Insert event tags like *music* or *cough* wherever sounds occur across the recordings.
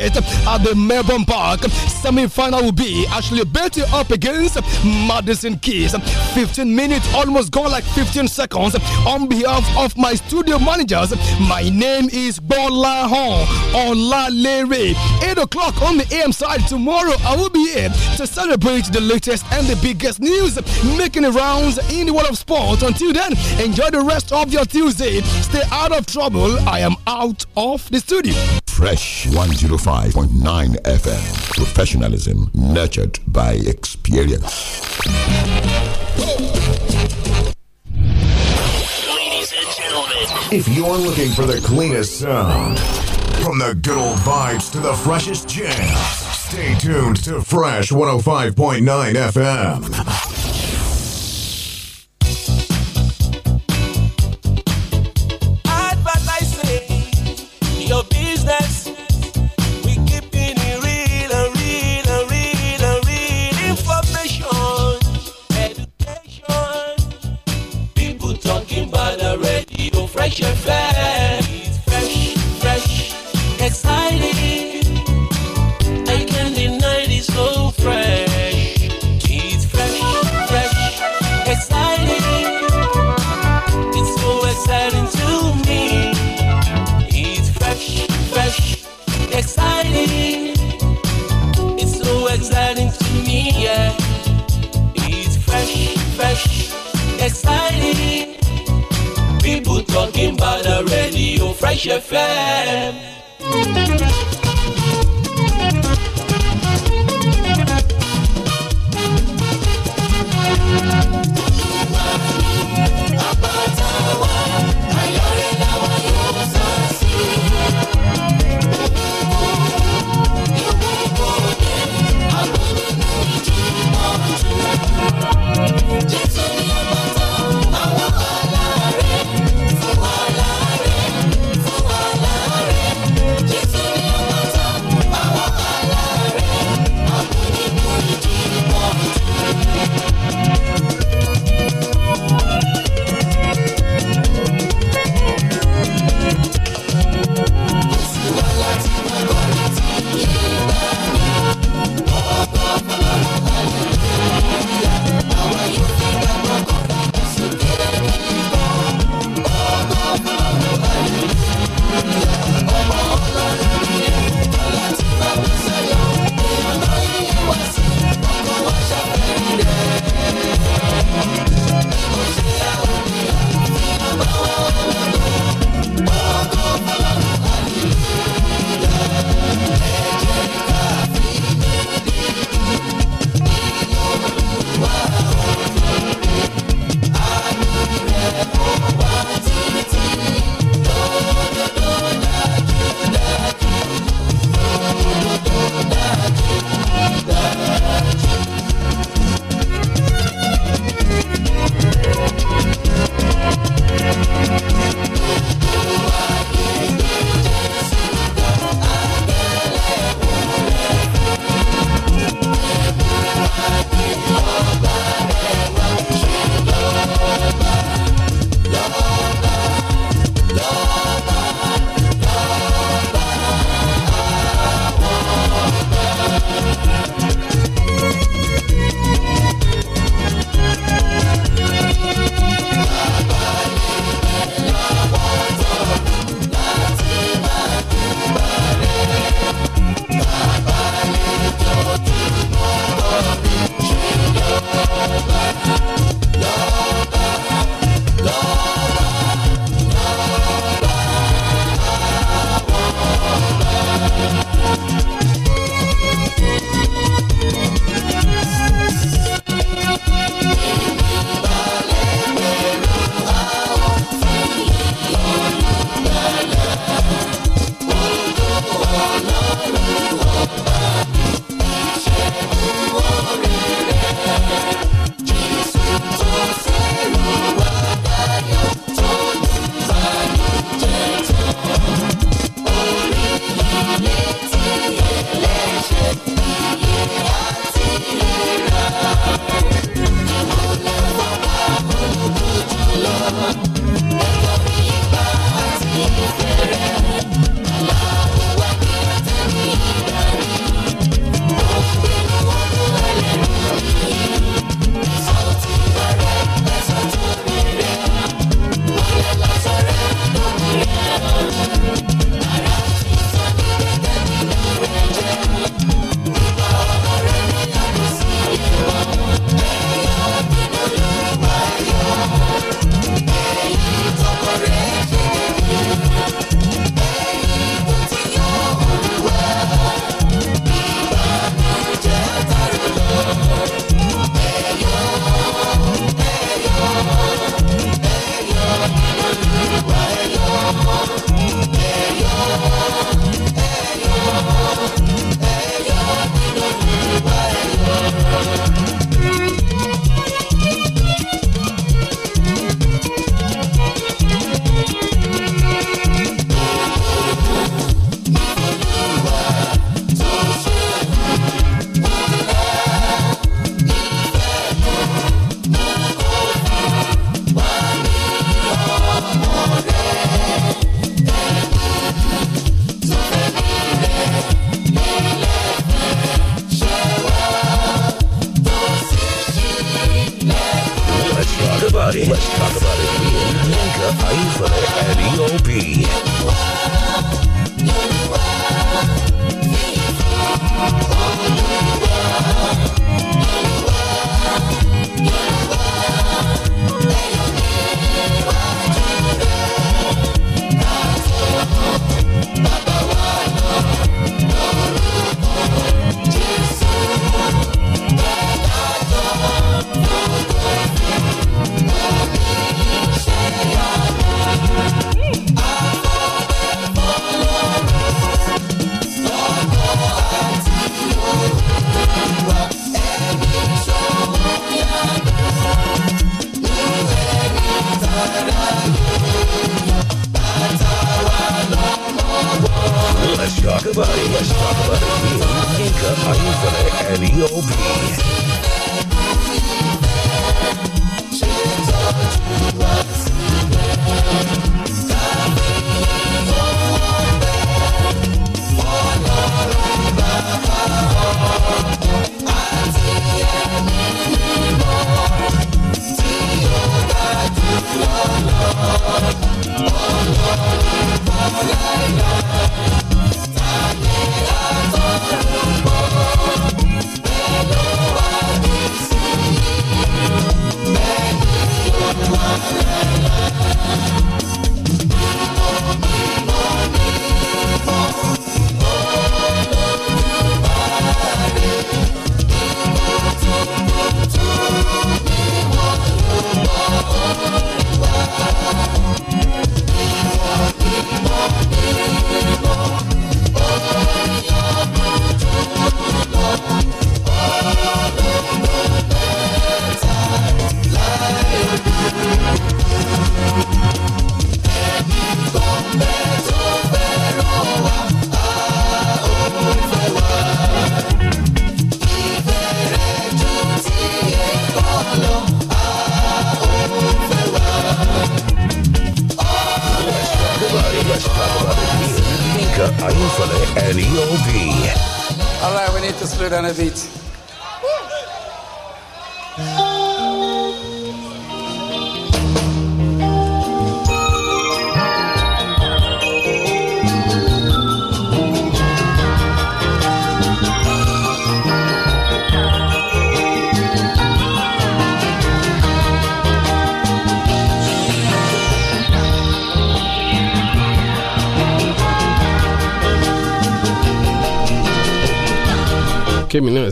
at the Melbourne Park. Semi final will be Ashley Betty up against Madison Keys. 15 minutes almost gone like 15 seconds. On behalf of my studio managers, my name is Bola Hon Olalere. 8 o'clock on the AM side tomorrow, I will be here to celebrate the latest and the biggest news making the rounds in the world of sports. Until then, enjoy the rest of your Tuesday. Stay out of trouble. I am out of the studio. Fresh 105.9 FM. Professionalism nurtured by experience. Ladies and gentlemen, if you're looking for the cleanest sound, from the good old vibes to the freshest jams, stay tuned to Fresh 105.9 FM. fresh fm.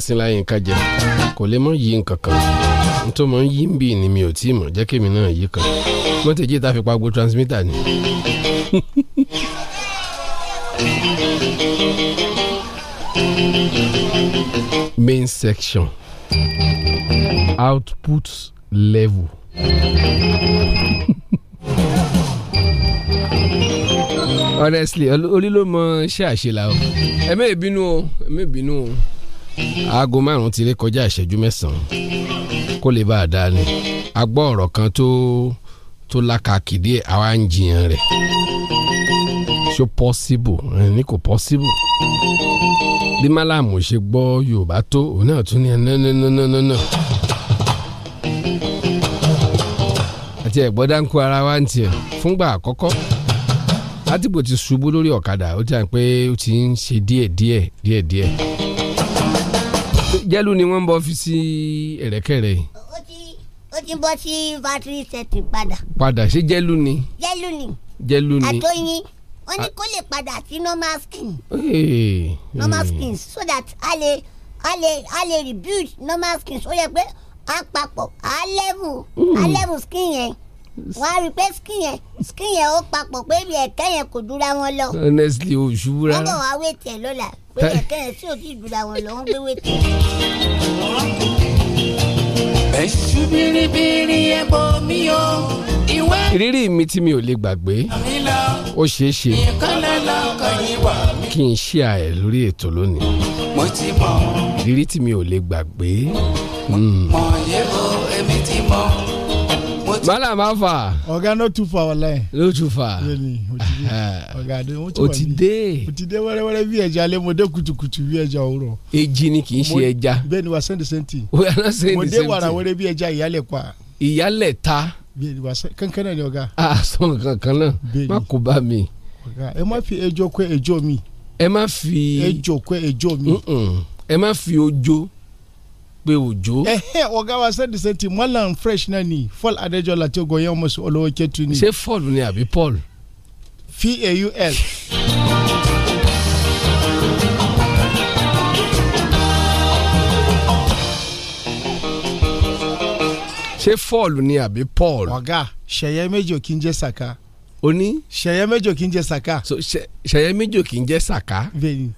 Adésínlá Yínká jẹ kò lè mọ yí nǹkan kan n tó mọ ń bì ni mi ò tí ì jẹ́ kémi náà yí kan mọ́tẹ́jì tá a fi pagbo transmitter ni. *laughs* main section output level. *laughs* honestly olú ló mọ iṣẹ́ àṣelà o ẹ̀mẹ́ ìbínú o ẹ̀mẹ́ ìbínú o aago márùn-ún ti lé kọjá ìṣẹ́jú mẹ́sàn-án kó lè bá a dá ni a gbọ́ ọ̀rọ̀ kan tó tó lákàkì díẹ̀ àwa ń jiyàn rẹ̀ ṣó pọ́síbù ní kò pọ́síbù bí málàmù ṣe gbọ́ yorùbá tó òun náà tún ní ẹnẹ́nẹ́nẹ́nẹ́nẹ́ àti ẹ̀gbọ́n dáńkó ara wa ń tiẹ̀ fúngbà àkọ́kọ́ látìgbò ti ṣubú lórí ọ̀kadà ó ti hàn pé ó ti ń ṣe díẹ̀ díẹ̀ díẹ̀ díẹ̀ jẹ́lú ni wọ́n ń bọ́ fi sí ẹ̀rẹ́kẹ̀rẹ́ yìí. ó ti ó ti bọ́ sí battery setting padà. padà ṣé jẹ́lú ni. jẹ́lú ni. jẹ́lú ni. àtọ́yìn ó ní kó lè padà sí normal skin. normal skin so that a lè a lè a lè rebuild normal skin so yẹ pé a papọ̀ a level a hmm. level skin yẹn wọ́n á rí i pé skin yẹn skin yẹn ó papọ̀ pé ibi ẹ̀kẹ́ yẹn kò dúra wọn lọ. honestly o ṣubú rárá. wọ́n bọ̀ wá wé tiẹ̀ lọ́la pé ẹ̀kẹ́ yẹn tí ò ti dúra wọn lọ wọ́n gbé wé tiẹ̀. ẹ̀ṣù bìrìbìrì ẹ̀ bọ̀ o ìwé. ìrírí mi tí mi ò lè gbàgbé ó ṣeé ṣe kí n ṣe àẹ̀ lórí ètò lónìí ìrírí tí mi ò lè gbàgbé. mo hmm. yẹ kó èmi ti mọ mala ma fa. ọ̀gá no too far wàllayi. no too far. lónìí ọ̀gá de wọ́n ti wà mí. o ti eh. dé. o ti dé wẹ́rẹ́wẹ́rẹ́ bí ẹja alẹ́ mo dé kutukutu bí ẹja òwúrọ̀. èjì ni kì í ṣe ẹja. bẹ́ẹ̀ ni wa sẹ́ndì sẹ́ntì. o yà lọ sẹ́ndì sẹ́ntì. mo dé wàrà wẹ́rẹ́ bí ẹja ìyálẹ̀ pa. ìyálẹ̀ ta. kankan náà ni ọ̀gá. a ah, sọ kankan náà má kó bá mi. ọ̀gá ẹ má fi ejò kọ ejò mi. ẹ má fi. ejò kọ ejò mi. ẹ má fi ojo pé òjò. ẹhẹ ọgá wa sẹ́ndì sẹ́ntì mọ́làn fresh náà ni Paul Adéjọlá tí ogun yẹn mọ̀sí olówó kẹ́tù ni. ṣé Paul ni àbí Paul. p-a-u-l. ṣé Paul ni àbí Paul. ọ̀gá ṣẹ̀yẹ méjì ò kí ń jẹ́ sàká. o ní. ṣẹ̀yẹ méjì ò kí ń jẹ́ sàká. so ṣẹ̀yẹ méjì ò kí ń jẹ́ sàká. bẹ́ẹ̀ni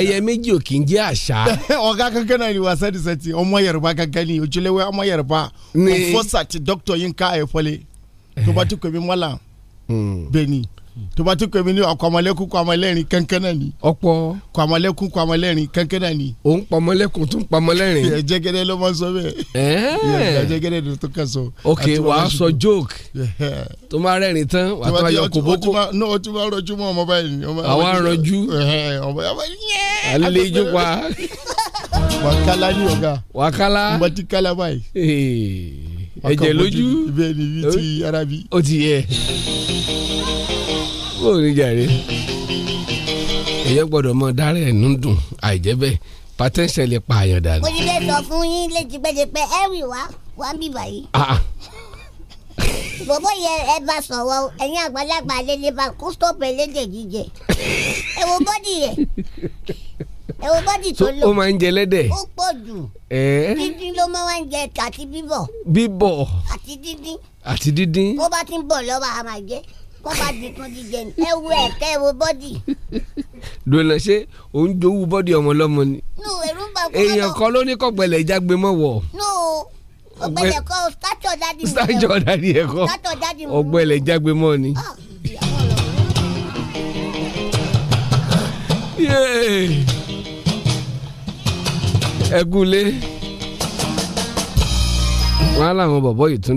ẹyẹ méjì ò kì í jẹ́ àṣà. *laughs* ọ̀gá kankan náà ni wàsá ti sẹ́tì ọmọ yorùbá kankan ni ojúlẹ̀wé ọmọ yorùbá ọ̀fọ́sà ti dókítà Yínká Ayọ̀fọ́lé tó bá ti kọ̀ mí mọ́lá hmm. bẹ́ẹ̀ ni tó bá ti pè mí ní ọkọ ọmọlẹ́kùn kọ ọmọlẹ́rìn kankan náà ni. ọ̀pọ̀ kọ ọmọlẹ́kùn kọ ọmọlẹ́rìn kankan náà ni. ò ń pọmọlẹ́kùn tó ń pọmọlẹ́rìn. ẹ jẹgẹdẹ ló máa sọ bẹ́ẹ̀. ẹ jẹgẹdẹ ló tó kàn sọ. ok wà á sọ joke tó máa rẹ́rìn tán wà á tó ayọ kòbókò. ní o tún bá rọjú mọ́ ọmọ báyìí. àwa rọjú. àlejò pa. wàkálá ni ọ̀gá. wàkálá. mo ti kálá báyìí. ẹ̀jẹ̀ ó ní jàre èyẹ gbọ́dọ̀ mọ dárẹ ẹnu dùn àìjẹ́ bẹ́ẹ̀ patẹ́ńsẹ̀ lè pa àyàn dànù. mo ti fẹ́ sọ fún yín létí pẹ́ẹ́pẹ́ ẹ̀rì wá wá ń bì báyìí. Ah, ah. bòbó yẹ ẹ bá sọ̀rọ̀ ẹ̀yin àgbàlagbà lélẹ̀ bá kó stop ẹlẹ́dẹ̀ jíjẹ ẹ wo bọ́dì yẹ ẹ wo bọ́dì tó lò. ó máa ń jẹ lẹ́dẹ̀. ó pọ̀ jù. dídín ló máa ń jẹ àti bíbọ̀. bíbọ̀. àti dídín. àti dídín. bó bá ti ń bọ̀ lọ́wọ́ a máa jẹ kọ́ bá di tún jíjẹ ni ẹ wo ẹ̀kẹ́ ẹ wo bọ́dì. dùnà ṣé òun jowú bọ́dì ọmọ lọ́mọ ni. nù ẹ̀rú bá kọ́ lọ. èèyàn kan ló ní kọ̀gbẹ́lẹ̀ ìjágbe mọ́ wọ̀. nù ọ̀gbẹ́lẹ̀ kọ́ sátọ̀ dádì mi. sátọ̀ dádì ẹ̀ kọ́ ọ̀gbẹ́lẹ̀ ìjágbe mọ́ ni. Ah, ẹgúnlé wọn á láwọn bọ̀bọ̀ yìí tún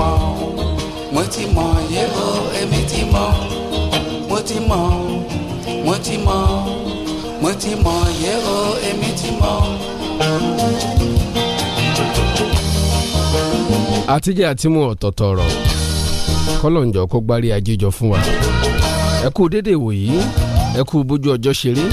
mọ̀ mo ti mọ̀ yẹ́bọ̀ èmi ti mọ̀ mo ti mọ̀ mo ti mọ̀ mo ti mọ̀ yẹ́bọ̀ èmi ti mọ̀. àtijọ́ àti mu ọ̀tọ̀ọ̀tọ̀ ọ̀rọ̀ kọ́lọ̀njọ́ kó gbárí ajéjọ fún wa ẹ dédé wòyí ẹ bójú ọjọ́ ṣeré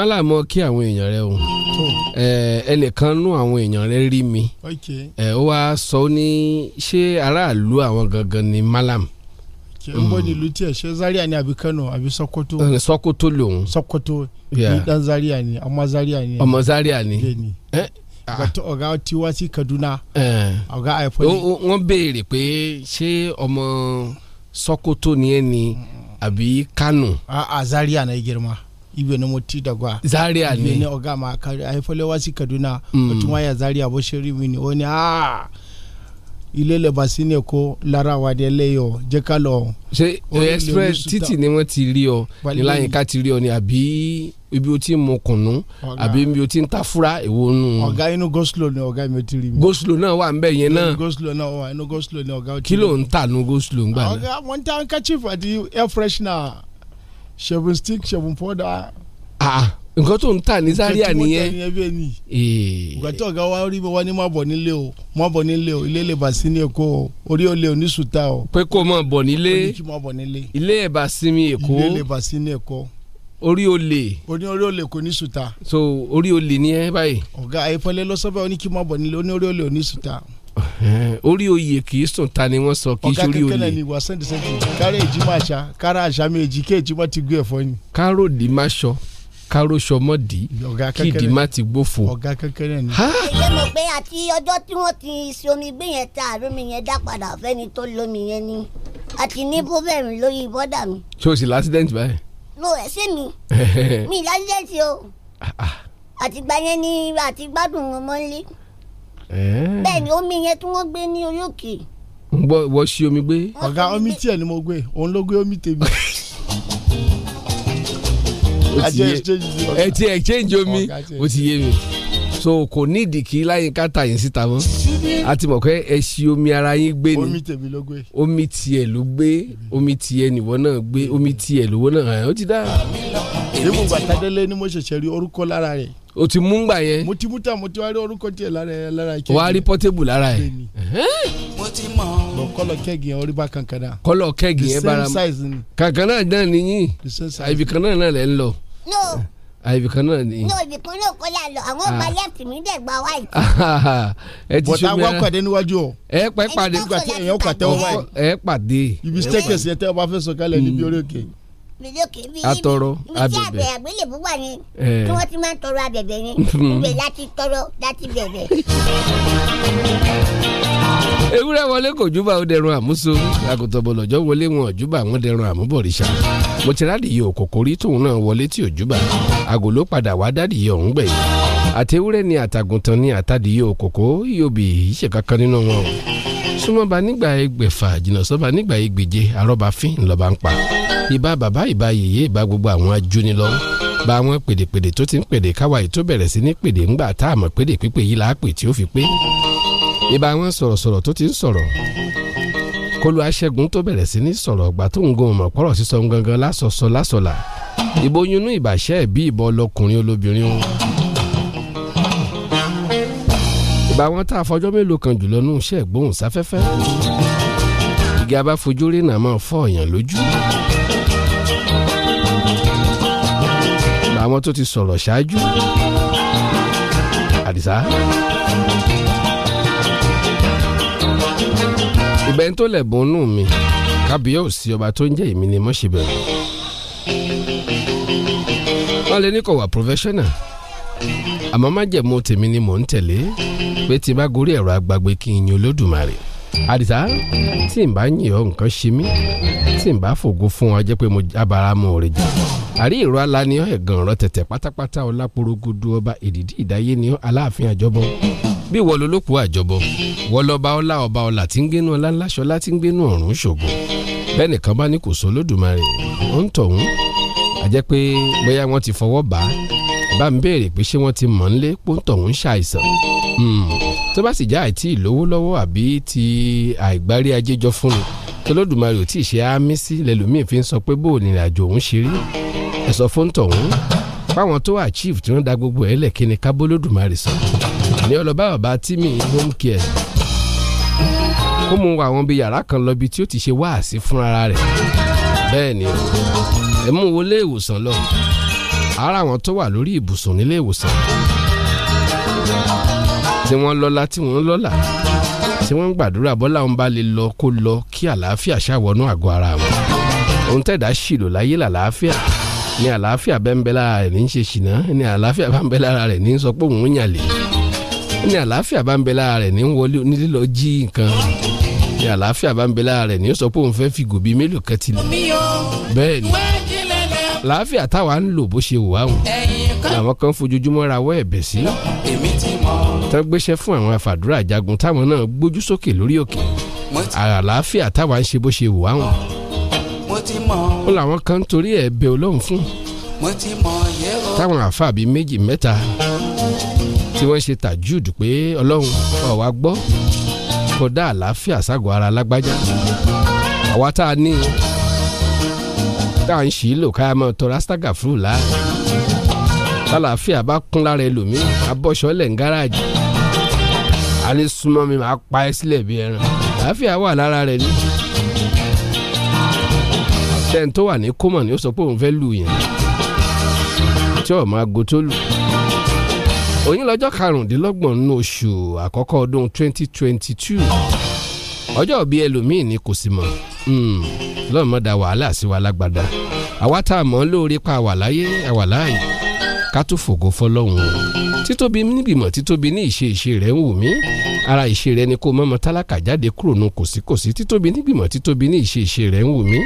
má làmọ́ kí àwọn èèyàn rẹ o ẹnìkan nú àwọn èèyàn rẹ rí mi ó wá sọ ní ṣé aráàlú àwọn gangan ni malam. Okay n bɔ nílùú tiẹ̀ ṣe Zaria ni àbí Kano àbí Sokoto. Sokoto lòun. Sokoto ni dan Zaria ni ọmọ Zaria ni. ọmọ Zaria ni. Ah. ọ̀gá tiwa sí Kaduna. ọ̀gá àìpọ̀ ni. wọ́n béèrè pé ṣé ọmọ Sokoto ni ẹ ni àbí Kano. a ah, ah, Zaria na girma ibe na moti da gwa zaria ne ne oga ma kare ai fole wasi kaduna mutum mm. waya zaria bo shiri mini oni a ilé lẹba sí ni ah! ko lára wa de lẹyọ jẹ ká lọ. ṣe express títì ni wọn ti rí ọ ní láyìnká ti rí ọ ni àbí ibi o ti mu kùnú àbí ibi o ti ń ta fura èwo nù. ọ̀gá inú goslo ni ọ̀gá mi ti rí mi. goslo náà wà nbẹ yẹn náà. goslo náà wà inú goslo ni ọ̀gá o ti rí mi. kí ló ń ta nu goslo ń gbà náà. ọ̀gá wọn ń ta handkerchief àti air freshener seven stick seven four da. Ah, nǹkan tó ń tà ní Zaria nìyẹn nǹkan eh. tó ọ̀gá wa rí mi wá ní má bọ̀ nílé o má bọ̀ nílé o ilé ìlẹ̀bà sí ní Èkó o orí olè oníṣùtà o. pé kó má bọ̀ nílé ilé ìlẹ̀bà sí mi Èkó ilé ìlẹ̀bà sí ní Èkó orí olè. o ní orí olè kò ní sùtà. so orí olè ni ẹ báyìí. ọ̀gá ayífọ́lẹ́ lọ́sọ́bẹ̀ ó ní kí n má bọ̀ nílé ó ní orí olè ò ní sùtà. Eh, orí oyè kì í sùn ta ni wọ́n sọ kì í sórí oyè. ọ̀gá kékeré ni ìwà sunday sunday kára èjì máa ṣá kára àṣà mi èjì kí èjì má ti gbé ẹ̀fọ́ ni. káró di má ṣọ káró ṣọ mọ́ di kí ìdí má ti gbófo. ọ̀gá kékeré ni. ṣe mọ̀ pé àti ọjọ́ tí wọ́n ti ṣe omi gbé yẹn ta àrómi yẹn dá padà fẹ́ni tó lómi yẹn ni àti ní bóbẹ̀rù lórí bọ́dà mi. ṣé o sì lásìdẹ́ǹtì báyìí. mo ẹ̀ *laughs* bẹ́ẹ̀ ni omi yẹn tí wọ́n gbé ní orí òkè. wọ́n ṣí omi gbé. ọ̀gá omi tiẹ̀ ni mo gbé òun ló gbé omi tèmi *laughs* ẹ ti exchange omi o ti yé mi so kò ní ìdí kí láyínká ta yín síta mọ́ a ti mọ̀ pé ẹ ṣi omi ara yín gbé ni omi tèmi ló gbé omi tiẹ̀ ló gbé omi tiẹ̀ nìwọ náà gbé omi tiẹ̀ lówó náà ó ti dáa débò gbàtàdélé ni mo ṣẹ̀ṣẹ̀ rí orúkọ lára rẹ̀. o ti mú ngbà yẹn. mo ti mú ta mo ti wá rí orúkọ tiẹ̀ lára ẹ̀ lára kẹ́gì. wàá rí pọ́tébù lára ẹ̀. mo ti mọ̀ ọ́. lọ kọ́lọ̀ kẹ́gì yẹn orí bá kankan náà. kọ́lọ̀ kẹ́gì yẹn bára mu kankan náà náà ni yín àyèbí kan náà náà ń lọ. àyèbí kan náà ni. no ibì kan náà kọ́ la àwọn ah. ọba left mi dẹ̀ gba white. *laughs* ẹ ti sọ mẹ́ra ẹ pàdé. ibi staircase yẹn tẹ́ ọ bá fẹ́ sọ kálẹ̀ níbi orí òkè lórí òkè bí atọrọ abẹ̀bẹ̀ ibi tí àgbélébù wà ní tí wọn ti máa ń tọrọ abẹ̀bẹ̀ ni *laughs* hmm. ibẹ̀ láti tọrọ láti bẹ̀bẹ̀. ewúrẹ́ wọlé kò júbà ó dẹrun àmúso àgùntàn bọ̀lọ̀jọ́ wọlé wọn ò júbà wọn dẹrun àmúbọ̀rìṣà mo ti rádìyẹ òkòkò rí tóun náà wọlé tí ò júbà àgò ló padà wá dádìyẹ ọ̀hún gbẹ̀yìn àtẹwúrẹ́ ni àtàgùntàn ni àtàdìyẹ òkòkò yóò bì í ṣe kankan nínú wọn súnmọ́ba nígbà ẹgbẹ̀fà jìnnà sọ́ba nígbà ẹgbẹ̀je àrọ́bà fín ńlọba ń pa ìbá bàbá ìbá yèyé ìbá gbogbo àwọn ajóni lọ bá àwọn pèdèpèdè tó ti ń pèdè káwa ètò bẹ̀rẹ̀ sí ní pèdè ńgbà tá àmọ́ pèdè pípé yìí láàpè tí ó fi pé ìbá àwọn sọ̀rọ̀sọ̀rọ̀ tó ti ń sọ̀rọ̀ kólú aṣẹ́gun tó bẹ̀rẹ̀ sí ní sọ̀rọ̀ ọ̀gbà tó ń gun ọmọ pọ̀rọ̀ sísọ gangan lásọ̀sọ lásọ̀là ìbò yunú ìbàṣẹ́ bí ìbọn ọlọkùnrin olóbìnrin gbogbo àwọn tá a fọjọ́ mélòó kan jùlọ nù iṣẹ́ ìgbóhùnsáfẹ́fẹ́ igi abáfojúrí náà máa fọ́ ọ̀yàn lójú. làwọn tó ti sọ̀rọ̀ ṣáájú àdìsá. ìbẹ́ni tó lẹ̀bùn nù mi kábíyèsí ọba tó ń jẹ́ èmi ni mo ṣe bẹ̀rù. wọ́n lè ní kò wà professional àmọ́ májẹ̀mú tèmi ni mò ń tẹ̀lé pé tí bá gorí ẹ̀rọ agbagbe kí n yin olódùmarè àdìsá tí n bá yìn ọ́ nǹkan ṣe mí tí n bá fògo fún ọ jẹ́ pé mo jábára mọ́ ọ̀rẹ́ jù àrí ìró alaniọ́ ẹ̀gàn ọ̀rọ̀ tẹ̀tẹ̀ pátápátá ọláporogodo ọba èdìdí ìdáyé ni aláàfin àjọbọ bí wọ́n lolókùú àjọbọ wọ́n lọ́ba ọlá ọba ọlà tí ń gbénu ọlá ńláṣọlá tí ń gbénu ọ̀run ṣògo bẹ́ẹ̀nìkan bá ní kò sólódùmarè ó ń tọ̀hún àjẹ́ pé bóyá wọ́n ti fọwọ́ bá bá ń béèrè pé ṣé wọ́n ti mọ̀ ń lé pọ́ńtọ̀ ń ṣàìsàn hmm. tó bá sì já àìtí ìlówó lọ́wọ́ àbí ti àìgbárí ajé jọ fún un tolódùmarè ò tí ì ṣe àmì sí lẹ́lòmíì fi ń sọ pé bó ìrìn àjò òun ṣe rí ẹ̀sọ́ fóńtọ̀ òun fáwọn tó achieve tí wọ́n da gbogbo ẹ̀ lẹ́kìnní kábólódùmarè sọ ní ọlọ́ba bàbá tímì home care ó mú àwọn bíi yàrá kan lọ bí tí ó ti ṣe wáàsí fúnra rẹ̀ bẹ́ẹ̀ ni ẹ̀ mú wọlé ìwòsàn lọ ara wọn tó wà lórí ibùsùn nílé ìwòsàn tí wọ́n lọ́lá tí wọ́n lọ́lá tí wọ́n gbàdúrà bọ́lá ń bá lè lọ kó lọ kí àlàáfíà ṣàwọnú àgọ́ ara wọn ohun tẹ̀dá ṣìlò láyé làlàáfíà ni àlàáfíà bẹ́ńbẹ́ rẹ̀ ní í ṣe ṣìnà ni àlàáfíà bẹ́ńbẹ́ rẹ̀ ní í sọ pé òun ń yàlè ni àlàáfíà bẹ́ńbẹ́ rẹ̀ ní í wọlé ní lílọ jí nǹkan ni àlàáfíà bá rẹ̀ ní ó sọ pé òun fẹ́ fi gòbí mélòó kan bẹ́ẹ̀ ni láàfíà táwa ń lò bó ṣe wà ó làwọn kan fojoojúmọ́ rawọ́ ẹ̀bẹ̀ sí tó gbéṣẹ́ fún àwọn àfàdúrà jagun táwọn náà gbójú sókè lórí òkè àlàáfíà táwa ń ṣe bó ṣe wà ó ó làwọn kan ń torí ẹ̀ bẹ Ọlọ́run fún táwọn àáfàá bíi méjì mẹ́ta tí wọ́n ṣe tajud pé Ọlọ́run ó gbọ́ kó àlàáfíà ságọ̀ ara lágbájá àwa tá a ní tá à ń ṣì í lò ká mọ́ tọ́ra staga fúru la lálàáfíà bá kún lára ẹlòmíì abọ́ṣọ́lẹ̀ ń gáràjì a ní súnmọ́ mi máa pa ẹ́ sílẹ̀ bí ẹran àáfíà wà lára rẹ̀ ni tẹ́ni tó wà ní kómọ̀ ni ó sọ pé òun fẹ́ lù yẹn tí ọ̀ máa go tó lù òyìn lọ́jọ́ karùndínlọ́gbọ̀n nínú oṣù àkọ́kọ́ ọdún twenty twenty two ọjọ́ òbí ẹlòmíì ni kò sì mọ̀ Hmm, lọ́mọ da wàhálà sí wa lágbada àwa tá a mọ̀ lóore pa àwà láyé àwà láàyè ká tó fògo fọlọ́hún títóbi níbìmọ̀ títóbi ní ìṣe rẹ̀ ń wù mí ara ìṣe rẹ̀ ni kó mọ́mọ́ tálákà jáde kúrò nu kòsíkòsí títóbi níbìmọ̀ títóbi ní ìṣe ìṣe rẹ̀ ń wù mí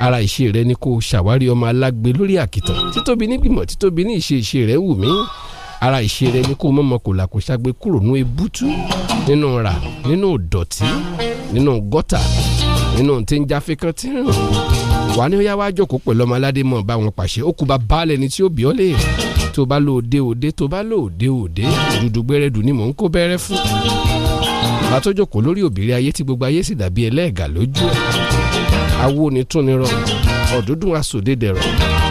ara ìṣe rẹ̀ ni kó ṣàwárí ọmọ alágbe lórí àkìtàn títóbi níbìmọ̀ títóbi ní ìṣe rẹ̀ ń wù mí ara ìṣe rẹ̀ ni kó mọ́mọ́ kò làkò ṣàgbé kúrò nu ebútú nínú rà nínú dọ̀tí nínú gọ́tà nínú tí ń jáfe kan tí ń rùn wà ní ó yá wá jókòó pẹ̀lú ọmọ aládé mọ̀ bá wọn pàṣẹ ó kù bá baálẹ̀ ni tí ó bí ọ́ lè tó bá lò dé òde tó bá lò dé òde dúdú gbẹrẹdù ni mò ń kó bẹ́rẹ́ fún bá tó jókòó lórí òbírí ayé tí gbogbo ayé sì dàbí ẹlẹ́ẹ̀gà lójú ẹ̀ awo ni tún ni rọ ọ̀dúndún asòde dẹ̀rọ̀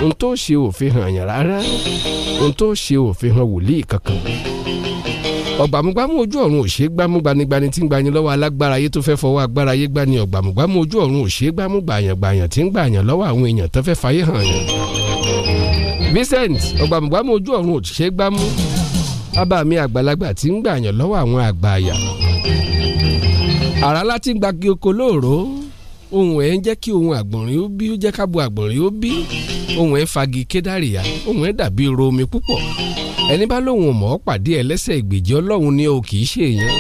ohun tó ṣe òfin hàn yàn rárá ohun tó ṣe òfin hàn wòlíì kankan ọ̀gbàmúgbàmù ojú ọ̀run òṣè gbámú gbanigbani tí ń gbani lọ́wọ́ alágbára ayé tó fẹ́ fọwọ́ agbára ayé gbani ọ̀gbàmúgbàmù ojú ọ̀run òṣè gbámú tí ń gbàyàn lọ́wọ́ àwọn èèyàn tó fẹ́ fàyè hàn yàn. Vincent ọ̀gbàmúgbàmù ojú ọ̀run òṣè gbámú bàbá mi àgbàlagbà tí ń gbàyàn lọ́wọ́ àwọn àgbààyà. àrà láti gbàgbé oko lóòró ohun ẹ̀ ń jẹ́ kí ohun àgbọ̀nrín ó bí ó jẹ́ kábo àgbọ̀nrín ó bí ohùn ẹ̀ fagi kédàríyá ohùn ẹ̀ dàbí romi púpọ̀ ẹni bá lóhùn mọ́ pàdé ẹlẹ́sẹ̀ ìgbèjì ọlọ́run ni o kì í ṣe èèyàn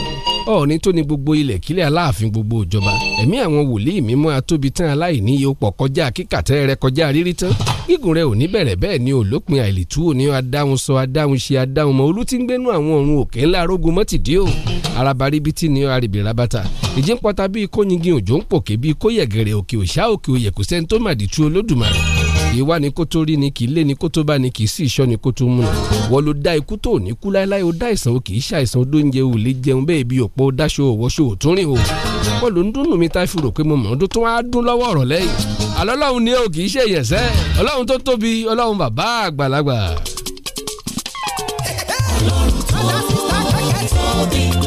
ọ̀ọ́ni tó ní gbogbo ilẹ̀ kílẹ̀ aláàfin gbogbo ìjọba ẹ̀mí àwọn wòlíì mímọ́ atóbi tán aláìní iye pọ̀ kọjá kíkàtẹ́ rẹ kọjá rírí tán gígùn rẹ ò ní bẹ̀rẹ̀ bẹ́ẹ̀ ni òlópin àìlìtú òní adáhùn sọ adáhùn ṣe adáhùn mọ́ olú ti ń gbénú àwọn ọ̀run òkè ńlá arógun mọ́tìdí o arabaribiti ni arìbìrabata ìjẹ́pọ̀ta bíi kóyingin òjò ń pòkè bíi kóyẹ̀gẹ̀rẹ̀ òkè òṣà òkè òyẹ̀kùsẹ́ńtómàdìtú olódùmarè kì í wá ní kó tó rí ni kì í lé ni kó bá ni kì í sì ṣọ́ ni kó mú ni wọ́n ló dá ikú tó ní kú láéláé ó dá ìsàn ó kì í ṣàìsàn ó dóúnjẹ ò lè jẹun bẹ́ẹ̀ bí òpó dáṣọ òwọ́ṣọ òtún rìn o wọ́n ló ń dúnnù mi táì fi rò pé mo mọ̀ ọdún tó wá dún lọ́wọ́ ọ̀rọ̀ lẹ́yìn àlọ́ ni ó kì í ṣe ìyẹ̀sẹ́ ọlọ́run tó tóbi ọlọ́run bàbá àgbàlagbà. ọlọ́run tó tóbi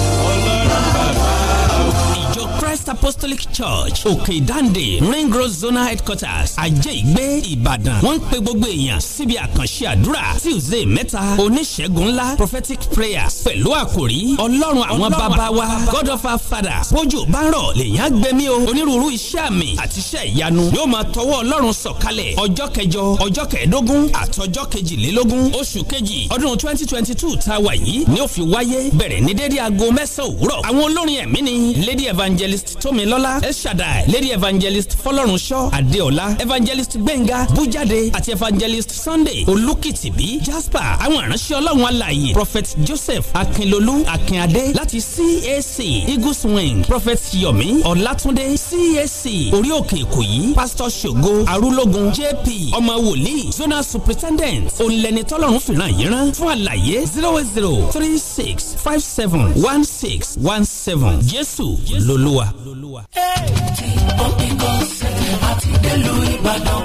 apostolic church òkè dande ring road zonal headquarters ajé ìgbé ìbàdàn wọ́n ń pe gbogbo èèyàn síbi àkànṣe àdúrà tuesday mẹ́ta oníṣègùn ńlá prophetic prayers pẹ̀lú àkòrí ọlọ́run àwọn bàbá wa god of our father bójú bá ń rọ̀ lèyàn gbẹ̀mí o onírúurú iṣẹ́ àmì àti iṣẹ́ ìyanu yóò máa tọwọ́ ọlọ́run sọ̀kalẹ̀ ọjọ́ kẹjọ ọjọ́ kẹẹ̀ẹ́dógún àtọjọ́ kejìlélógún oṣù kejì ọdún twenty twenty two tá a wà yìí ni ó fi wáyé bẹ̀rẹ̀ ní dédé aago mẹ́sàn-án òwúrọ̀ àwọn olórin ẹ̀mí ni lady evangelist tó tómilọ́lá ẹ̀ṣadàì lady evangelist fọlọ́runṣọ́ adéọlá evangelist gbẹ̀ngà bújáde àti evangelist sunday olùkìtìbí jasper àwọn ìránṣẹ́ ọlọ́run alààyè prophet joseph akínlolú akínadé láti cac eagles wing prophet yomi ọlátúndé cac orí òkè ìkòyí pastor ṣògo arúlógún jp ọmọ wòlíì zona superintendent òǹlẹ̀ni tọ́lọ́run fìràn yìí rán fún àlàyé zero eight zero three six five seven one six one seven jésù lolúwa wà.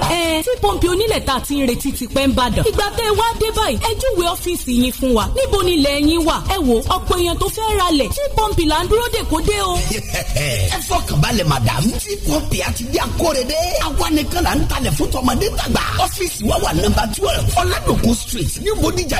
Hey! yẹn tí pọ́ǹpì onílẹ̀ ta ti ń retí ti pẹ́ ń bàdàn. ìgbà tẹ́ ẹ wá dé báyìí ẹ júwe ọ́fíìsì yín fún wa níbo ni ilẹ̀ yín wà ẹ wo ọ̀pọ̀ èèyàn tó fẹ́ ra lẹ̀ tí pọ́ǹpì là ń dúró dè kó dé o. *laughs* ẹ fọkàn balẹ̀ madam tí pọ́ǹpì àti bí akóredé àwa nìkan là ń talẹ̀ fún tọmọdé tàgbà ọ́fíìsì wa wà nọ́mbà twelve ọ̀làdòkun street ní bódìjà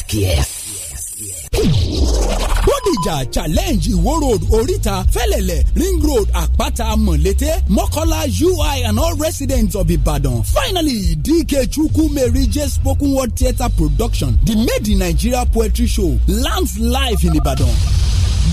Yes. bódìjà challenge ìwó road oríta fẹlẹlẹ ring road àpáta mọ̀lété mọ́kọ́lá ui and all residents of ibadan finally dk chukwu mary j spoken word theatre production the made in nigeria poetry show lands live in ibadan.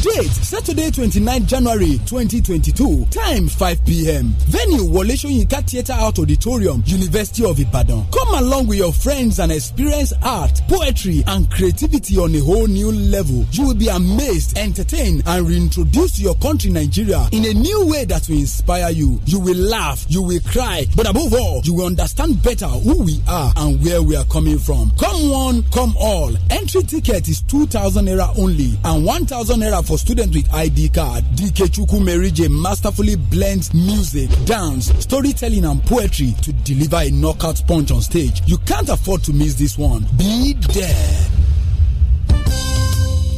Date Saturday 29 January 2022. Time 5 p.m. Venue Wole Soyinka Theatre Art Auditorium, University of Ibadan. Come along with your friends and experience art, poetry, and creativity on a whole new level. You will be amazed, entertained, and reintroduced to your country, Nigeria, in a new way that will inspire you. You will laugh, you will cry, but above all, you will understand better who we are and where we are coming from. Come one, come all. Entry ticket is 2,000 naira only and 1,000 naira that for students with ID card, DK Chukwu Merije masterfully blends music, dance, storytelling, and poetry to deliver a knockout punch on stage. You can't afford to miss this one. Be there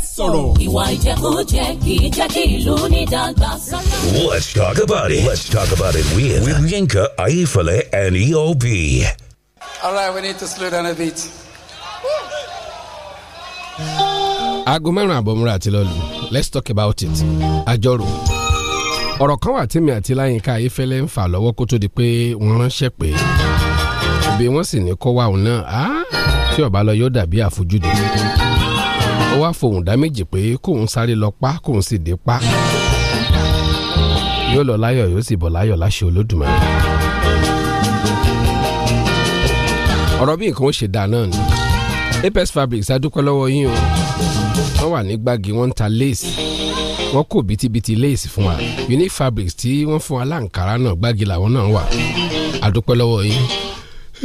sọ̀rọ̀. ìwà ìjẹkújẹ kì jẹ́ kí ìlú ní dàgbàsókè. let's talk about it let's talk about it with, with Yinka Ayefele and EOB. all right we need to slow down a bit. aago mẹ́rin àbọ̀múra àti lọ́lù let's talk about it àjọrò ọ̀rọ̀ kan wà tèmi àti láyínká ayéfẹ́lẹ́ ń fà lọ́wọ́ kó tó di pé wọ́n ránṣẹ́ pé bí wọ́n sì ní kó wà òun náà tí ó lọ yóò dàbí àfojúdi ó wá fohùn dá méjì pé kóun sáré lọ pa kóun sì dé pa yóò lọ láyọ̀ yóò sì bọ̀ láyọ̀ láṣẹ olódùmarè ọ̀rọ̀ bí nǹkan ó ṣe dáa náà ni apex fabrics adúpẹ́ lọ́wọ́ yín o wọ́n wà ní gbági wọ́n ń ta lace wọ́n kò bítíbitì lace fún wa unique fabrics tí wọ́n fún wa láǹkàrà náà gbági làwọn náà wà adúpẹ́ lọ́wọ́ yín.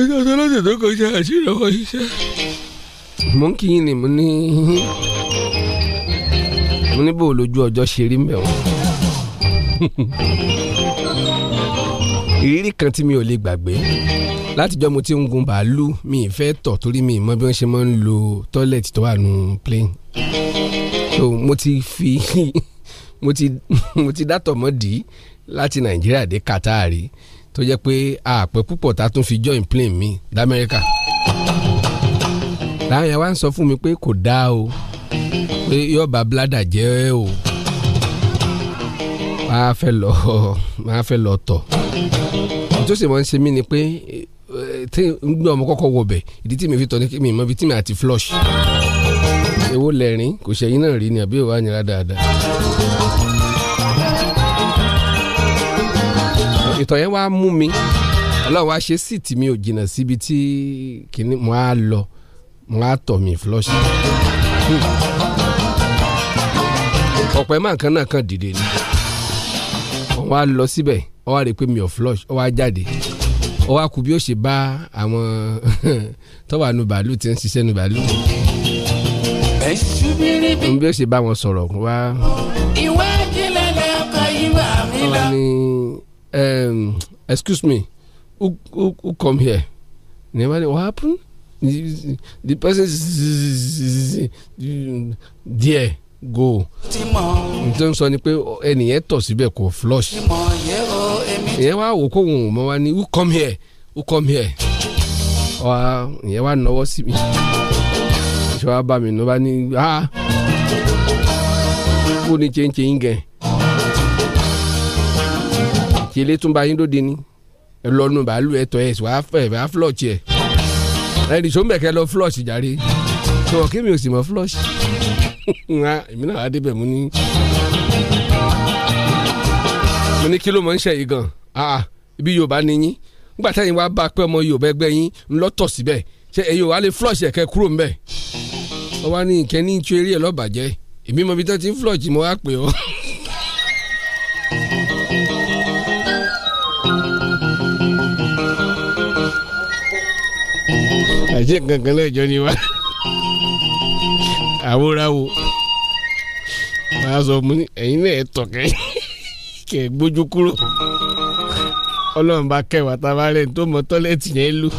ìgbà tó lọ́sẹ̀ tó kọjá àṣírí ọkọ̀ ṣiṣẹ́ mo ń kíyìn ni mo ní mo ní bò lójú ọjọ́ ṣe rí mbẹ̀ wọ́n. ìrírí kan tí mi ò lè gbàgbé látijọ́ mo ti ń gun bàálù mi ì fẹ́ tọ̀ torí mi mọ bí wọ́n ṣe máa ń lo tọ́lẹ̀tì tó wà nù plane so mo ti fi *laughs* mo ti *laughs* mo ti dátọ̀ mọ́ dì í láti nàìjíríà dé Qatar rí tó jẹ́ pé àpẹ́ púpọ̀ tá a tún fi join plane mi d'Amẹ́ríkà táwọn yẹn wá ń sọ fún mi pé kò dáa o pé yóò bà bladder jẹ́ o máa fẹ́ lọ máa fẹ́ lọ tọ̀ tó sì máa ń ṣe mí ni pé tí n gbé ọmọ kọ́kọ́ wọbẹ̀ ìdí tí mi fi tọ̀ ní mi mọ ibi tí mi àti flush ewo lẹ́rìn kò ṣẹ̀yìn náà rí ni àbí òwò ànyìnrà dáadáa. ìtọ̀ yẹn wá mú mi ọlọ́run wá ṣe síìtì mi ò jìnnà síbi tí mo á lọ wọn á flush. ọ̀pẹ máa kan náà kan dìde ni wọ́n á lọ síbẹ̀ ó wá rí i pé mi ò flush ó wá jáde ó wá kú bí ó ṣe bá àwọn *laughs* tọ́wà nu bàálù tí ń ṣiṣẹ́ nu bàálù n bí ó ṣe bá wọn sọ̀rọ̀ wá. ìwé ìjìnlẹ̀ lẹ́kọ̀ọ́ yìí wà mí lọ. excuse me who who who come here? ní what happened? the, person there go n tó ń sọ ni pé ẹnìyẹn tọ̀ síbẹ̀ kò flush ìyẹn wá wò kó òun mọ́ wa ni who come here who come here ìyẹn wá nọwọ́ sí mi ìṣọ́ bá mi nọ́ bá ní ah kó ní chéńché yín gẹ̀ ìṣẹ̀lẹ̀ tún bá yín lóde ni ẹ lọ́nu bàálù ẹ̀ tọ́ ẹ̀ wàá fẹ̀ wàá flọ́ọ̀tì ẹ̀ ẹni tó ń bẹ̀kẹ́ lọ flush jàre sọ kí mi ò sì mọ flush nga èmi náà wá débẹ̀ mo ní mo ní kí ló mọ̀ ń ṣe yìí gan ah ibi Yorùbá ni yín nígbà táyìn wá bá pẹ́ ọmọ Yorùbá ẹgbẹ́ yín ńlọ́tọ̀ síbẹ̀ ṣe ẹ̀yin wàá lè flush ẹ̀kẹ́ kúrò ńbẹ̀ wọ́n wá ní ìkẹ́ ní ìtú eré ẹ̀ lọ́bàjẹ́ èmi mọ̀ bí tán ti ń flush mo wá pè ọ́. àṣé nǹkan kan náà jọ ni wá àwòránwò máa sọ mo ní ẹ̀yin náà ẹ̀ tọ̀kẹ́ kẹ̀ gbójú kúrò ọlọ́run bá kẹwàá tá a bá rẹ̀ tó mọ tọ́lẹ́tì yẹn lù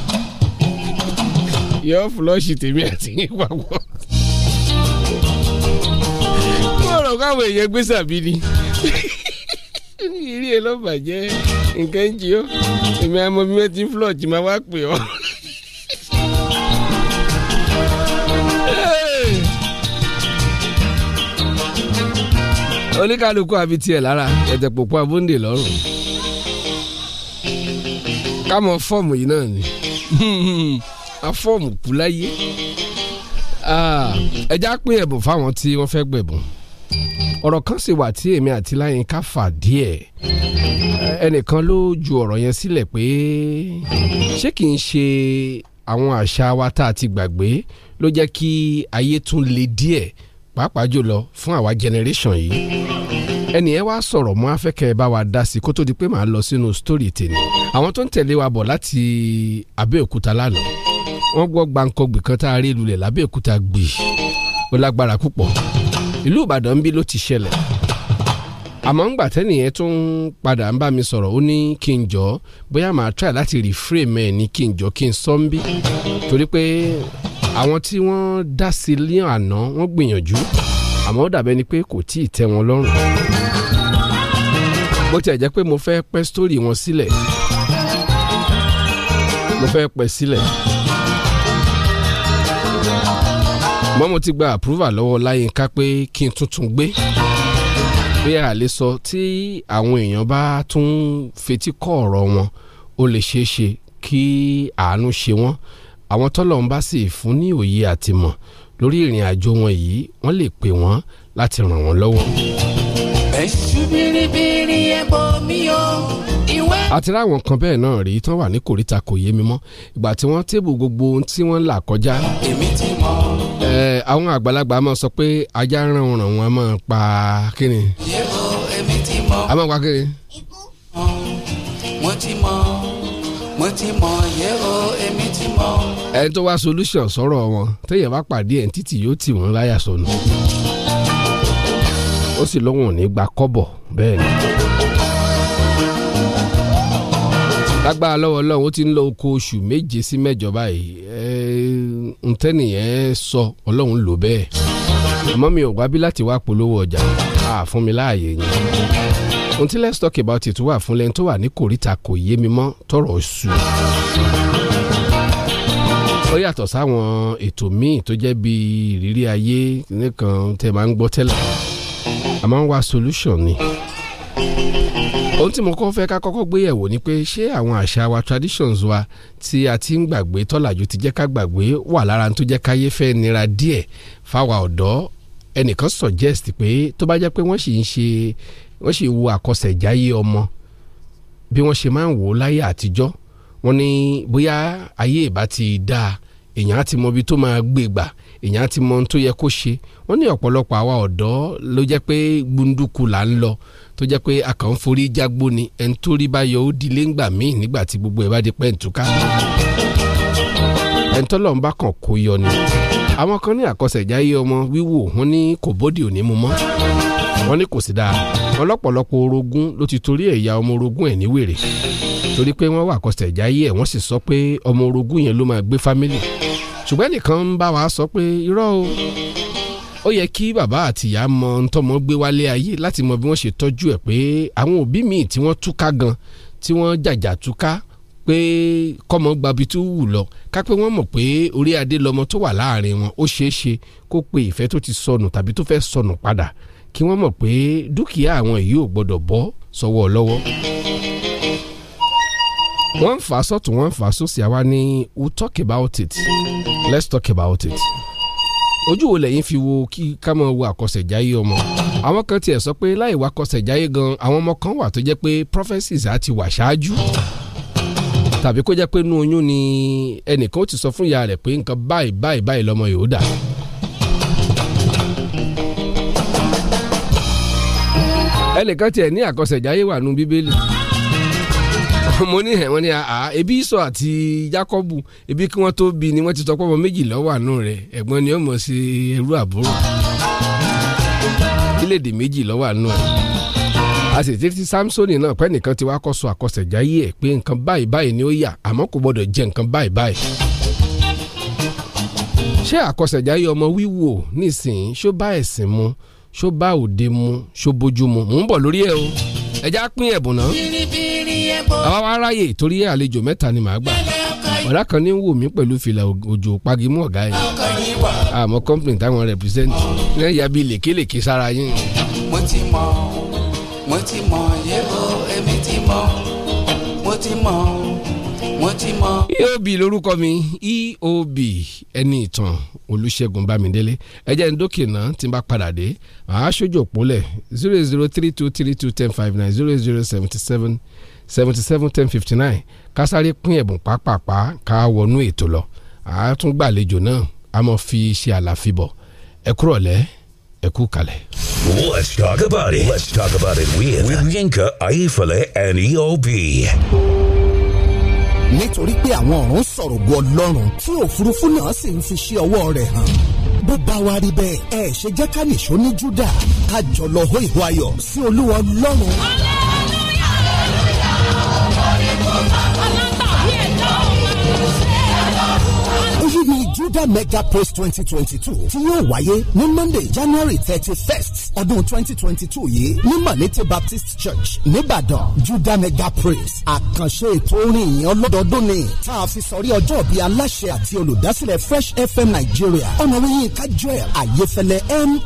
yọ fúlọ́ọ̀ṣì tèmi àti yín papọ̀ ọ̀rọ̀ káwọn èèyàn gbé sàbí ni ìrírí ẹ lọ́ọ́ bàjẹ́ nǹkan ń jí ọ́ èmi àmọ́ bí wọ́n ti ń flọ́ọ̀jì máa wá pè ọ́. oníkálukú àbí tiẹ̀ lára ẹ̀tẹ̀ pòpọ̀ abóńdè lọ́rùn kámọ fọ́ọ̀mù yìí náà ni afọ́ọ̀mù kú láyé ẹja pín ẹ̀bùn fáwọn tí wọ́n fẹ́ gbẹ̀bùn ọ̀rọ̀ kan sì wà tí èmi àti Láyínká fà díẹ̀ ẹnìkan ló ju ọ̀rọ̀ yẹn sílẹ̀ pé ṣé kì í ṣe àwọn àṣà wa tá a ti gbàgbé ló jẹ́ kí ayé tún le díẹ̀ pàápàá jùlọ fún àwa generation yìí ẹnì yẹn wá sọ̀rọ̀ mọ́ afẹ́kẹ́ bá wa dá sí kó tó di pé màá lọ sínú story tèmi àwọn tó ń tẹ̀lé wa bọ̀ láti Abẹ́òkúta lánàá wọ́n gbọ́ gbàǹkọ̀gbì kan tá a rí lulẹ̀ lábẹ́òkúta gbì ó lágbára púpọ̀ ìlú Ìbàdàn bí ló ti ṣẹlẹ̀ àmọ́ ń gbà tẹ́nìyẹn tó ń padà ń bá mi sọ̀rọ̀ ó ní kí n jọ bóyá màá try láti reframe ẹ̀ ní kí n jọ kí n sọ ń bí torí pé àwọn tí wọ́n dá sí ilé àná wọ́n gbìyànjú àmọ́ ó dàbẹ́ ni pé kò tí ì tẹ́ wọn lọ́rùn bó tiẹ̀ jẹ́ pé mo fẹ́ pẹ́ sítórì wọn sílẹ̀ mo fẹ́ pẹ́ sílẹ̀ mọ́ mo ti gba àpúrúvà lọ́wọ́ láyínká pé kí n tuntun gbé bí a lè sọ tí àwọn èèyàn bá tún fetí kọ́ ọ̀rọ̀ wọn ó lè ṣeé ṣe kí àánú ṣe wọ́n àwọn tọ́lọ́run bá sì fún ní òye àtìmọ̀ lórí ìrìn àjò wọn yìí wọ́n lè pè wọ́n láti ràn wọ́n lọ́wọ́. ẹ̀sù bìrìbìrì ẹ̀bọ mi o ìwé. àti ráwọn kan bẹ́ẹ̀ náà rí tán wà ní kòríta kò yé mi mọ́ ìgbà tí wọ́n tébù gbogbo ohun tí wọ́n là kọjá. èmi ti mọ̀. ẹ àwọn àgbàlagbà máa sọ pé ajá ràn wọn ràn wọn máa pa kíni. yẹ́wò èmi ti mọ̀. a máa pa kíni. ikú. mo ti mọ̀ mo ti mọ̀ yẹ́wò èmi ti mọ̀ ẹni tó wá solution sọ̀rọ̀ wọn téèyàn bá pàdé ẹ̀ títí yóò tì wọ́n láyà sọnù ó sì lóhùn ò ní gba kọ́bọ̀ bẹ́ẹ̀ ni. lágbára lọ́wọ́ lọ́wọ́ ó ti ń lọ oko oṣù méje sí mẹ́jọ báyìí ntẹ́nìyẹn sọ ọlọ́run lò bẹ́ẹ̀ àmọ́ mi ò wábí láti wá polówó ọjà á fún mi láàyè yẹn ohun tí let's talk about it wà fún lẹ́ni tó wà ní kòríta kò yé mi mọ́ tọrọ sùn ó yàtọ̀ sáwọn ètò míì tó jẹ́ bí ìrírí ayé nìkan tẹ́ máa ń gbọ́ tẹ́lẹ̀ a máa ń wá solution ni ohun tí mo kọ́ fẹ́ ká kọ́kọ́ gbé yẹ̀wò ni pé ṣé àwọn àṣà wa traditions wa tí a ti ń gbàgbé tọ́làjú ti jẹ́ ká gbàgbé wà lára tó jẹ́ káyé fẹ́ nira díẹ̀ fáwa ọ̀dọ́ ẹnìkan suggest pé tó bá jẹ́ pé wọ́n sì ń ṣe wọ́n sì wo àkọsẹ̀jáyé ọmọ bí wọ́n ṣe máa ń wò ó láyé àtijọ́ wọ́n ní bóyá ayé ìbá ti dáa èèyàn á ti mọ ibi tó máa gbé gbà èèyàn á ti mọ ohun tó yẹ kó ṣe wọ́n ní ọ̀pọ̀lọpọ̀ àwa ọ̀dọ́ ló jẹ́ pé gbunduku là ń lọ tó jẹ́ pé a kàn ń forí jágbó ni ẹni tó rí bá yọ ó di léǹgbà míì nígbà tí gbogbo ẹ̀ bá di pẹ́ǹtùká ẹni tó lọ́n bá kàn kó yọ ni àwọn kan ní àkọsẹ̀jáyé ọmọ wíwò wọ́n ní kò bódì òní mu mọ́ wọ́n ní kò sí dáa ọlọ́pọ̀lọpọ̀ orogún ló ti torí ẹ̀yà ọmọ orogún ẹ̀ níwèrè torí pé wọ́n wà kọsẹ̀ jáyé ẹ̀ wọ́n sì sọ pé ọmọ orogún yẹn ló máa gbé fámílì ṣùgbọ́n ẹnìkan ń bá wa sọ pé irọ́ o ó yẹ kí bàbá àtìyá mọ ntọ́mọ gbé wálé ayé láti mọ bí wọ́n ṣe tọ́jú ẹ̀ pé àwọn òbí míì tí wọ́n túká gan tí wọ́n jàjà túká pé kọ́mọ gbabi tó wù lọ kápẹ́ wọ́n mọ̀ pé orí adé lọmọ tó wà láàrin wọn ó ṣeé ṣe kó pe ìfẹ́ tó ti sọnù tàbí tó fẹ́ sọnù padà kí wọ́n mọ̀ pé dúkìá àwọn yìí ò gbọ́dọ̀ bọ́ sọ́wọ́ lọ́wọ́. So wọ́n ń fà á sọ́tún wọ́n ń fà á sósì àwa ni we we'll talk about it let's talk about it ojú wo lẹ́yìn fi wo kí ká máa wo àkọsẹ̀jáyé ọmọ àwọn kan tiẹ̀ sọ pé láì wá àkọsẹ̀jáyé gan àwọn ọmọ kan wà tó jẹ́ pé prophecies á ti wà ṣáájú tàbí kó jẹ́ pé inú oyún ni ẹnìkan ó ti sọ fún ìyá rẹ̀ pé nǹkan báyìí báyìí báyìí lọ́mọ yòó dà. ẹnìkan tiẹ̀ ní àkọsẹ̀jáyé wà nù bíbélì. *laughs* mo ní ẹ̀ wọ́n ní àá ebi Ísọ̀ àti Jákọ́bù ebi kí wọ́n tó bí ni wọ́n ti tọpọ́ ọmọ méjì lọ́wọ́ àánú rẹ̀ ẹ̀gbọ́n ni ó mọ̀ sí ẹrú àbúrò iléèdè méjì lọ́wọ́ àánú rẹ̀ a sì títí Samsoni náà pẹ́ nìkan ti wá kọ́ sọ àkọsẹ̀jáyé ẹ̀ pé nǹkan báyìí báyìí ni ó yà àmọ́ kò gbọ́dọ̀ jẹ nǹkan báyìí báyìí ṣé àkọsẹ̀jáyé ọmọ wíwò nísìnyí ṣó bá ẹ̀sìn mu ṣó bá òde mu ṣó bójú mu mò ń bọ̀ lórí ẹ̀ o ẹja pín ẹ̀bùn náà àwa wa ráyè torí àlejò mẹ́ta ni màá gbà ọ̀dà kan ní wò mí pẹ̀lú fìlà òjò pagimú ọ̀gá yẹn àmọ́ company táwọn represent ní ẹ̀yà bíi lèkélèké sára yín. mo ti mọ mo ti mọ yẹ́bọ̀ èmi ti mọ mo ti mọ wọ́n ti mọ. eob lórúkọ mi eob ẹni ìtàn olùṣègùn bámidélé ẹjẹ ń dókè náà tí n bá padà dé àáṣojú òpólẹ̀ zero zero three two three two ten five nine zero zero seventy seven seventy seven ten fifty nine kásáré pín ẹ̀bùn pápápá ká wọnú ètò lọ àátúngbàlejò náà a fi ṣe àlàfíbọ̀ ẹ kúrò lẹ́ẹ́. Let's talk about it. Let's talk about it with, with Yinka, Aifale, and EOB nítorí pé àwọn ọ̀run sọ̀rọ̀ bu ọlọ́run tí òfurufú náà sì ń fi ṣe ọwọ́ rẹ̀ hàn bó bá wa rí bẹ́ẹ̀ ẹ ṣe jẹ́ ká nìṣó ní júdà ká jọ ayọ̀ sí olúwa ọlọ́run. ọlọ́run Roda Mega Post 2022. twenty two tí yóò wáyé ní Monday January 31st, ọdún twenty twenty two yìí ní Malete Baptist Church nìbàdàn Juda Mega Praise àkànṣe ètò orin ìyẹn ọlọ́dọọdún ni tá a fi sọrí ọjọ́ bíi aláṣẹ àti olùdásílẹ̀ Fresh FM Nigeria ọ̀nàwéyìn kajọ́ẹ̀ ayéfẹ́lẹ́ MON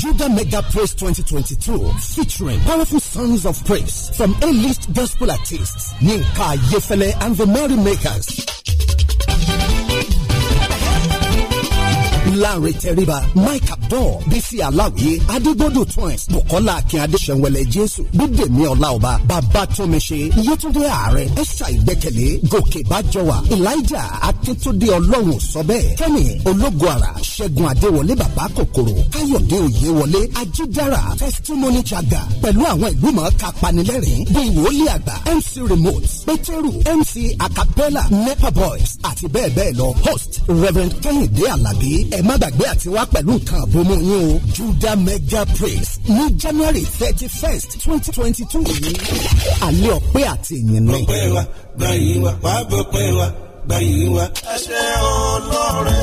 Juda Mega Praise 2022, featuring powerful songs of praise from A-list gospel artists Yinka Ayéfẹ́lẹ́ and the Makers. Lanre Tẹríba Mike Abdul Bisi Alawi Adigbodò twins Bukola Akin Adesanwẹlẹ Jésù Bídèmí Ọláọba Babatunmiṣe Yétúndé Ààrẹ Ẹ̀ṣà Ìgbẹ́kẹ̀lé Gòkè Bájọwà Elijah Akíntúndé Ọlọ́run Sọ́bẹ̀ Kẹ́mi Ológunara Ṣẹ́gun Adéwọlé Bàbá Kòkòrò Káyọ̀dé Òyewọlé Ajídára Testimony Chaga pẹ̀lú àwọn ìlú mọ̀ọ́ká panilẹ́rìn bíi Wòlíì Àgbà MC Remote Pétérù MC Acapella Nepa Boys àti bẹ́ẹ̀ bẹ́ẹ̀ lọ host Reverend Kẹ́hìndé Àlàbí ẹ má gbàgbé àti wá pẹ̀lú nǹkan àbomú yín o juda mega praise ní january thirty first twenty twenty two yìí alẹ́ ọ̀pẹ àti ìyìn ọ̀pẹ wa gba wa wàá bọ̀ pẹ́ wa gbẹ̀yìn wa. ẹ ṣe olóore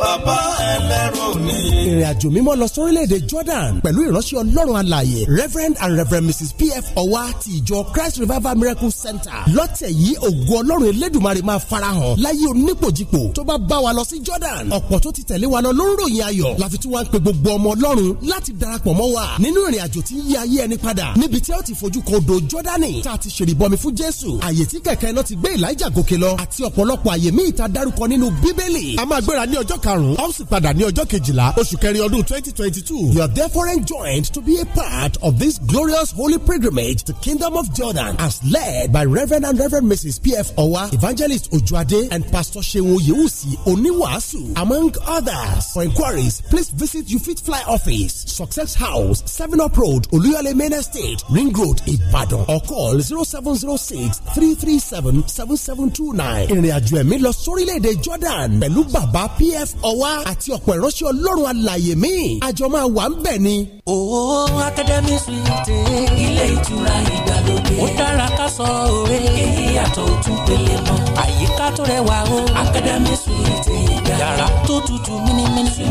bàbá ẹlẹ́rù ni. ìrìn mímọ́ lọ sórílẹ̀-èdè Jordan pẹ̀lú ìránṣẹ́ ọlọ́run alààyè Reverend and Reverend Mrs P.F. Ọwa ti ìjọ Christ Revival Miracle Center lọ́tẹ̀ yìí ògo ọlọ́run elédùnmarè máa farahàn láyé onípòjìpò tó bá bá wa lọ sí Jordan ọ̀pọ̀ tó ti tẹ̀lé wa lọ ló ń ròyìn ayọ̀ láfi tí wọ́n ń pe gbogbo ọmọ ọlọ́run láti darapọ̀ mọ́ wa nínú ìrìn àjò tí ń yí ayé ẹni padà níbi tí ó ti fojú kan odò Jọ́dánì tá a ti ṣèrìbọmi fún Jésù àyè tí kẹ̀kẹ́ náà ti gbé Èlíjà gòkè lọ àti ọ̀pọ̀lọp ọ̀pọ̀lọpọ̀ àyè míì ta dárúkọ nínú bíbélì. a máa gbéra ní ọjọ́ karùn-ún a ó sì padà ní ọjọ́ kejìlá oṣù kẹrin ọdún twenty twenty two. you are therefore enjoined to be a part of this glorious holy pilgrimage to kingdom of Jordan as led by Reverend and Reverend Mrs. P.F. Owa, Evangelist Ojuade and Pastor Shewo Yewusi Oniwasu among others. For inquiries, please visit UFIT Fly Office, Success House, Seven Up Road, Oluyale Main Estate, Ring Road, Ibadan or call 0706 337 7729. Ìrìnàjò ìrìnàjò ẹ̀mí lọ sórílẹ̀-èdè Jordan pẹ̀lú bàbá PF ọwá àti ọ̀pọ̀ ìránṣẹ́ ọlọ́run alàyè míì àjọ máa wà ń bẹ̀ ni. òwò oh, Academy Suite ilé ìtura ìgbàlódé ó dára ká sọ òwe èyí yàtọ̀ òtún pélé mọ́ àyíká tó rẹwà o Academy Suite yàrá tó tutù mímímí sí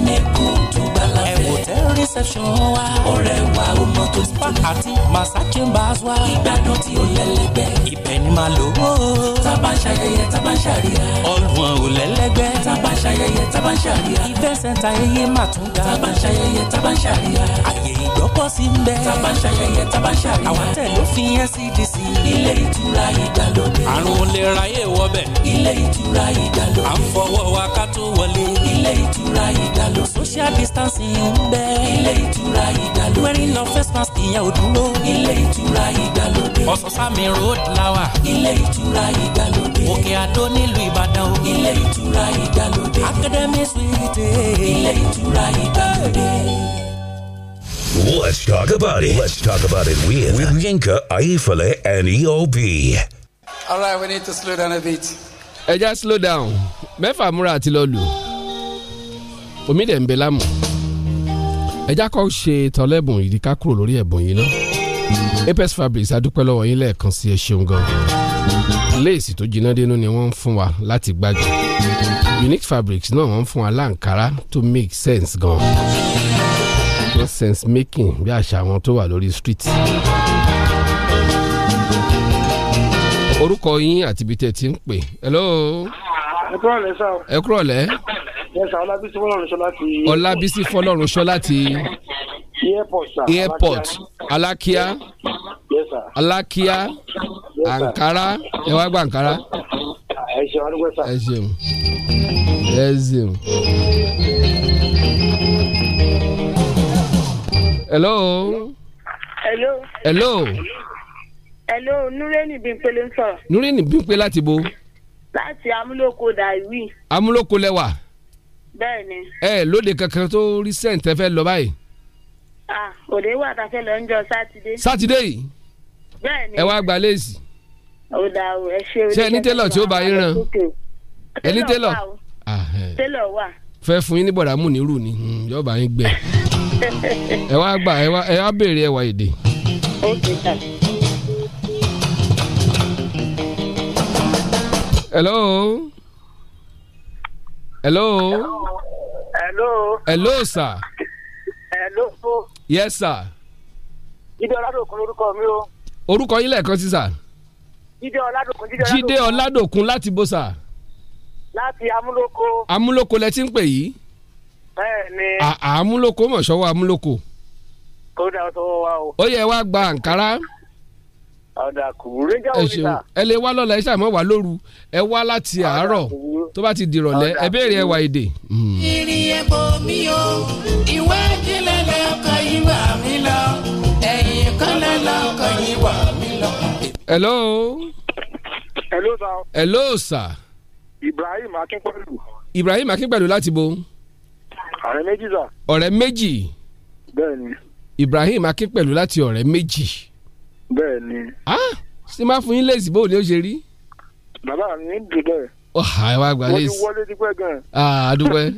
tó gbàlá hotel reception wa. ọ̀rẹ́ wa o mọ tó ti tó. àti massa chambers wa. ìgbádùn tí ó lẹ́lẹ́gbẹ́. ibẹ̀ ni màá lò ó. tábà ń ṣayẹyẹ tábà ń ṣàríyá. ọ̀gbun ò lẹ́lẹ́gbẹ́. tábà ń ṣayẹyẹ tábà ń ṣàríyá. event center eye mà tún ga. tábà ń ṣayẹyẹ tábà ń ṣàríyá. àyè ìgbọ́kọ̀ sí ń bẹ. tábà ń ṣayẹyẹ tábà ń ṣàríyá. àwọn tẹ̀ ló fi NCDC. ilé ìtura ìgbàlódé. àrùn olè ráyè wọbẹ̀. ilé ìtura ìgbàlódé. à ń fọwọ́ wa ká tó wọlé. ilé ìtura ìdàlú. social distancing ń ilé ìtura ìdàlú. wearing face mask ìyẹn ò dúró. ilé ìdàlódé. ọ̀sán-sámi road lawa. ilé ìtura òkè àdó nílùú ìbàdàn o. ilé ìtura academy ilé ìdàlódé. Let's talk about it. Let's talk about it with, with Yinka, Aifale, and EOB. All right, we need to slow down a bit. Ẹ just slow down. Mẹ́fà múra àti omi dẹ̀ ń bẹ lámù ẹjá kọ́ ṣe tọ́lẹ́bùn ìdíkà kúrò lórí ẹ̀bùn yìí ná Apex Fabrics adúpẹ́ lọ́wọ́ yín lẹ́ẹ̀kan sí ẹ ṣeun gan léèsì tó jiná dénú ni wọ́n ń fún wa láti gbájú Unique Fabrics náà wọ́n ń fún wa láǹkárá tó make sense gan no sense making bí àṣà àwọn tó wà lórí street orúkọ yín àti ibi tẹ́ ti ń pè hello ẹ kúrọ̀lẹ́ sáà ẹ kúrọ̀lẹ́ yẹsà ọlábísí fọlọ́run ṣọlá ti. ọlábísí fọlọ́run ṣọlá airport sir. airport alákíá. yẹsà. alákíá. ankara ẹ wá gba ankara. ẹ ṣeun arúgbó sà. ẹ ṣeun hello. hello. hello. hello nureni bímpele ń sọ̀rọ̀. nureni bímpele láti bo. láti amúlòkó dàwí. amúlòkó lẹ́wà bẹ́ẹ̀ni. ẹ lóde kankan tó rí sẹ́ǹtẹ́ fẹ́ lọ báyìí. ah òde wà tá a fẹ́ lọ ń jọ sátidé. sátidé yìí. bẹ́ẹ̀ni. ẹ wá gba léèsì. ó dà o ẹ ṣe oníṣẹ́ ṣe ẹni télọ̀ tí ó bá yín ràn. ẹni télọ̀ télọ̀ wà. fẹ́ fún yín ní bọ̀dà mú nírú ni hmm, yọba yín gbẹ. ẹ wá gbà ẹ wá ẹ wá béèrè ẹwà èdè. ó ti tà. hello hello. hello. hello sir. hello. yes sir. jíde ọládòkun lórúkọ mi o. orúkọ yín lẹ́ẹ̀kan sí sà. jíde ọládòkun Jide ọládòkun. jíde ọládòkun láti bó sà. láti amúlòkó. amúlòkó lẹ ti ń pè yìí. bẹ́ẹ̀ni. àmúlòkó mọ̀ sọ́wọ́ amúlòkó. kódà sọ́wọ́ wa o. ó yẹ wá gba àǹkárá ọ̀dà kùúrú níjà níta. ẹ lè wá lọ́la ẹ ṣàmọ́ wà lóru ẹ wá láti àárọ̀ tó bá ti dìrọ̀lẹ́ ẹ béèrè ẹwà èdè. Hmm. ìrìn ẹ̀bọ̀ mi o ìwé ìjìnlẹ̀ lọ́kọ̀ yìí wà mí lọ ẹ̀yìn kọ́lẹ̀ lọ́kọ̀ yìí wà mí lọ. hello. hello sir. hello sir. Ibrahim Akínpẹ̀lú. Ibrahim Akínpẹ̀lú láti bo. ọ̀rẹ́ méjì sà. ọ̀rẹ́ méjì. bẹ́ẹ̀ni. Ibrahim Akínpẹ̀lú láti ọ̀rẹ́ méjì bẹ́ẹ̀ ni. ṣé máa fún yín lẹ́sì bó ni ó ṣe rí. bàbá mi ń dùn bẹ́ẹ̀. ọ̀hà ẹ wá gba mo ti wọlé dípẹ́ gan. ẹ wá gba ẹ ti ń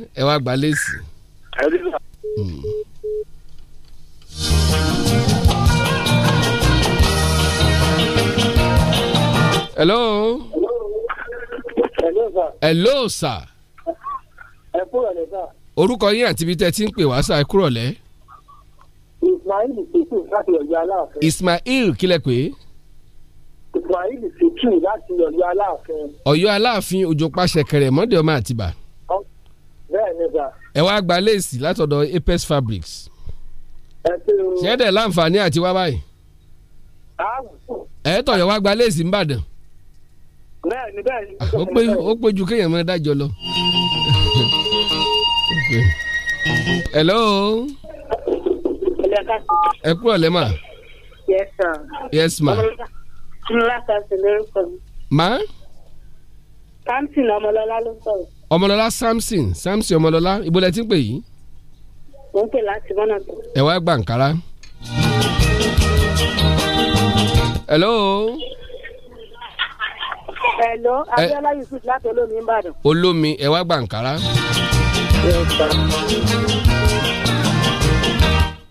pè wá ẹ kúrò ismail situ láti ọ̀yọ́ aláàfin. ismail kílẹ̀ pé. ismail situ láti ọ̀yọ́ aláàfin. ọ̀yọ́ aláàfin òjò pàṣẹ kẹrẹ mọ́dẹ̀ ọmọ àtibá. bẹ́ẹ̀ ni sà. ẹ wá gba léèsì látọ̀dọ̀ apes fabrics. ẹ ti o. ṣẹ́dẹ̀ láǹfààní àti wá báyìí. ẹ tọ̀yọ̀ wá gba léèsì ńbàdàn. bẹ́ẹ̀ ni bẹ́ẹ̀ ni. Ah, ó pé ju kéèyàn mọ́ dájọ́ lọ. *laughs* hello ẹ kúrò lẹ́mà. yes sir. yes ma. ọmọlọ́lá samson lórúkọ mi. ma. samson ọmọlọ́lá ló sọ̀rọ̀. ọmọlọ́lá samson samson ọmọlọ́lá ibo lẹ ti ń pè yìí. mo ń pè láti mọ́nà tó. ẹ wá gba Ankara. hello. hello abiola yusuf láti olómi ń bàdàn. olómi ẹ wá gba Ankara. yes sir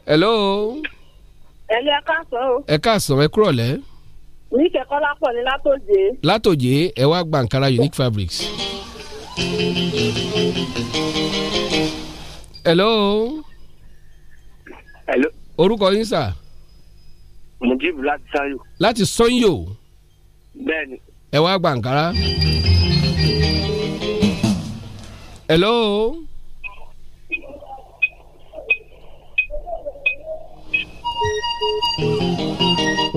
hello. hello ẹ káàsán o. ẹ káàsán ẹ kúrọ̀ lẹ́. ní kẹ́kọ́ lápọ̀ ní látòjé. látòjé ẹ wá gba Ankara Unique Fabrics. hello. hello. orúkọ yín sà. Mujibu láti sanyo. láti sanyo. bẹ́ẹ̀ni. ẹ wá gba Ankara. hello. hello?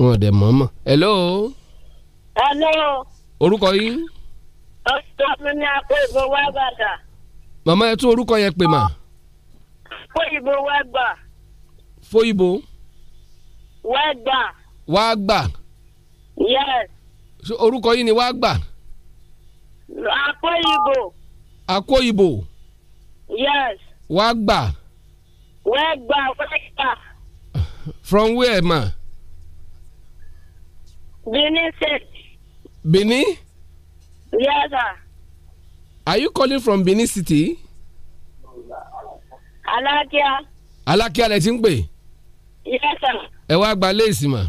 wọn dẹ̀ mọ́ mọ́. hello. hello. orúkọ yín. ọ̀sán mi ni àpò ìbò wá bàtà. màmá ẹ tún orúkọ yẹn pè mà. àpò ìbò wá gbà. fóyìnbó. wá gbà. wá gbà. yes. so orúkọ yín ni wá gbà. àpò ìbò. àpò ìbò. yes. wá gbà. wá gbà wá gbà from where ma. Benin State. Benin? Yes, sir. Are you calling from Benin City? Alákíá. Alákíá lẹ ti ń pè. Yes, sir. Ẹ wá gba léèsì ma.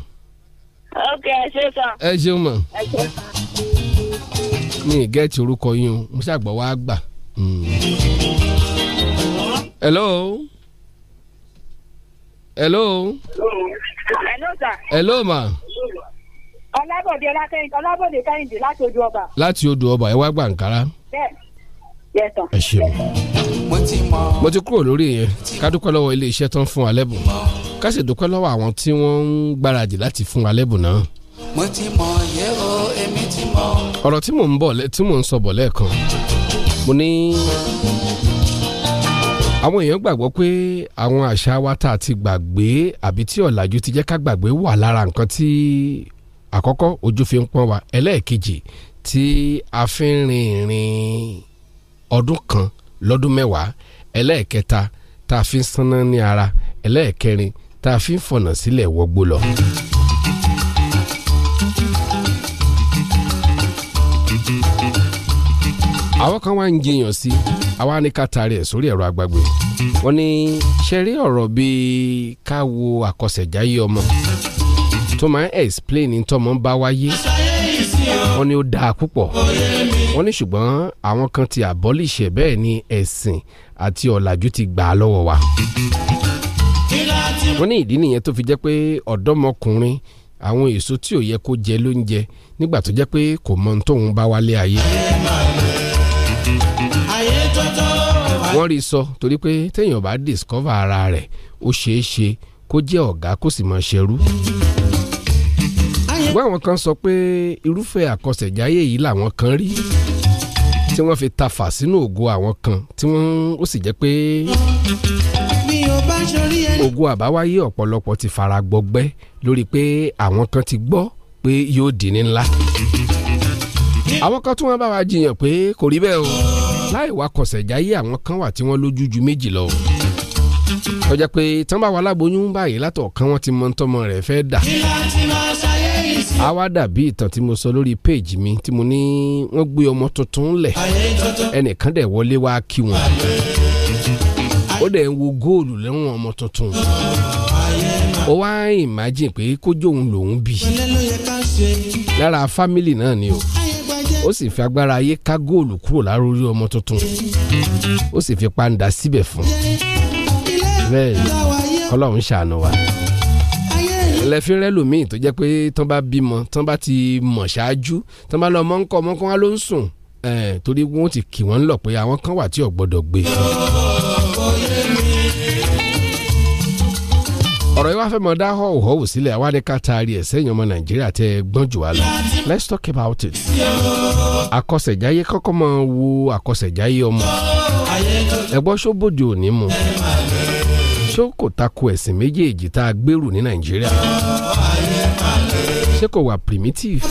Ok, ẹ ṣe sàn. Ẹ ṣeun mà. Ẹ ṣe sàn. Mi gẹ́ẹ̀tì orúkọ yín o, mo ṣàgbọ́ wá gbà. Hmm. Hello hello. hello sir. hello ma. ọlábọ̀dé ọlákẹ́yìn ọlábọ̀dé kẹ́hìndé láti odò ọba. láti odò ọba ẹ wá gbàǹkárá. bẹ́ẹ̀ yẹ tán. ẹ ṣeun mo ti kúrò lórí yẹn ká dúpẹ́ lọ́wọ́ ilé iṣẹ́ tó fún wa lẹ́bùn ká sì dúpẹ́ lọ́wọ́ àwọn tí wọ́n ń gbáradì láti fún wa lẹ́bùn náà. mo ti mọ yẹ o èmi ti mọ. ọ̀rọ̀ tí mò ń bọ̀ tí mò ń sọ bọ̀ lẹ́ẹ̀kan mo ní àwọn èèyàn gbàgbọ́ pé àwọn àṣà wa tá a ti gbàgbé àbí tí ọ̀làjú ti jẹ́ ká gbàgbé wà lára nǹkan tí àkọ́kọ́ ojú fi ń pọ́n wa ẹlẹ́ẹ̀kejì tí a fi ń rin ìrìn ọdún kan lọ́dún mẹ́wàá ẹlẹ́ẹ̀kẹta tá a fi ń sanná ní ara ẹlẹ́ẹ̀kẹrin tá a fi ń fọ̀nà sílẹ̀ wọgbó lọ. àwọn kan wá ń jiyàn sí àwa ní ká taari ẹ̀ sórí ẹ̀rọ agbágbé wọn ní ṣẹ́rí ọ̀rọ̀ bíi ká wo àkọsẹ̀jáyé ọmọ tó máa ń explain ní tọmọ bá wáyé wọn ní ó dáa púpọ̀ wọn ní ṣùgbọ́n àwọn kan ti àbọ́lìṣẹ̀ bẹ́ẹ̀ ni ẹ̀sìn àti ọ̀làjú ti gbà á lọ́wọ́ wa wọ́n ní ìdí nìyẹn tó fi jẹ́ pé ọ̀dọ́mọkùnrin àwọn èso tí ò yẹ kó jẹ ló ń jẹ nígbà tó jẹ́ pé kò mọ ohun tóun bá wálé ayé wọ́n rí sọ torí pé téèyàn bá discover ara rẹ̀ ó ṣeé ṣe kó jẹ́ ọ̀gá kó sì máa ṣerú. ṣùgbọ́n àwọn kan sọ pé irúfẹ́ àkọsẹ̀jáyé yìí làwọn kan rí tí wọ́n fi tafà sínú ògo àwọn kan tí wọ́n ó sì jẹ́ pé ògo àbáwáyé ọ̀pọ̀lọpọ̀ ti fara gbọgbẹ́ lórí pé àwọn kan ti gbọ́ pé yóò di ní ńlá àwọn kan tí wọ́n bá wa jiyàn pé kò rí bẹ́ẹ̀ o láì wá kọ̀sẹ̀ jáyé àwọn kan wà tí wọ́n lójú ju méjì lọ. ó jẹ́ pé tán bá wà láboyún báyìí látọ̀ kan wọ́n ti mọ tọmọ rẹ̀ fẹ́ dà. a wá dàbí ìtàn tí mo sọ lórí péèjì mi tí mo ní wọ́n gbé ọmọ tuntun lẹ̀ ẹnìkan dẹ̀ wọlé wá kí wọn. ó dẹ̀ ń wo góòlù lẹ́wọ̀n ọmọ tuntun ó wá imagine pé kójú òun lòún bí lára fámìlì náà ni o ó sì fi agbára ayé ká góòlù kúrò lárórí ọmọ tuntun ó sì fi pàǹdà síbẹ̀ fún bẹ́ẹ̀ kọ́lọ́run ṣàánú wa lẹ́fín rẹ́ lòmíì tó jẹ́ pé tán bá bímọ tán bá ti mọ̀ ṣáájú tán bá lọ mọ́ ń kọ́ ọmọ kan wá ló ń sùn torí wọ́n ti kì wọ́n ń lọ pé àwọn kan wà tí ò gbọ́dọ̀ gbé ọ̀rọ̀ yìí wá fẹ́ mọ̀ dá họ́wọ́ wò sílẹ̀ àwárí ká taari ẹ̀ sẹ́yìn ọmọ nàìjíríà tẹ́ gbọ́n jù wá lọ let's talk about it. àkọsẹ̀jáyé kọ́kọ́ máa wo àkọsẹ̀jáyé ọmọ ẹ̀gbọ́n ṣóbòdì òní mu ṣó kò tako ẹ̀sìn méjèèjì tá a gbèrú ní nàìjíríà ṣé kò wà primitive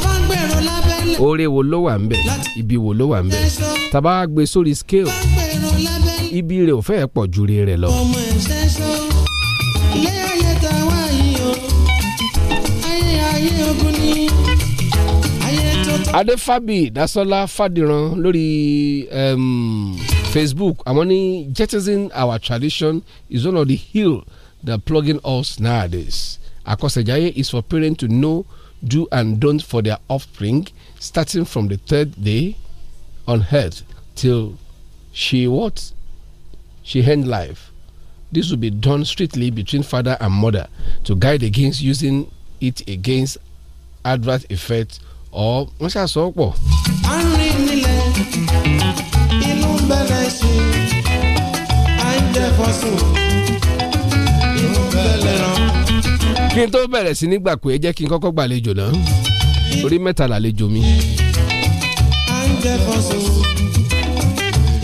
oore wo ló wà ń bẹ ibi wo ló wà ń bẹ tàbá gbé sórí scale ibi rẹ̀ ò fẹ́ pọ̀ ju rẹ̀ lọ. adéfábì dasola fàdìran lórí um, facebook àwọn ní jettison our tradition is one of the hill that plugging us nowadays akọsẹjáyé is for parents to know do and don't for their offspring starting from the third day on earth till she what she end life this will be done strictly between father and mother to guide against using it against adverse effects ọ wọ́n ṣàṣọ pọ̀. àárín nílẹ̀ inú bẹ̀rẹ̀ sí à ń jẹ́ fọ́sùn inú bẹ̀rẹ̀ rán. kí n tó bẹ̀rẹ̀ sí nígbà pé jẹ́ kí n kọ́kọ́ gbàlejò náà orí mẹ́ta làlejò mi. à ń jẹ́ fọ́sùn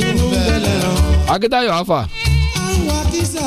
inú bẹ̀rẹ̀ rán. Akíntayọ̀ afa. àwọn akísà.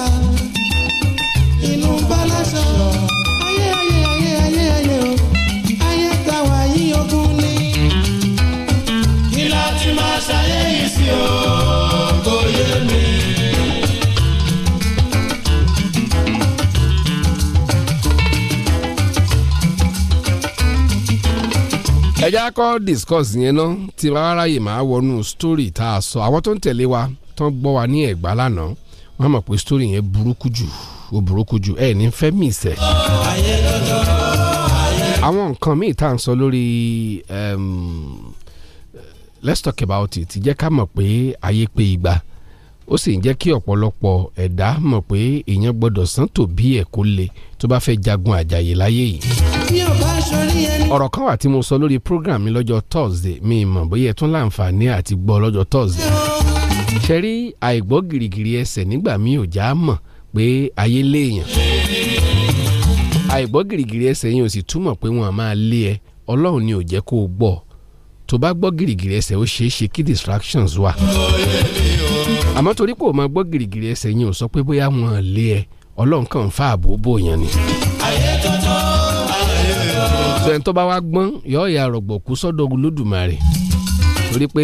kọ́kọ́ discuss yẹn náà tí màá ráyè màá wọnú story tá a sọ àwọn tó ń tẹ̀lé wa tó ń gbọ́ wa ní ẹ̀gbá lánàá wọ́n mọ̀ pé story yẹn burúkú jù ó burúkú jù ẹ̀ ní fẹ́ mí ìsẹ̀. àwọn nǹkan míì tá à ń sọ lórí let's talk about it jẹ́ ká mọ̀ pé ayé pé igba ó sì ń jẹ́ kí ọ̀pọ̀lọpọ̀ ẹ̀dá mọ̀ pé èèyàn gbọ́dọ̀ sán tòbí ẹ̀ kó le tó bá fẹ́ jagun àjàyè láyé yìí ọ̀rọ̀ kan wà tí mo sọ lórí program mi lọ́jọ́ Thursday mi mọ̀ bóyá ẹ tún láǹfààní àti gbọ́ lọ́jọ́ Thursday ṣe rí àìgbọ́ gìrìgìrì ẹsẹ̀ nígbà mi ò já mọ̀ pé ayé léèyàn àìgbọ́ gìrìgìrì ẹsẹ̀ yẹn ò sì túmọ̀ pé wọ́n á máa lé ẹ ọlọ́run ni ò jẹ́ kó o gbọ́ tó bá gbọ́ gìrìgìrì ẹsẹ̀ ó ṣeé ṣe kí distractions wà àmọ́ torí pé o máa gbọ́ gìrìgìrì ẹsẹ̀ yẹn ò sọ pé bóyá wọ́n lé ẹ ọlọ́run kàn ń fa so ẹni tó bá wá gbọ́n yóò yà rọ̀gbọ̀kú sọ́dọ̀ olódùmarè torí pé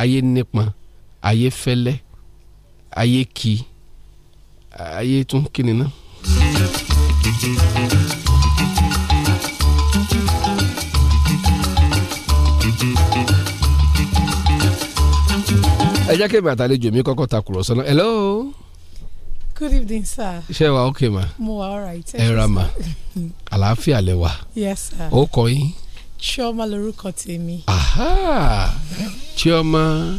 ayé nípọn ayé fẹ́lẹ́ ayé kì ayé tún kíni náà. ẹ jẹ́ kí èmi àtàlejò mi kọ́kọ́ ta kùrọ̀ sọ́nà hello good evening sir. ṣé wa ok ma. mo wa alright. ẹ ra ma *laughs* àlàáfíà lẹ wa. yes sir. O kọ yín. chioma lorúkọ tèmi. aha chioma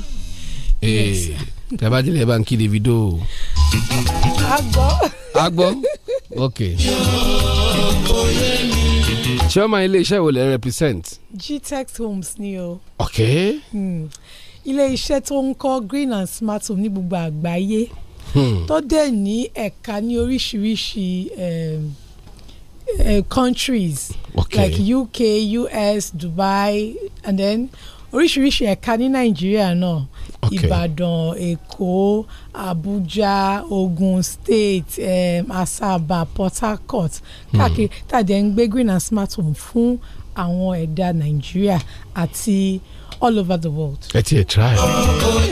Yes. tẹ bá délé bá ń kí Davido. a gbọ́. a ok. chioma iléeṣẹ́ wo lẹ represent. gtex homes ni o. ok. Mm. ilé iṣẹ́ tó ń kọ́ green and smart home ní gbogbo àgbáyé. Hmm. tó dẹ̀ ní ẹ̀ka ní oríṣiríṣi ehm, eh, countries okay. like UK US Dubai and then oríṣiríṣi ẹ̀ka ní Nàìjíríà náà Ìbàdàn Èkó Abuja Ogun State um, Asaba Port Harcourt hmm. káàkiri tàdé ń gbé green and smart home fún àwọn ẹ̀dá Nàìjíríà àti. E all over the world. ẹ ti ẹ try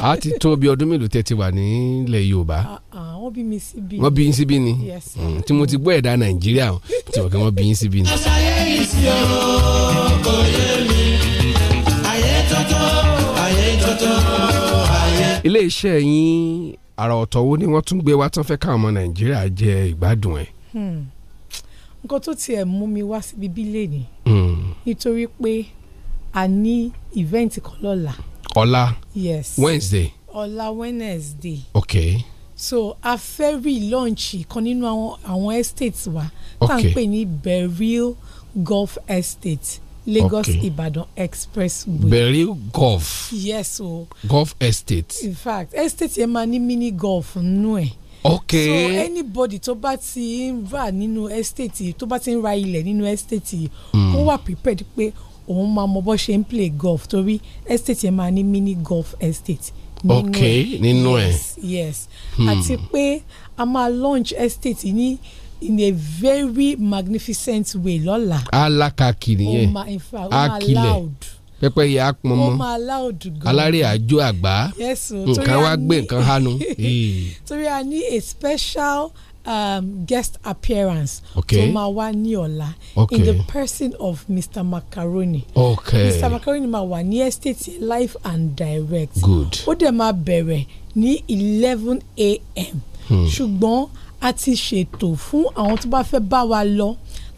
a ti tó bí ọdún mélòó tẹ́ ti wà nílẹ̀ yorùbá. Ah, ah, wọ́n bí mi síbí. wọ́n bí yín síbí ni mm, tí mo ti gbọ́ ẹ̀dá nàìjíríà tí wọ́n kẹ́ wọ́n bí yín síbí ni. àṣàyè ìsì ọ̀rọ̀ kò yé mi àyè tọ́tọ́ ilé iṣẹ́ yín àrà ọ̀tọ̀ wo ni wọ́n tún gbé wá tán fẹ́ káwọn ọmọ nàìjíríà jẹ ìgbádùn ẹ̀. Hmm. nǹkan tó tiẹ̀ mú mi wá síbi bílẹ̀ ni hmm. nítorí pé a ní event kan lọ́la. ọ̀la yes wednesday. ọ̀la wednesday. ok. so a fẹ́ rí lọ́ọ̀nchì kan nínú àwọn estates wa tá à ń pè ní Beril Golf Estate. Lagos okay. Ibadan Expressway. Beril Golf. yes o. Golf Estate. in fact estate yẹn máa ní mini golf nínú ẹ̀. ok so anybody tó bá ti ń rà nínú estate tó bá ti ń ra ilẹ̀ nínú estate yìí mm. ó wà prepared pé òun máa mọ bó ṣe ń play golf torí estate yẹn máa ní mini golf estate nínú ok nínú ẹ yes yes àti hmm. pé a máa launch estate ní in a very magnificent way lọ́la. alákàkì nìyẹn akilẹ̀ pẹpẹ yẹ apọnmọ alárè àjọ àgbà nǹkan wá gbé nǹkan hánu. *laughs* torí a ní a special um, guest appearance okay. tó máa wá ní ọ̀la okay. in the person of Mr. Macaroni okay. Mr. Macaroni máa wà ní estate live and direct ó dẹ̀ máa bẹ̀rẹ̀ ní eleven a.m. Hmm. ṣùgbọ́n a ti ṣètò fún àwọn tó bá fẹ́ bá wa lọ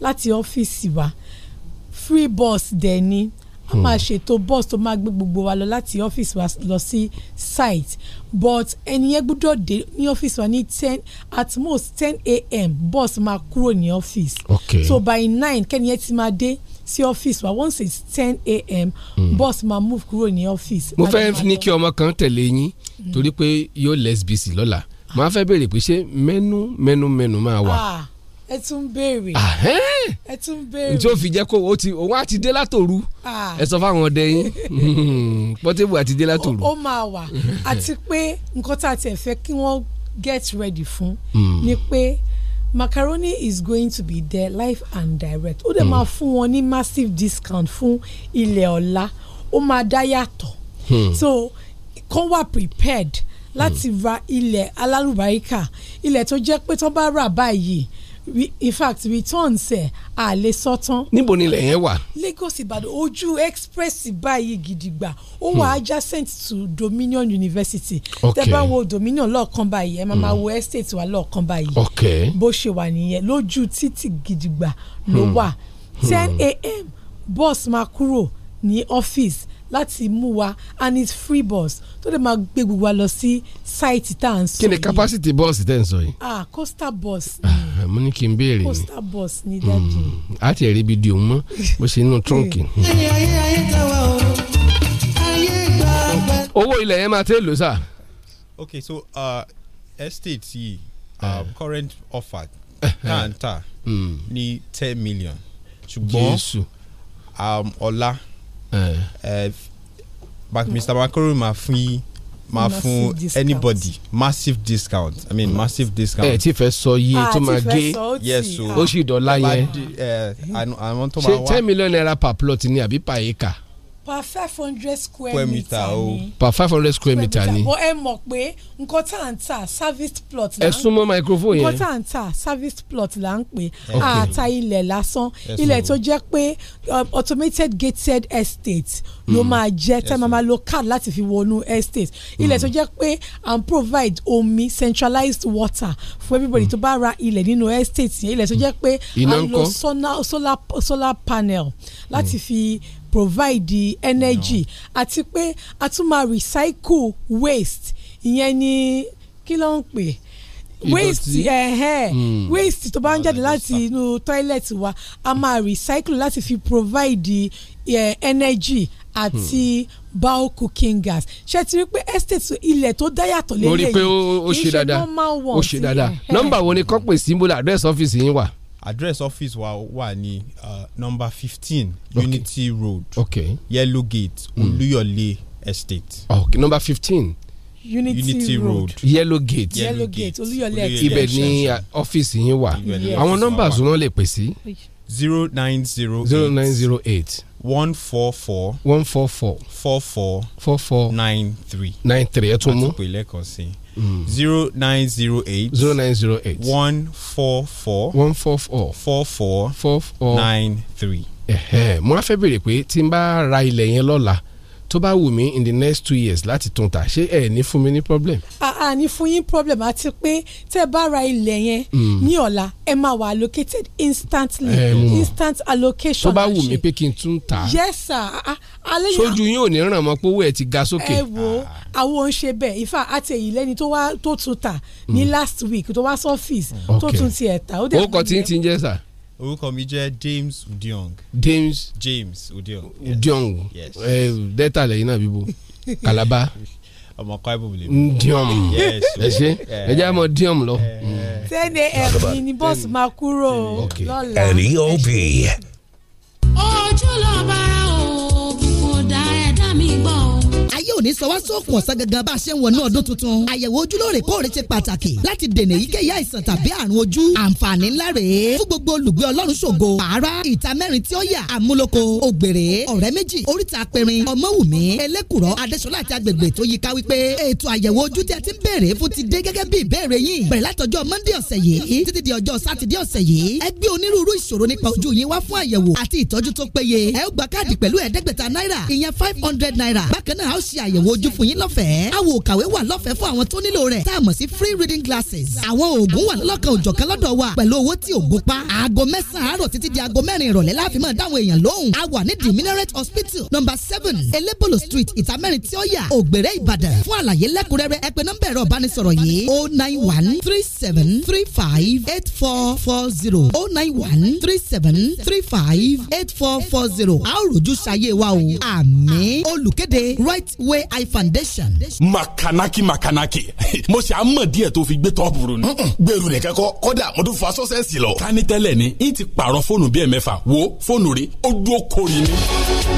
láti ọ́fíìsì wa free bus dẹ̀ ni a máa hmm. ṣètò bus tó máa gbé gbogbo wa lọ láti ọ́fíìsì wa lọ sí site but ẹnìyẹn gbúdọ̀ dé ní ọ́fíìsì wa ní ten at most ten a.m. bus máa kúrò ní ọ́fíìsì okay. so by nine kẹ́niyẹn ti máa dé sí ọ́fíìsì wa once it's ten a.m. Mm. bus máa move kúrò ní ọ́fíìsì. mo fẹ́ ní kí ọmọ kan tẹ̀lé yín hmm. torí pé yóò less busy lọ́la màá fẹ́ béèrè pé ṣé mẹ́nu mẹ́nu mẹ́nu máa wà. Ah ẹ tún béèrè ah, ẹ tún béèrè tí ó fi jẹ́ kó o ti òun á ti dé látòru ah. ẹ sọ fáwọn ọdẹ yín hmm, Portable àti dé látòru. ó máa wà àti pé nǹkan tá a ti ẹ̀ fẹ́ kí wọ́n get ready fún hmm. ni pé macaroni is going to be there live and direct ó dẹ̀ máa hmm. fún wọn ní massive discount fún ilẹ̀ ọ̀la ó máa dá yàtọ̀ so kàn wà prepared láti ra ilẹ̀ alálùbáríkà ilẹ̀ tó jẹ́ pé tó bá rà báyìí we in fact returns ẹ eh, a lè sọ tán. níbo ni ilẹ̀ yẹn wà. Lagos Ìbàdàn ojú express báyìí gidigba ó wà hmm. adjacent to Dominion University okay. tẹ́ bá wo Dominion lọ́ọ̀kan báyìí ẹ máa ma hmm. wo estate wa lọ́ọ̀kan báyìí okay. bó ṣe wà nìyẹn lójú títì gidigba ló hmm. wà ten a.m. bus máa kúrò ní ọ́fíìsì láti mú wa and it's free bus tó dé máa gbé gbogbo wa lọ sí sáìtì tá à ń sọ yìí. kí ni capacity bus tẹ́ ń sọ yìí. ah coastal bus ni. Ah, mo ní kí n béèrè ni coastal bus ni dájú. Hmm, a ti rí ibi di òun mọ́ bó ṣe inú trọ́ǹkì. *laughs* owó ilẹ̀ yẹn máa tẹ́ lò sá. okay so uh, estate yìí uh, current offer *laughs* tá à ń tà hmm. ní ten million ṣùgbọ́n ọ̀la. Um, Eh, eh, Mr. Bakuru máa fún yín máa fún anybody massive discount I mean mm. massive discount. ẹ eh, ti fẹ́ sọ iye ah, tó máa gé ah. ó sì dọ̀la yẹn ṣe ten million naira per plot ni àbí per acre per five hundred square meter oh. ni. per five hundred square meter ni. bọ́ ẹ mọ̀ pé nǹkan tá à ń tà service plot là ń pè. ẹ microphone yẹn. nǹkan tá à ń tà service plot là ń pè. àta ilẹ̀ lásán ilẹ̀ tó jẹ́ pé um, automated gated estate ló hmm. máa jẹ́ tẹ́ máa máa lo card láti fi wọnú estate. ilẹ̀ hmm. tó jẹ́ pé and provide omi centralized water for everybody hmm. to bá ra ilẹ̀ nínú estate yẹn ilẹ̀ tó jẹ́ pé à ń lo solar solar solar panel láti fi. Mm provide energy àti pé a tún máa recycle waste ìyẹn ni kí ló ń pè waste ẹ̀hẹ́ hmm. waste tó bá ń jáde láti inú toilet wa a máa recycle láti fi provide uh, energy àti hmm. bio cooking gas ṣe ti rí pé estate ilẹ̀ tó dá yàtọ̀ lélẹ́yìn kì í ṣe normal one. ó ṣe dáadáa wo ni kọ́pẹ́ símbólà address ọ́fíìsì yín wà address office wa wa ni uh, number fifteen okay. unity road okay. yellow gate hmm. olúyọ̀lé mm. estate. okay number fifteen. Unity, Unity Road, Road. Yellow Gate Yellow Gate Olúyọ̀lé ibẹ̀ ni ọ́fíìsì uh, yín wà àwọn nọ́mbà tí wọ́n lè zero nine zero eight zero nine zero eight one four four one four four four four four four nine three nine three ẹ tún mú. àti pèlẹ́kọ̀ọ́ sí i zero nine zero eight zero nine zero eight one four four one four four four four four four nine three. mo wá fẹ́ béèrè pé tí n bá ra ilẹ̀ yẹn lọ́la tó bá wù mí in the next two years láti tún tà ṣé ẹ ní fún mi ní problem. àà ní fún yín problem àti pé tẹ́ bá ra ilẹ̀ yẹn hmm. ní ọ̀la ẹ máa wà allocated instantly instant allocation. tó bá wù mí pé kí n tún tà. yes sir alẹ́ yẹn. sójú yín ò ní ràn mọ́ pé owó ẹ ti ga sókè. ẹ wo àwọn ò ń ṣe bẹ́ẹ̀ ifá àti èyí lẹ́ni tó wá tó tún tà ní hmm. last week tó wá sọ́fíìsì hmm. tó tún tiẹ̀ tà. ó kọ tí ń ti jẹ́ sà orúkọ mi jẹ́ James Udiong. James James Udiong. Yes. Udiong eh, dẹ́ta lẹ́yìn náà bíbo Kalaba ọmọ kọ́ ibùdó lè mú. diom ẹ ṣe ẹ jẹ́ àmọ́ diom lọ. ten a.m. yìí ni bọ́ọ̀sì máa kúrò lọ́la. ẹ̀rí òbí. ojúlọ́ba. ò ní sọ wá sóòkùn ọ̀sán gangan bá a ṣe ń wọnú ọdún tuntun. àyẹ̀wò ojú lóòrèkóòrè ṣe pàtàkì láti dènà èyíkéyìí àìsàn tàbí àrùn ojú. àǹfààní ńlá rèé fún gbogbo olùgbé ọlọ́run ṣògo pààrà ìta mẹ́rin tí ó yà àmúlòkọ ògbèrè ọ̀rẹ́ méjì oríta apẹ̀rin ọmọwùmí ẹlẹ́kùrọ́ adéṣọlá àti agbègbè tó yíká wípé ètò àyẹ̀wò ojú tí a ti ń béèrè fún ti dé gẹ́gẹ́ bí ṣàyẹ̀wò ojú fún yín lọ́fẹ̀ẹ́ awòkàwé wà lọ́fẹ̀ẹ́ fún àwọn tó nílò rẹ̀ tá a mọ̀ sí free reading glasses àwọn oògùn wà lọ́kàn òjọ̀kan lọ́dọ̀ wa pẹ̀lú owó tí ò gún pa aago mẹ́sàn-án àárọ̀ títí di aago mẹ́rin ìrọ̀lẹ́ la fi máa dáhùn èèyàn lóhùn a wà ní the minaret hospital number seven elébolo street ìtàmẹ́rin tí ó yà ògbèrè ìbàdàn fún àlàyé lẹ́kùnrẹ́rẹ́ ẹ pè nọ́mbà ẹ̀rọ ìbánisọ̀rọ̀ yìí o oh nine one three seven three five eight four four zero o oh nine one three seven three five eight four four zero a ó rojú sáyé wa o àmín olùkéde right way ai foundation. makanaki makanaki *laughs* mo ṣe àmọ̀ díẹ̀ tó fi gbé tọ́pù rò ní. gbèrú nìkan kọ́ kọ́dà mo tún fa sọ́sẹ́sì lọ. kání tẹ́lẹ̀ ni n ti pààrọ̀ fóònù bíi ẹ̀mẹ́fà wo fóònù rí ó dúró kori ni.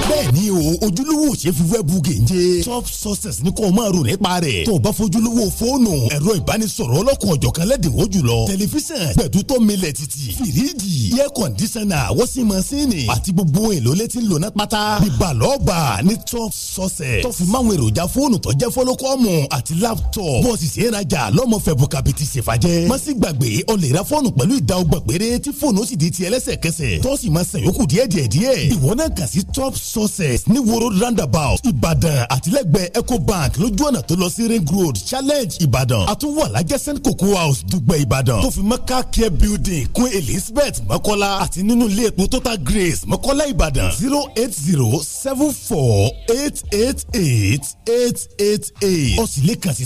bẹ́ẹ̀ni o ojúlówó ṣe fífẹ́ bu gèje top success ní kò máa rò nípa rẹ̀ tó o bá fojúlówó fóònù ẹ̀rọ ìbánisọ̀rọ̀ ọlọ́kùn ọ̀jọ̀kan lẹ́dínwó jùlọ tẹlifíṣàn gbẹ̀dútọ́ milẹ̀ títì fìríjì iye kọ̀ndísánà wọ́sí masínì àti gbogbo èlò létí lónà pátá bíbalọ́ọ̀bà ní success láwọn èròjà fóònù tó jẹ́ fọ́lọ́kọ́mù àti láptọ̀pù bọ́ọ̀sì sì ń rajà lọ́mọ fẹ̀bù kàbìtì ṣèfàjẹ́ má sì gbàgbé o lè ra fóònù pẹ̀lú ìdá ọgbà péré tí fóònù ó sì di tiẹ̀ lẹ́sẹ̀kẹsẹ̀ tó sì máa san yòókù díẹ̀ díẹ̀ díẹ̀ ìwọ náà kà sí top sources ní woro roundabout ìbàdàn àtìlẹ́gbẹ̀ẹ́ ecobank lójú ọ̀nà tó lọ sí ring road challenge ìbàdàn àtúwọ̀ alájẹ́ st cocoa house dùgbẹ̀ ìbàdàn tó fi mẹ́ka care building kún elizabeth mọ́kọ́lá àti nínú ilé epo total grace mọ́kọ́lá ìbàdàn zero eight zero seven four eight eight eight eight eight eight eight ó sì lè kàn sí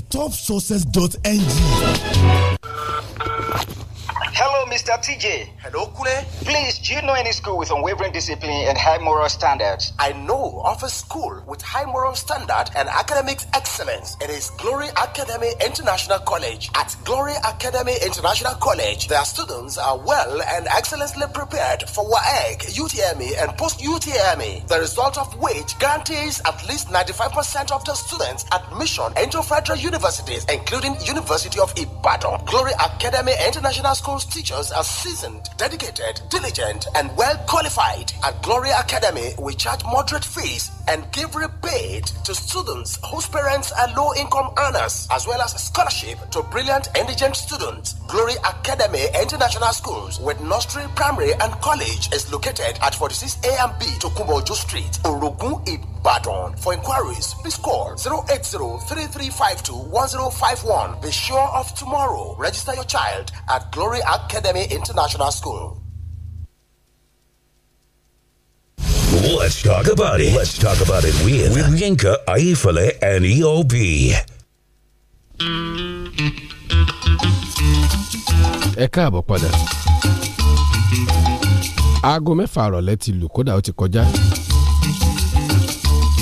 Hello, Mr. TJ. Hello, Kule. Please, do you know any school with unwavering discipline and high moral standards? I know of a school with high moral standard and academic excellence. It is Glory Academy International College. At Glory Academy International College, their students are well and excellently prepared for WAEG, UTME, and post-UTME. The result of which guarantees at least 95% of the students admission into federal universities, including University of Ibadan. Glory Academy International School schools teachers are seasoned, dedicated, diligent, and well qualified. At Glory Academy, we charge moderate fees and give rebate to students whose parents are low income earners, as well as scholarship to brilliant indigent students. Glory Academy International Schools with nursery, primary, and college is located at 46 A and B to Kumbojo Street, Orogun, Ibadan. For inquiries, please call 080 Be sure of tomorrow. Register your child at Glory Glory Academy International School. Let's talk about it. Let's talk about it with, with Yinka, Aifale, and EOB. ẹ káàbọ̀ padà aago mẹ́fà àrọ̀lẹ́ ti lù kódà ó ti kọjá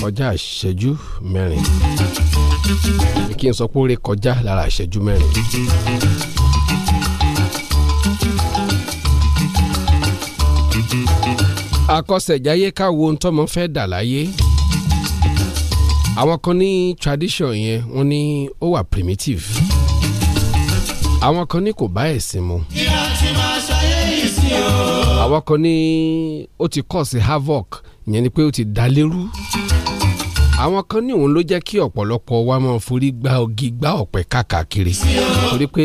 kọjá ìṣẹ́jú mẹ́rin kí n sọ pé ó ré kọjá lára ìṣẹ́jú mẹ́rin. akọ́ṣẹ́jáyé ká wo ohun tọ́mọ fẹ́ dà láyé àwọn kan ní tradition yẹn wọ́n ní ó wà primitive àwọn kan ní kò bá ẹ̀sìn mu àwọn kan ní ó ti cause havoc ìyẹn ni pé ó ti dalérú àwọn kan ní òun ló jẹ́ kí ọ̀pọ̀lọpọ̀ wa máa forí gba ogi gba ọ̀pẹ káàkiri torí pé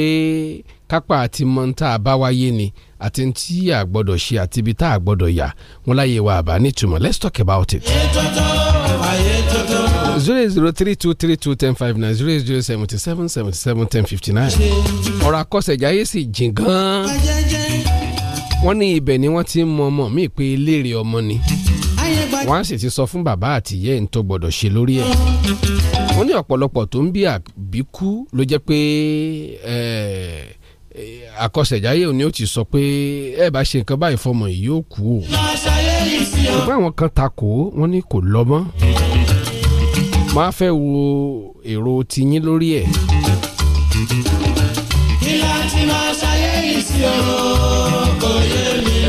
kápá àti mọ́ńtà àbáwáyé ni àti tí a gbọ́dọ̀ ṣe àti ibi tá a gbọ́dọ̀ yà wọn láyé wa àbá nítumọ̀ let's talk about it. zero eight zero three two three two ten five nine zero eight zero seventy seven seventy seven ten fifty nine ọ̀rọ̀ àkọsẹ̀jáyé sì jìn gan-an wọ́n ní ibẹ̀ ni wọ́n ti ń mọ ọmọ mi pé eléèrè ọmọ ni wọ́n á sì ti sọ fún bàbá àtìyẹ́ ẹ̀ ń tó gbọ́dọ̀ ṣe lórí ẹ̀ wọ́n ní ọ̀pọ̀lọpọ̀ tó ń bí àbíkú ló jẹ́ pé ẹ̀ẹ́ àkọsẹ̀jáyé òní ó ti sọ pé ẹ bá ṣe nǹkan báyìí fọmọ yìí yóò kú o. ṣùgbọ́n àwọn kan takò wọ́n ní kò lọ máa fẹ́ wo èrò tiyín lórí ẹ̀.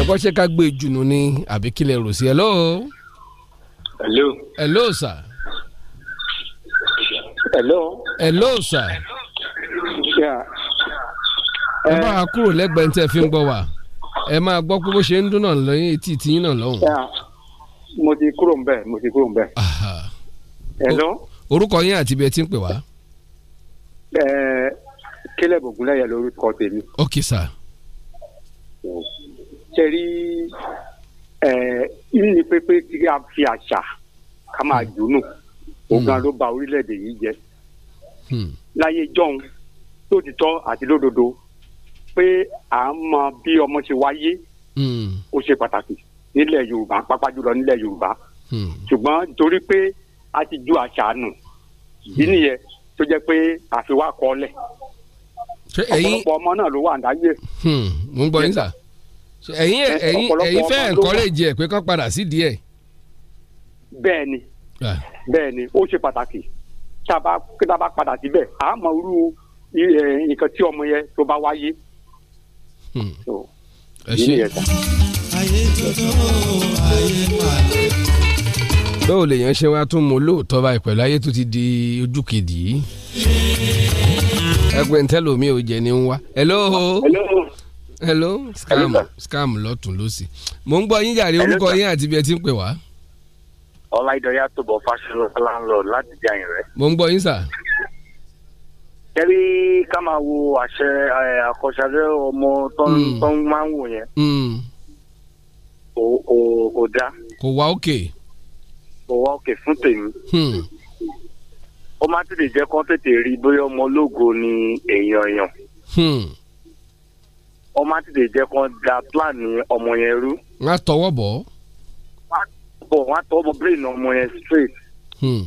ẹ̀kọ́ ṣe ká gbé e jùnú ni àbí kílẹ̀ rò sí ẹ lọ́wọ́. hello. hello sir. hello. hello sir. yeah ẹ bá eh. a kúrò lẹ́gbẹ̀ẹ́ ní tẹ́ fi ń gbọ́ wa ẹ máa gbọ́ pé bó ṣe ń dún náà lẹ́yìn etí tiyín náà lọ́hùn. mo ti kúrò ń bẹ̀ mo ti kúrò ń bẹ̀. hello. orúkọ yín àti ibi ẹ ti ń pè wá. Eh, Caleb Ògúnlẹ́yẹ lórúkọ tèmi. ok sir. ṣe rí eh, ní pépé tí a fi àṣà ká máa hmm. dùnú ògùn hmm. ló ba orílẹ̀-èdè yìí jẹ́ hmm. láyé jọ́hún lótìtọ́ àti lódodo pé à ń mọ bí ọmọ ṣe wáyé hmm. ó ṣe pàtàkì nílẹ̀ yorùbá pàápàá jùlọ nílẹ̀ yorùbá hmm. ṣùgbọ́n torí pé a ti ju àṣà nù yìí hmm. nìyẹn tó jẹ́ pé àfiwá kọ́lẹ̀ ọ̀pọ̀lọpọ̀ ọmọ náà ló wà láyé. mo ń gbọ́ yín sà ẹ̀yin ẹ̀yin ẹ̀yin fẹ́ encourage ẹ̀ pé kán padà sí díẹ̀. bẹ́ẹ̀ ni ah. bẹ́ẹ̀ ni ó ṣe pàtàkì tá a bá padà síbẹ̀ àmọ́ irú nǹkan tí ọmọ yẹn tó bá wáyé Hmm. ẹ ṣe báwo lèèyàn ṣe wá tún mú lóòótọ́ báyìí pẹ̀lú ayé tó ti di ojú kejì yìí ẹgbẹ́ ntẹ́lómi ò jẹ́ ni ń wá. hello. hello hello scam scam lọ́tún lọ́sì mò ń gbọ́ yín jàre orúkọ yín àti ibi ẹ ti ń pè wá. ọláìdọ̀yà tó bọ̀ fásilọ́lá ń lọ láti jẹ́ àyìn rẹ̀. mò ń gbọ́ yín sà ṣẹ́rí ká máa wo àṣẹ àkọsàdé ọmọ tó hmm. máa ń wò yẹn hmm. kò dá. kò wá òkè. kò wá òkè fún tèmi. Hmm. ó máa tètè jẹ́ kán tètè rí bóyá ọmọ ológo ni èèyàn èèyàn. ó máa tètè jẹ́ kán da plan ọmọ yẹn rú. wọ́n á tọwọ́ bọ̀. wọ́n á tọwọ́ bọ̀ brain ọmọ yẹn straight. Hmm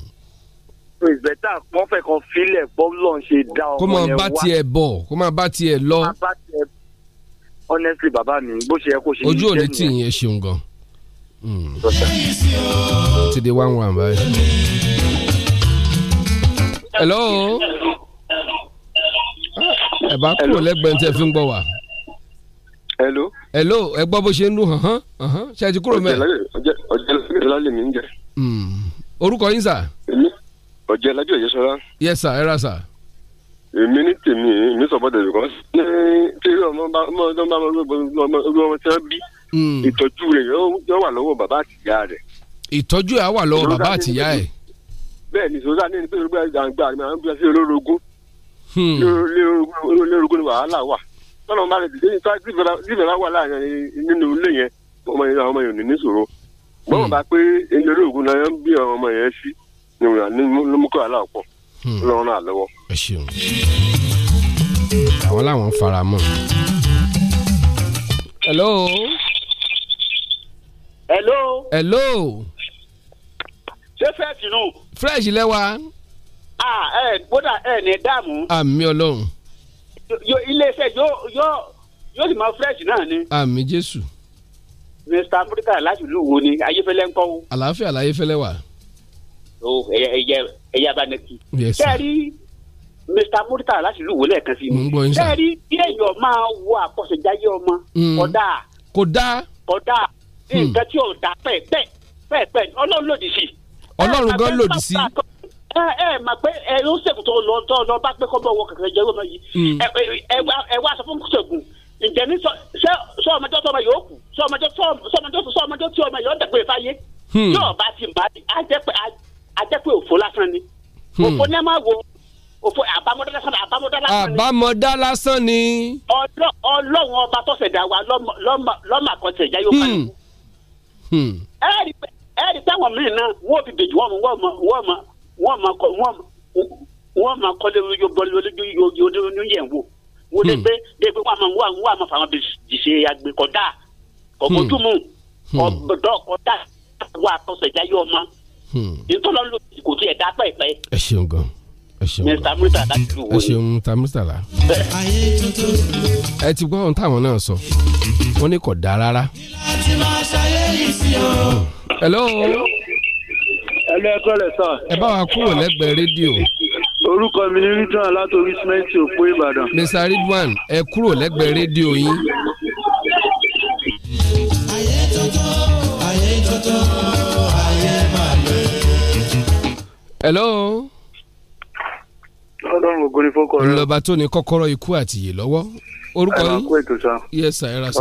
so it's better wọ́n fẹ́ kan filẹ̀ bọ́ọ̀lù ṣe dá ọmọ yẹn wá. kó máa bá tiẹ̀ bọ̀ kó máa bá tiẹ̀ lọ. honestly bàbá mi bó ṣe yẹ kó ṣe. ojú òní tí ìyẹn ṣeun gan. Hmm. ti di one one báyìí. hello. ẹ bá kúrò lẹ́gbẹ̀ẹ́ tí fi ń gbọ́ wa. hello. hello ẹ gbọ́ bó ṣe ń lu hàn hàn ṣe ti kúrò mẹ́ẹ̀. ọjọ́ ìlàlẹ́ mi ń jẹ. Hmm. orúkọ yín sà. èmi ọ̀jẹ̀ lájú ẹ̀yẹ ṣọlá. yes sir ẹ ra sir. èmi ní tèmi èmi sọ bọ́dẹ̀ bìkan ṣé tí ọmọ bá ọmọ tó ń bá ọmọ tí wọ́n bí hmm. ìtọ́jú rẹ̀ yóò wà lọ́wọ́ bàbá àtìyá rẹ̀. ìtọ́jú ẹ̀ á wà lọ́wọ́ bàbá àtìyá ẹ̀. bẹ́ẹ̀ ni sọ́sà ní ìpínlẹ̀ ológun àgbà àgbà ń bí wọ́n sí olórogún olórogún hmm. ni wàhálà wà tọ́nà bá rẹ̀ dìde ní sáà dìbẹ̀rẹ̀ wà láàrin nínú ilé yẹn ọmọ yẹn ò ní níṣòro. bọ́ọ̀ hmm. bá pé eléré ògùn náà ń bí ọmọ yẹn sí nyimra ló mú kó àlá pọ̀ hmm. lọ́rùn náà lọ́wọ́. ẹ ṣeun àwọn làwọn fara mọ́. hello. hello. hello. ṣé fresh nù. fresh lẹ́wà. ah ẹ kódà ẹ ní dààmú. àmì ọlọ́run. iléeṣẹ́ yóò yóò yóò sì máa fresh náà ni. àmì jésù. mr africa láti ìlú wo ni ayéfẹ́lẹ́ ń kọ́ wo. àlàáfíà láyéfẹ́lẹ́ wà ẹyẹ ẹyẹ abanaki. kẹ́rí mr murtala láti lù wọlé kan sí mi. kẹ́rí bí èèyàn máa wo àkọsẹ̀jáyé ọmọ kódà. kódà. kódà nǹkan tí ò dá pẹ́ẹ́pẹ́ pẹ́ẹ́pẹ́ ọlọ́run lòdì sí. ọlọ́run gan lòdì sí ẹ ẹ mà pé ẹ ló ṣègùn tó lọ tó lọ bá pé kọ́ bọ̀ wọ kẹ̀kẹ́ jẹ́ ọmọ yìí hmm. ẹ ẹ wá sọ fún ṣègùn ǹjẹ́ ní sọ ọmọdé tó ọmọ yóò kù sọ ọmọdé tó ọmọ yóò tí ọmọ yóò dẹ̀gbẹ́ fáyé yóò hmm. bá ti bá a jẹ́ pé ajẹ́ pé òfò lásán ni hmm. òfò ní ẹ máa wo òfò àbámọ̀dá lásán ni àbámọ̀dá lásán ni. àbámọ̀dá lásán ni. ọlọ́run ọba tó ṣẹ̀dá wa lọ́mà kan ṣẹ̀dá yóò bá yẹn. ẹ ẹ́ rí pé àwọn míì náà wọ́n fi bèjì wọ́n mọ wọ́n mọ wọ́n mọ wọ́n mọ kọ́lé yóò bọ́ lójú yẹn wò wọ́n lé hmm. pé lé pé wọ́n mọ wọ́n mọ fàwọn bèjì ṣe àgbẹ̀kọ̀dá ọ̀gbọ́dúnmù ọ̀gbọ́dọ̀ kọ̀dá wà tó ṣẹ̀dá yóò máa nítorí ló ti kò tiẹ̀ dá pẹ̀pẹ́. ẹ ṣeun gan ẹ ṣeun gan mr murtala láti lu wo. ẹ ṣeun mr murtala. ẹ ti gbọ́ ohun táwọn náà sọ wọ́n ní kò dáa rárá. hello. hello ẹ kọ́ lẹ̀ sọ. ẹ bá wa kúrò lẹ́gbẹ̀ẹ́ rédíò orúkọ mi ni ridwan látòrí simenti òpó ìbàdàn. mr ridwan ẹ kúrò lẹ́gbẹ̀ẹ́ rédíò yín. ayé tuntun ayé tuntun hello. ọlọ́run ògo ni fọ́kọ rẹ. ńlọba tó ní kọ́kọ́rọ́ ikú àti ìyè lọ́wọ́ orúkọ yín. ẹ̀rọ kó ètò sá.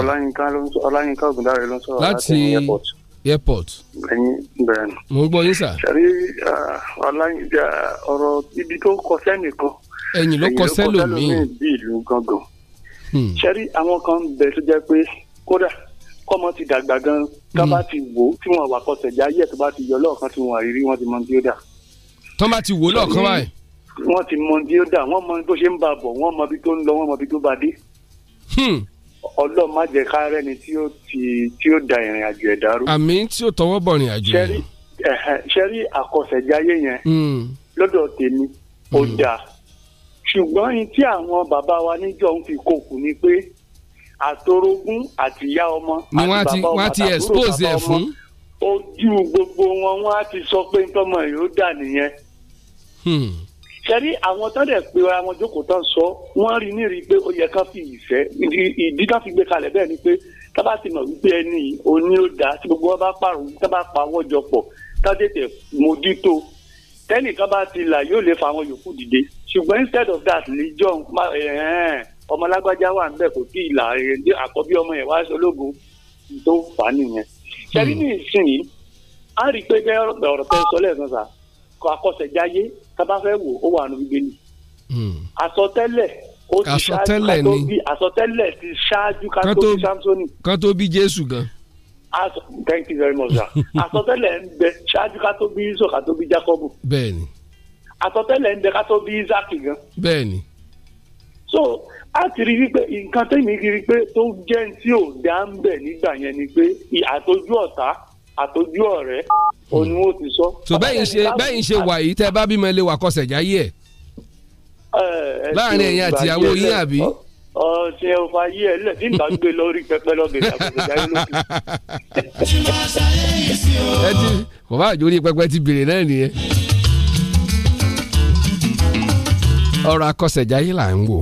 ọláyínká ọláyínká ògùndàrẹ ló ń sọ̀rọ̀ láti airport. airport. ẹ̀yin ni. mo ń gbọ́ yín sà. sẹ́rí ọláyínká ọ̀rọ̀ ibi tó kọ sẹ́nìkan. ẹ̀yìn ló kọ sẹ́lòmíì. ẹ̀yìn ló kọ sẹ́lòmíì bí ìlú gangan. sẹ́rí hmm. àwọn kan ń bẹ tó jẹ́ pé kódà kọ́mọ ti dàgbà gan ká bá hmm. ti wò ó tí wọ́n wà kọsẹ̀ jáyé ẹ̀ tó bá ti yọ lọ́ọ̀kan tí wọ́n àrírí wọ́n ti mọ bí ó dà tọ́ bá ti wò lọ́ọ̀kan báyìí. wọ́n ti mọ bí ó dà wọ́n mọ bó ṣe ń bá bọ̀ wọ́n mọ bí tó ń lọ wọ́n mọ bí tó bá dé. Hmm. ọlọ́ọ̀ má jẹ́ ká rẹ́ni tí ó ti tí ó da ìrìn àjò ẹ̀ dàrú. àmì tí ó tọwọ́ bọ̀ ìrìn àjò yẹn. ṣẹ́rí àkọsẹ̀jáyé yẹn lọ́dọ̀ tèmi ó hmm. dáa ṣùgbọ́n ní tí àwọn bàbá wa níjọ́ ń fi kókù ni pé àtọrogún àti ìyá ọmọ àti bàbá ọmọ àtàbúrò bàbá ọmọ ojú gbogbo wọn wọn á ti sọ pé ntọ́mọ yóò dà nìyẹn sẹ́rí hmm. àwọn tán dẹ̀ pé ara wọn jókòó tán sọ wọ́n rí ní rí i pé ó yẹ ká fi ìfẹ́ ìdí ká fi gbé kalẹ̀ bẹ́ẹ̀ ni pé tábà ti mọ̀ wípé ẹni òní ó dáa tí gbogbo wọn bá pààrọ̀ tábà pa wọ́n jọ pọ̀ tádétẹ̀ mójútó tẹ́nìkan bá ti là yóò lè fa àwọn yòókù dìde ṣùgbọ́n instead of that níjọ́ ọmọlágbájá wà ń bẹ̀ kò tí ì là àkọ́bí ọmọ yẹn wá ṣológun tó fà á nìyẹn. sẹ́rí ní ìsìn yìí á rí i pé akọ́ṣẹ́jáyé tábà fẹ́ wò ó wà nù Bíbélì. Hmm. àsọtẹ́lẹ̀ ó ti ṣáájú àsọtẹ́lẹ̀ ti ṣáájú ká tó bí Samsoni. ká tó bí Jésù gan. thank you very much sir. *laughs* àsọtẹ́lẹ̀ ń bẹ ṣáájú ká tó bí Yusuf ká tó bí Jacob. bẹ́ẹ̀ni. àsọtẹ́lẹ̀ ń bẹ ká bí Isaac gan. bẹ́ẹ̀ni. so a ti rí wípé nǹkan tẹ́mi rí wípé tó jẹ́ tí ò dá ń bẹ̀ nígbà yẹn ni pé àtọ́jú ọ̀tá àtọ́jú ọ̀rẹ́ hmm. òun ni wọ́n ti sọ. so bẹ́yìn ṣe bẹ́yìn ṣe wà yìí tẹ́ bá bímọ ilé wa kọsẹ̀ jáyé ẹ̀ láàrin ẹ̀yin àti ìyàwó yín àbí. ọ̀sẹ̀ ọba yí ẹ lẹ́sìn ìgbàgbé lórí pẹpẹ lọ́gẹ̀ ìyàwó lókè. ẹ ti kò bá àjò orí pẹpẹ ti bèrè náà nìyẹn. ọ̀rọ̀ akọsẹ̀jáyé là ń wò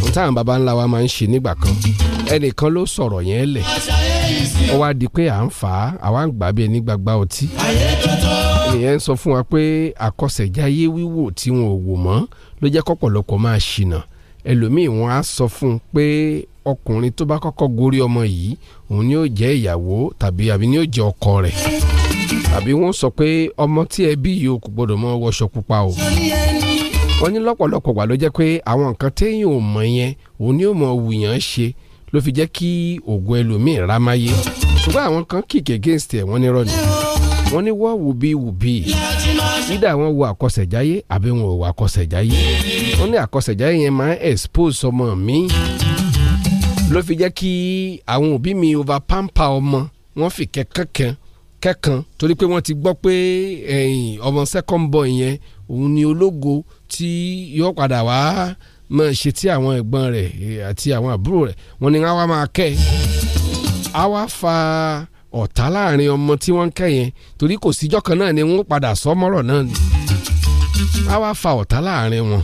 ohun táwọn baba ńlá wa máa ń ṣe nígbà kan ẹnìkan ló sọ̀rọ̀ yẹn lẹ̀ ó wá di pé à ń fà á àwa ń gbà bí ẹni gbagba ọtí ènìyàn ń sọ fún wa pé àkọsẹ̀jáyé wíwò tí wọn ò wò mọ́ ló jẹ́ kọ́pọ̀lọpọ̀ máa ṣìnà ẹlòmíì wọn á sọ fún un pé ọkùnrin tó bá kọ́kọ́ gorí ọmọ yìí òun ni ó jẹ́ ìyàwó tàbí àbí ni ó jẹ́ ọkọ rẹ̀ tàbí wọ́n sọ pé ọmọ tí ẹ bí yìí o kò gbọ́dọ̀ mọ wọṣọ pupa o wọ́n ní lọ́pọ̀lọpọ̀ wà ló jẹ́ pé àwọn nǹkan téèyàn ò mọ̀ yẹn òun ni ó mọ̀ wùyàn ṣe ló fi jẹ́ kí ògùn ẹlòmíì rámáyé ṣùgbọ́n àwọn kan kìkì against ẹ̀ wọ́n ní rọ́ọ̀nì wọ́n ní wọ́n wù bí wù bí nídà wọ́n wo àkọsẹ̀jáyé àbí wọn ò wo àkọsẹ̀jáyé wọ́n ní àkọsẹ̀jáyé yẹn máa ń expose ọmọ mi ló fi jẹ́ kí àwọn òbí mi over pamper ọmọ wọ́n fi kẹ́kànkàn kẹ́kàn torí pé wọ́n ti gbọ́ pé ọmọ second boy yẹn òun ni ológo tí yóò padà wá máa ṣe tí àwọn ẹ̀gbọ́n rẹ̀ eh, àti àwọn àbúrò rẹ̀ wọ́n ní wọ́n wá máa kẹ́ ẹ. wá fa ọ̀tá láàrin ọmọ tí wọ́n ń kẹ́ yẹn torí kò síjọ́ kan náà ni wọ́n padà sọ mọ́rọ̀ náà ni. a wá fa ọ̀tá láàrin wọn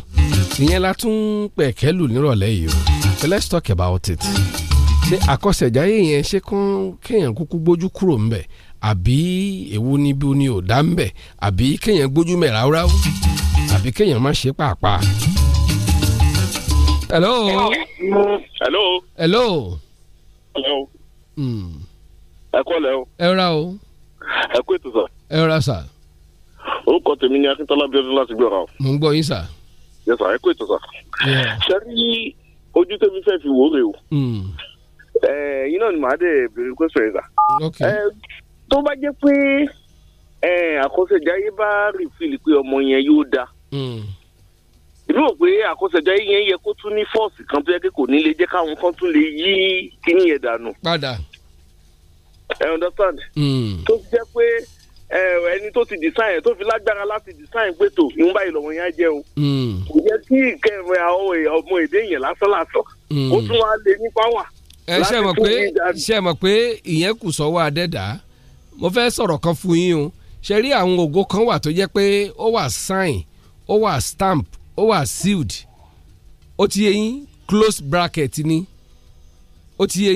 ìyẹn la tún pẹ̀kẹ́ lù nírọ̀lẹ́ yìí o so let's talk about it. ṣé àkọsẹ̀jáyé yẹn ṣé kán kéèyàn kúkú gbójú kúrò ńbẹ̀ àbí èwo níbi ni ò dá ńbẹ̀ àbí kéèyàn gbójú mẹ́ ráúráú àbí kéèyàn má ṣe pàápàá hello. hello. hello. hello. Hmm. ẹ kọ́lẹ̀ o. ẹ ra o. ẹ kú ètò sà. ẹ ra sà. orúkọ tèmi ni akíntọ́lá bíọ́dún láti gbọ́ra o. mo ń gbọ́ yín sà. yẹ sà ẹ kú ètò sà. sẹ́rí ojú tèmi fẹ́ fi wòó rè o. Hmm. yín náà ni màá dé bèrè kwesọ̀ yẹn sà. tó bá jẹ́ pé àkọsẹ̀jáyé bá rìfìlì pé ọmọ yẹn yóò dáa hmm èmi rò pé àkọsẹ̀jọ yẹn yẹ kó tún ní fọ́ọ̀sì kan tó yẹ kó ní lè jẹ́ káwọn kan tún lè yí kíní yẹn dànù. padà. ẹ understand. Hmm. tó ti jẹ́ pé ẹni tó ti design ẹ̀ tó fi lágbára láti design pé tó ìwọ̀nba ìlọ̀wọ̀n yẹn á jẹ́ o. Hmm. kò yẹ kí ìkẹrin ọmọ èdè yẹn lásán lásán hmm. ó tún wá lè ní pàwà. ẹ ṣe mọ̀ pé ṣe mọ̀ pé ìyẹn kù sọ́wọ́ adẹ́dá mo fẹ́ sọ̀rọ̀ kan fún yín o ṣe rí àwọn ògo kan wà tó jẹ́ pé ó wà sign ó wà stamp ó wà sealed ó ti yẹ close bracket ni ó ti yẹ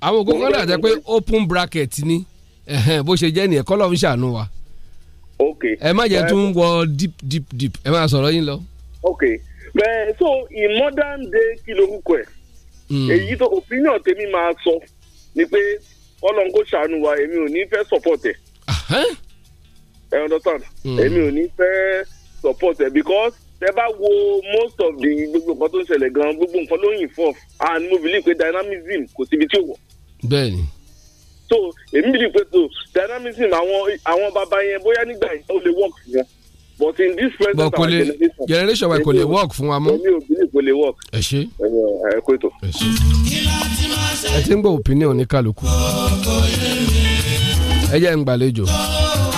àwọn ògùn kan dàtẹ́ pé open bracket ni bó ṣe jẹ́ nìyẹn kọ́lọ́ ń ṣàánú wa ẹ má jẹ́ tún wọ deep deep deep ẹ má sọ̀rọ̀ yín lọ. ok bẹ́ẹ̀ so in modern day kí lorúkọ hmm. èyí tó opinion tèmi máa sọ ni pé ọlọ́run kò ṣàánú wa èmi ò ní fẹ́ support ẹ̀ ẹ understand hmm. èmi ò ní fẹ́ support ẹ̀ because tẹ bá wo most of the gbogbo nǹkan tó ń ṣẹlẹ̀ gan gbogbo nǹkan ló ń involve and mo believe pé dynamism kò síbi tí ò wọ̀. bẹ́ẹ̀ni. so èmi believe pé so dynamism àwọn àwọn bàbá yẹn bóyá nígbà yẹn ó lè work fún wọn but in this present our generation generation wa kò lè work fún wa mọ́. èmi ò believe kò lè work. ẹ ṣe ẹ kó ètò. ẹ ṣe ẹ ti ń gbọ́ opinion ní kálukú ẹ jẹ́ ń gbàlejò.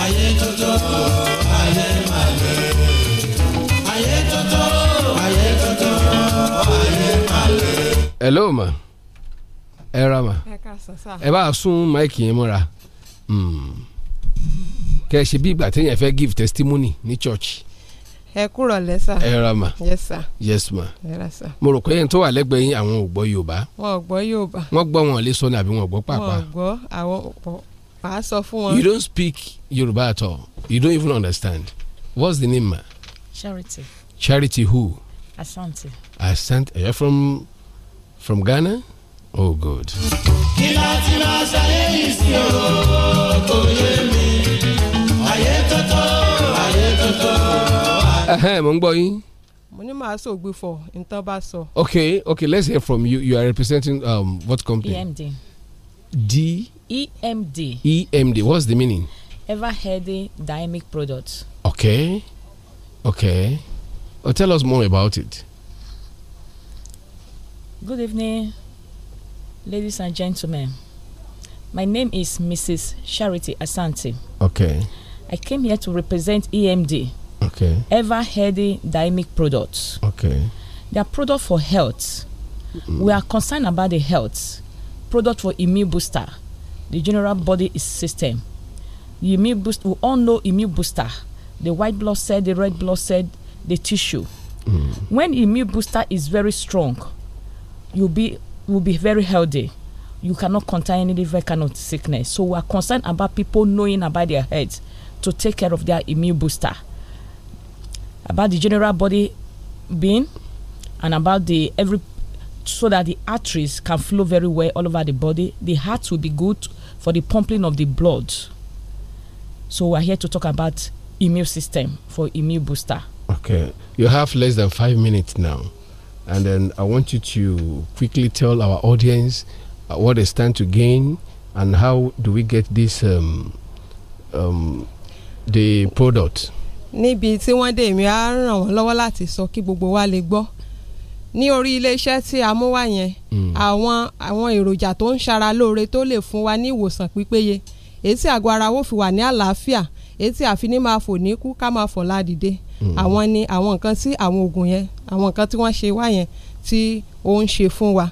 ayé tuntun ayé màlẹ́. hello ma ẹ ra ma ẹ bá sún máìkì yẹn mọ́ra hmm. kẹ ṣe bí ìgbà téèyàn fẹ́ give testimony ní church. ẹ kúrọ̀ lẹ́sà. ẹ ra ma yes sir. yes ma mo rò pé ẹni tó wà lẹ́gbẹ̀ẹ́ yín àwọn ò gbọ́ yorùbá. wọn ò gbọ́ yorùbá. wọ́n gbọ́ wọn lè sọ ní àbí wọn gbọ́ pàápàá. wọn gbọ́ àwọn ọ̀pọ̀ màá sọ fún wọn. you don't speak yorùbá at all you don't even understand what's the name ma. charity. charity who. asante. asante are you from from Ghana? Oh, good. mo ń gbọ́ yín. mo ní màá sògbé fọ nǹkan bá sọ. okay okay let's hear from you you are representing um, what company. EMD. D. EMD. EMD e what's the meaning. Ever Healthy Dynamic Products. okay okay oh, tell us more about it. Good evening, ladies and gentlemen. My name is Mrs. Charity Asante. Okay. I came here to represent EMD. Okay. Ever Healthy Dynamic Products. Okay. They are product for health. Mm. We are concerned about the health. Product for immune booster, the general body system. The immune boost. We all know immune booster. The white blood cell, the red blood cell, the tissue. Mm. When immune booster is very strong, you'll be will be very healthy you cannot contain any different kind of sickness so we are concerned about people knowing about their health to take care of their immune booster about the general body being and about the every so that the arteries can flow very well all over the body the heart will be good for the pumping of the blood so we're here to talk about immune system for immune booster okay you have less than five minutes now and then I want you to quickly tell our audience uh, what they stand to gain and how do we get this um, um, the product. níbi tí wọ́n dé èmi á ràn wọ́n lọ́wọ́ láti sọ kí gbogbo wa lè gbọ́ ní orí iléeṣẹ́ tí a mú wá yẹn hmm. àwọn àwọn èròjà tó ń ṣara lóore tó lè fún wa ní ìwòsàn pípéye èyí tí àgọ́ ara wo fi wà ní àlàáfíà etí àfiní máa fò ní kú ká máa fò ládìde hmm. àwọn ni àwọn nǹkan tí àwọn oògùn yẹn àwọn nǹkan tí wọ́n ṣe wá yẹn tí ó ń ṣe fún wa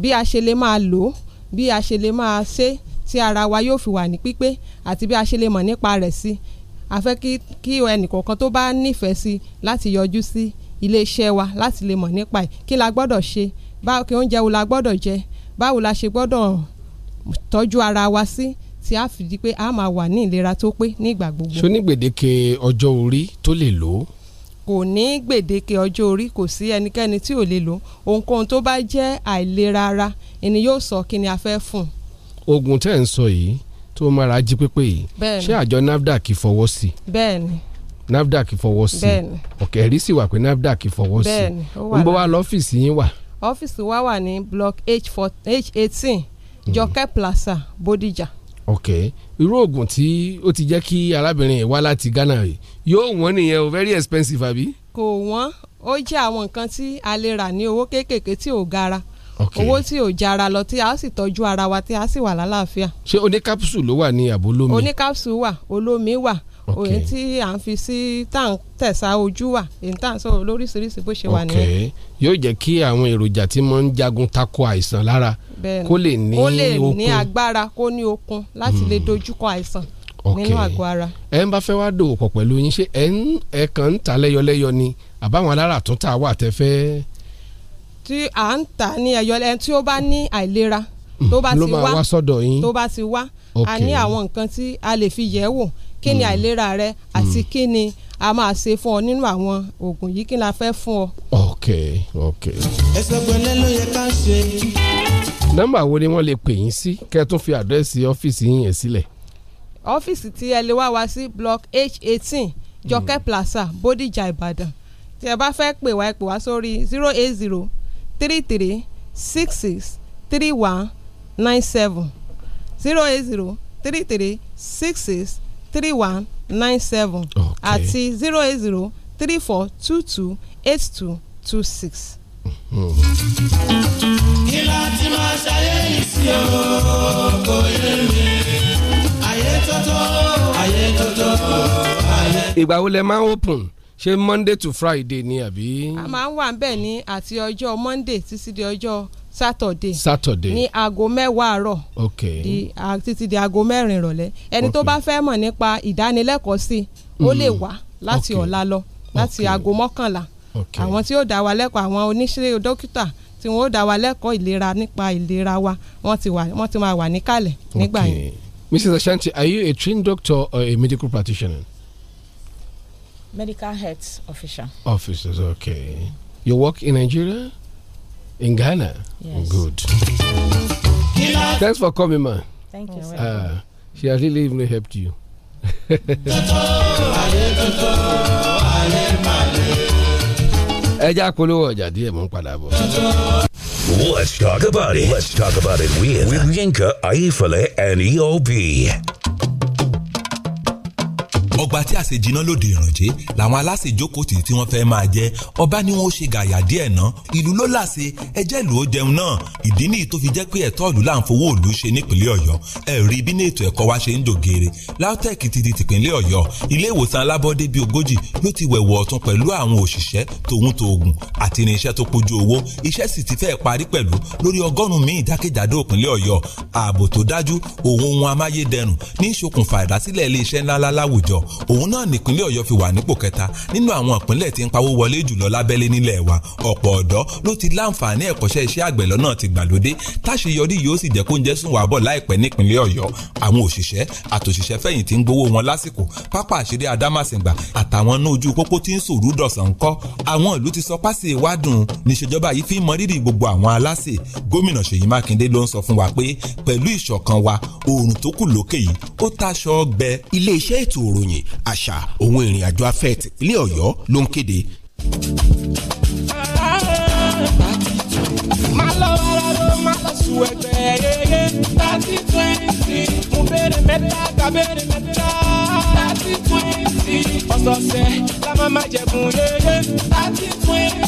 bí a ṣe lè máa lò ó bí a ṣe lè máa ṣe tí ara wa yóò fi wà ní pípé àti bí a ṣe lè mọ̀ nípa rẹ̀ sí a fẹ́ kí kí ẹnìkọ̀ọ̀kan tó bá nífẹ̀ẹ́ sí láti yọjú sí iléeṣẹ́ wa láti lè mọ̀ nípa ẹ̀ kí la gbọ́dọ̀ ṣe báwo kí oúnjẹ wo la gbọ́dọ̀ jẹ báwo la ṣe gbọ́dọ̀ tọ́jú ara wa sí tí a fi di pé a máa wà ní ìlera tó pé nígbà gbogbo. ṣó ní gbèdéke ọjọ́ orí tó lè lò ó kò ní gbèdéke ọjọ́ orí kò sí ẹnikẹ́ni tí ò lè lò ohunkóhun tó bá jẹ́ àìlera ara ẹni yóò sọ kí ni a fẹ́ fún. oògùn tẹ́ ń sọ yìí tó mara jí pépé yìí ṣé àjọ NAFDAC fọwọ́ sí i. bẹ́ẹ̀ni. NAFDAC fọwọ́ sí i bẹ́ẹ̀ni. ọ̀kẹ́ rí sì wà pé NAFDAC fọwọ́ sí i bẹ́ẹ̀ni ó wà náà ń bọ̀ wá lọ́fíìsì yín wà. ọ́fíìsì wa wà ní block h eighteen hmm. Jọkẹ́ Plaza Bódìjà ok irú oògùn tí ó ti jẹ́ kí arábìnrin wá láti Ghana rè yóò wọ́n nìyẹn o very expensive àbí. kò wọ́n ó jẹ́ àwọn nǹkan tí a lè rà ní owó kéékèèké tí ò gara owó tí ò jara lọ tí a sì tọ́jú ara wa tí a sì wà lálàáfíà. ṣé oní capsule ló wà ní àbólómi. oní capsule wà olómi wà òyìn tí à ń fi sí tá à ń tẹ̀sà ojú wa èyí tá à ń sọ̀rọ̀ lóríṣiríṣi bó ṣe wà nìyẹn. yóò jẹ́ kí àwọn èròjà tí mo ń jagun tako àìsàn lára kó lè ní okun kó lè ní agbára kó ní okun láti lè hmm. dojúkọ àìsàn nínú àgọ́ ara. ẹ ń bá fẹ́ wá dòwò pọ̀ pẹ̀lú yín ṣé ẹ kàn ń ta lẹ́yọlẹ́yọ ni àbáwọn alára tún ta wà tẹ́ fẹ́. tí à ń ta ní ẹyọ tí ó bá ní àìlera hmm. tó bá ti wá tó bá ti wá a ní àwọn nǹkan tí a lè fi yẹ̀ wò kí ni hmm. àìlera rẹ àti hmm. kí ni a máa ṣe fún ọ nínú àwọn oògùn yìí kí la fẹ́ fún ọ. ok ok. ẹsẹ̀ gbẹ̀lẹ́ ló yẹ ká ṣe. nọ́mbà wo ni wọ́n lè pè yín sí kẹ́ ẹ fi àdírẹ́sì ọ́fíìsì yín yẹn sílẹ̀. ọ́fíìsì tí ẹ lè wá wá sí block h eighteen jọkẹ́ hmm. plaza bódìjà ìbàdàn tí ẹ bá fẹ́ pè wá ẹ wá sórí zero eight zero three three six six three one nine seven zero eight zero three three six six three one nine seven àti zero eight zero three four two two eight two two six. Mm-hmm. kí la ti máa ṣayé yìí sí o ayé tótó ayé tótó ayé. ìgbà wo lẹ máa open ṣé monday to friday ni àbí. a máa ń wà ń bẹ̀ ní àti ọjọ́ monday títí di ọjọ́ saturday saturday ní aago mẹ́wàá àárọ̀ okay di títí di aago mẹ́rin ìrọ̀lẹ́ ẹni tó bá fẹ́ mọ̀ nípa ìdánilẹ́kọ̀ọ́ sí ó lè mm. wá láti ọ̀la lọ láti aago mọ́kànlá àwọn tí ó dá wa lẹ́kọ̀ọ́ àwọn oníṣẹ́ dókítà tí wọ́n ó dá wa lẹ́kọ̀ọ́ ìlera nípa ìlera wa wọ́n ti wà máa wà níkàlẹ̀ nígbà yẹn. Mrs. Ashanti, are you a trained doctor or a medical practitioner? Medical health officer. Officers, okay. You work in Nigeria? In Ghana? Yes. Good. Thanks for coming, man. Thank you. Uh, she has really even helped you. *laughs* bọ̀. Let's talk about it. Let's talk about it with, with Yinka Aifale and EOB. ọgbà tí àṣẹ jiná lòdì ìrànjẹ làwọn aláṣẹjókòó tì tí wọ́n fẹ́ máa jẹ ọba ni wọ́n ó ṣe gàyà díẹ̀ ná ìlú ló láṣẹ ẹjẹ́ ìlú ó jẹun náà ìdí nìyí tó fi jẹ́ pé ẹ̀tọ́ ìlú là ń fowó ìlú ṣe nípìnlẹ̀ ọ̀yọ́ ẹ̀rí bí ní ètò ẹ̀kọ́ wa ṣe ń dògèrè LAUTECH ti di tìpínlẹ̀ ọ̀yọ́ ilé ìwòsàn alábọ́dé bíi ogójì ló ti wẹ̀wọ̀ ọ̀tún pẹ̀lú àwọn òṣìṣẹ́ tòun tòògùn àti irinṣẹ́ tó kojú owó iṣẹ́ sì ti fẹ́ẹ̀ parí pẹ̀lú lórí ọgọ́rùn-ún míì jákèjádò ìpínlẹ̀ ọ̀yọ́ ààbò tó dájú òun ohun amáyédẹrùn ní ìṣokùnfà ìdásílẹ̀ ilé iṣẹ́ ńláńlá láwùjọ òun náà nípínlẹ̀ ọ̀yọ́ fi wà nípò kẹta nínú àwọn ìpínlẹ̀ tí ń pawó wọlé jùlọ lábẹ́lé nílẹ̀ wa ọ̀pọ̀ ọ̀dọ́ ló ti láǹfààní ẹ̀kọ́ṣẹ́ iṣẹ́ àgbẹ̀ lọ́nà ti gbàlódé táṣeyọrí yóò sì jẹ́ kó ń jẹ́ sùn wà bọ̀ láìpẹ́ nípínlẹ̀ ọ̀yọ́ àwọn òṣìṣẹ́ àtòṣìṣẹ́ fẹ̀yìntì ń gbowó wọn lásìkò pápá àṣírí adámàsìngbà àtàwọn náà ojú pópó tí ń sòrú dọ̀sán ń kọ́ àwọn ìlú ti sọ pásì ìwádùn níṣèjọba yìí fi ń mọ rírì gbogbo àwọn aláṣẹ gómìnà Ṣèyí Mákindé ló ń sọ fún wa pé pẹ̀lú ìṣọ̀kan wa oòrùn tó kù lókè yìí ó tàṣọ ọgbẹ́. iléeṣẹ́ ètò òròyìn ìròyìn àṣà òun ìrìn àjò afẹ́ tìpínlẹ̀ ọ̀yọ́ ló ń kéde. máa lọ rọrọ máa lọ sùn ẹgbẹ́ yeye thirty twenty mo béèrè mẹ́ta kàbéèrè mẹ́ta thirty twenty ọ̀sọ̀ọ̀sẹ̀ la máa máa jẹ̀bùn yeye thirty twenty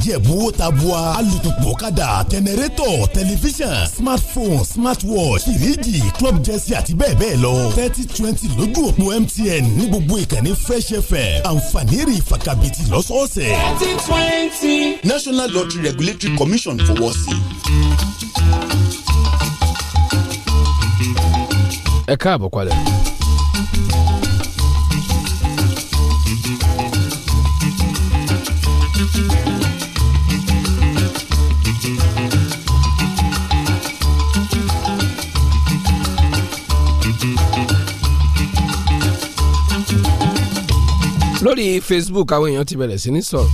ìjẹ̀bú alùpùpù kàdà tẹnẹrétọ̀ tẹlifíṣàn smartphone smartwatch fìríjì club jẹ́sí àti bẹ́ẹ̀ bẹ́ẹ̀ lọ thirty twenty lójú òpó MTN ní gbogbo ìkànnì fresh fm àǹfààní rí ìfakabìtì lọ́sọ̀ọ̀sẹ̀. thirty twenty. National Lottery Regulatory Commission fọwọ́ sí i. ẹ káàbọ̀ padà. lórí Facebook àwọn èèyàn ti bẹ̀rẹ̀ sí ní sọ̀rọ̀.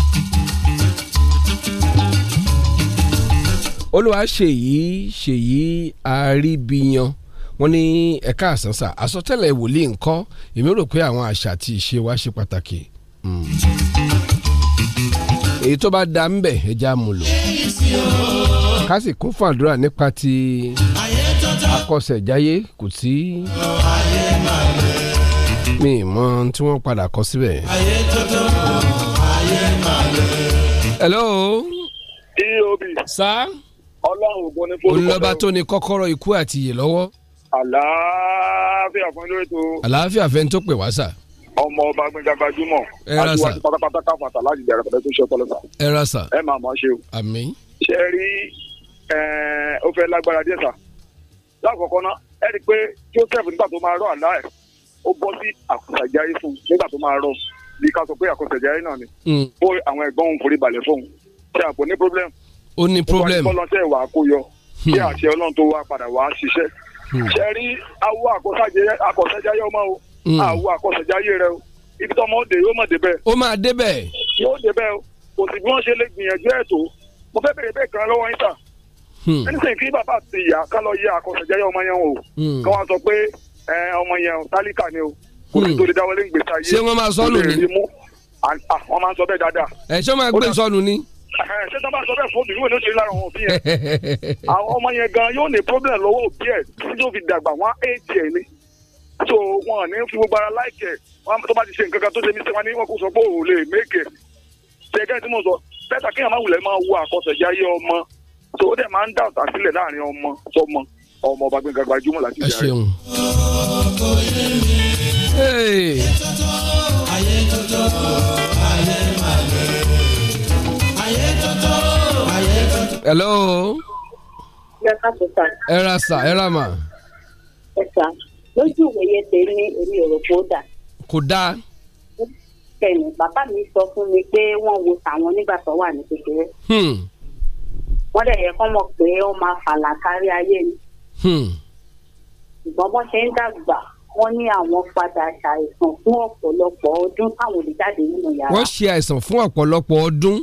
olúwa ṣèyí ṣèyí àríbíyan wọ́n ní ẹ̀ka àsánsà àsọtẹ́lẹ̀ wòlíì ńkọ́ èmi rò pé àwọn àṣà àti ìṣe wa ṣe pàtàkì. Hmm. èyí tó bá da ń bẹ̀ ẹja mú lò. ká sì kún fàdúrà nípa ti akọ̀ṣẹ̀jáyé kù sí. ayé màlẹ́ mi mọ tí wọ́n padà kọ síbẹ̀. ayé tótó ayé màlẹ. hello. eob. sa. ọlọ́run ògo ni fún olùlọ́ba tó ní kọ́kọ́rọ́ ikú àti ìyè lọ́wọ́. àlàáfíà fún lórí tó. àlàáfíà fẹ́ ń tó pè wá sà ọmọ ọba gbẹjà gbajúmọ̀ àdúrà tí pátápátá káfọn àtàlà àjèjì àrẹ pẹ̀lú tó ṣe ọpọlọ sà. ẹ ra sà. ẹ máa mọ̀ ṣe o. àmín. ṣe rí ó fẹ́ lágbára díẹ̀ sà. lákọ̀ọ́kọ́ náà ẹ rí i pé joseph nígbà tó máa rọ àlá ẹ̀ ó bọ́ sí àkọsàjáyé fún un nígbà tó máa rọ bí ká sọ pé àkọsàjáyé náà ni hmm. bó àwọn ẹ̀gbọ́n òun forí balẹ̀ fún un ṣé àpò ní problem. ó ní problem ó bá lọ́sẹ̀ wà á kó yọ bí hmm. àṣẹ ọlọ́run tó wá padà wá ṣiṣẹ́ hmm. ṣe rí awọ àkọsàjáyé ọmọ o awọ àkọsàjáyé rẹ o ibi tó ọmọ òde yóò mọ̀ débẹ̀. ó máa débẹ̀. yóò débẹ̀ o kò sì bí wọ́n ṣe lè gbìyànjú ẹ̀ tó mo fẹ́ bèrè bẹ́ẹ̀ kan lọ́wọ́ yín tà. ẹni sìn kí bàbá àti ìyá ká lọ yẹ àkọsàjáyé ọmọ yẹn o kí wọ́n sọ pé ọmọ yẹn tálíkà ni o kò sí hmm. torí dáwọ́lé ń gbèsè ayé ṣé wọ́n máa sọ́nù ni ah, wọ́n máa sọ bẹ́ẹ̀ dáadáa. ẹ ṣé wọ́n máa gbé sọ́nù ni. ṣé tó bá sọ bẹ́ẹ̀ fóònù yóò ní oṣù lára àwọn òbí yẹn àwọn ọmọ yẹn gan yóò ní problem lọ́wọ́ òbí ẹ̀ tí yóò fi dàgbà wọ́n á éèdì ẹ̀ ni so wọn ní fi gbogbo ara láìkẹ̀ wọn tó bá ti ṣe nǹkan kan tó ṣe mí sẹ́wọ́n ní wọn kò sọ pé òun lè méèkè ṣẹ́gẹ́ tí mo sọ bẹ́tà kéèyàn máa wulẹ̀ máa wo àkọsẹ̀jáyé ọmọ tó dẹ̀ máa ń dà sílẹ̀ láàrin ọmọ sọmọ ọmọ ọba gbẹngàgbà jùmọ̀ láti ṣe àárẹ̀ kò yé mi. ayé tuntun ayé tuntun ayé máa lè. hello. ẹ ra sa ẹ ra ma. ẹ sà lójú ìwòye tèmi èmi ò rò pé ó dà. kò dáa kẹyìn bàbá mi sọ fún mi pé wọ́n wo tàwọn nígbà tó wà ní kékeré. Hmm. wọ́n dẹ̀ yẹ kọ́ mọ̀ pé ó máa fàlà kárí ayé ni. Hmm ṣùgbọ́n wọ́n ṣe ń dàgbà wọ́n ní àwọn padà ṣàìsàn fún ọ̀pọ̀lọpọ̀ ọdún táwọn lè jáde nínú yàrá. wọ́n ṣe àìsàn fún ọ̀pọ̀lọpọ̀ ọdún.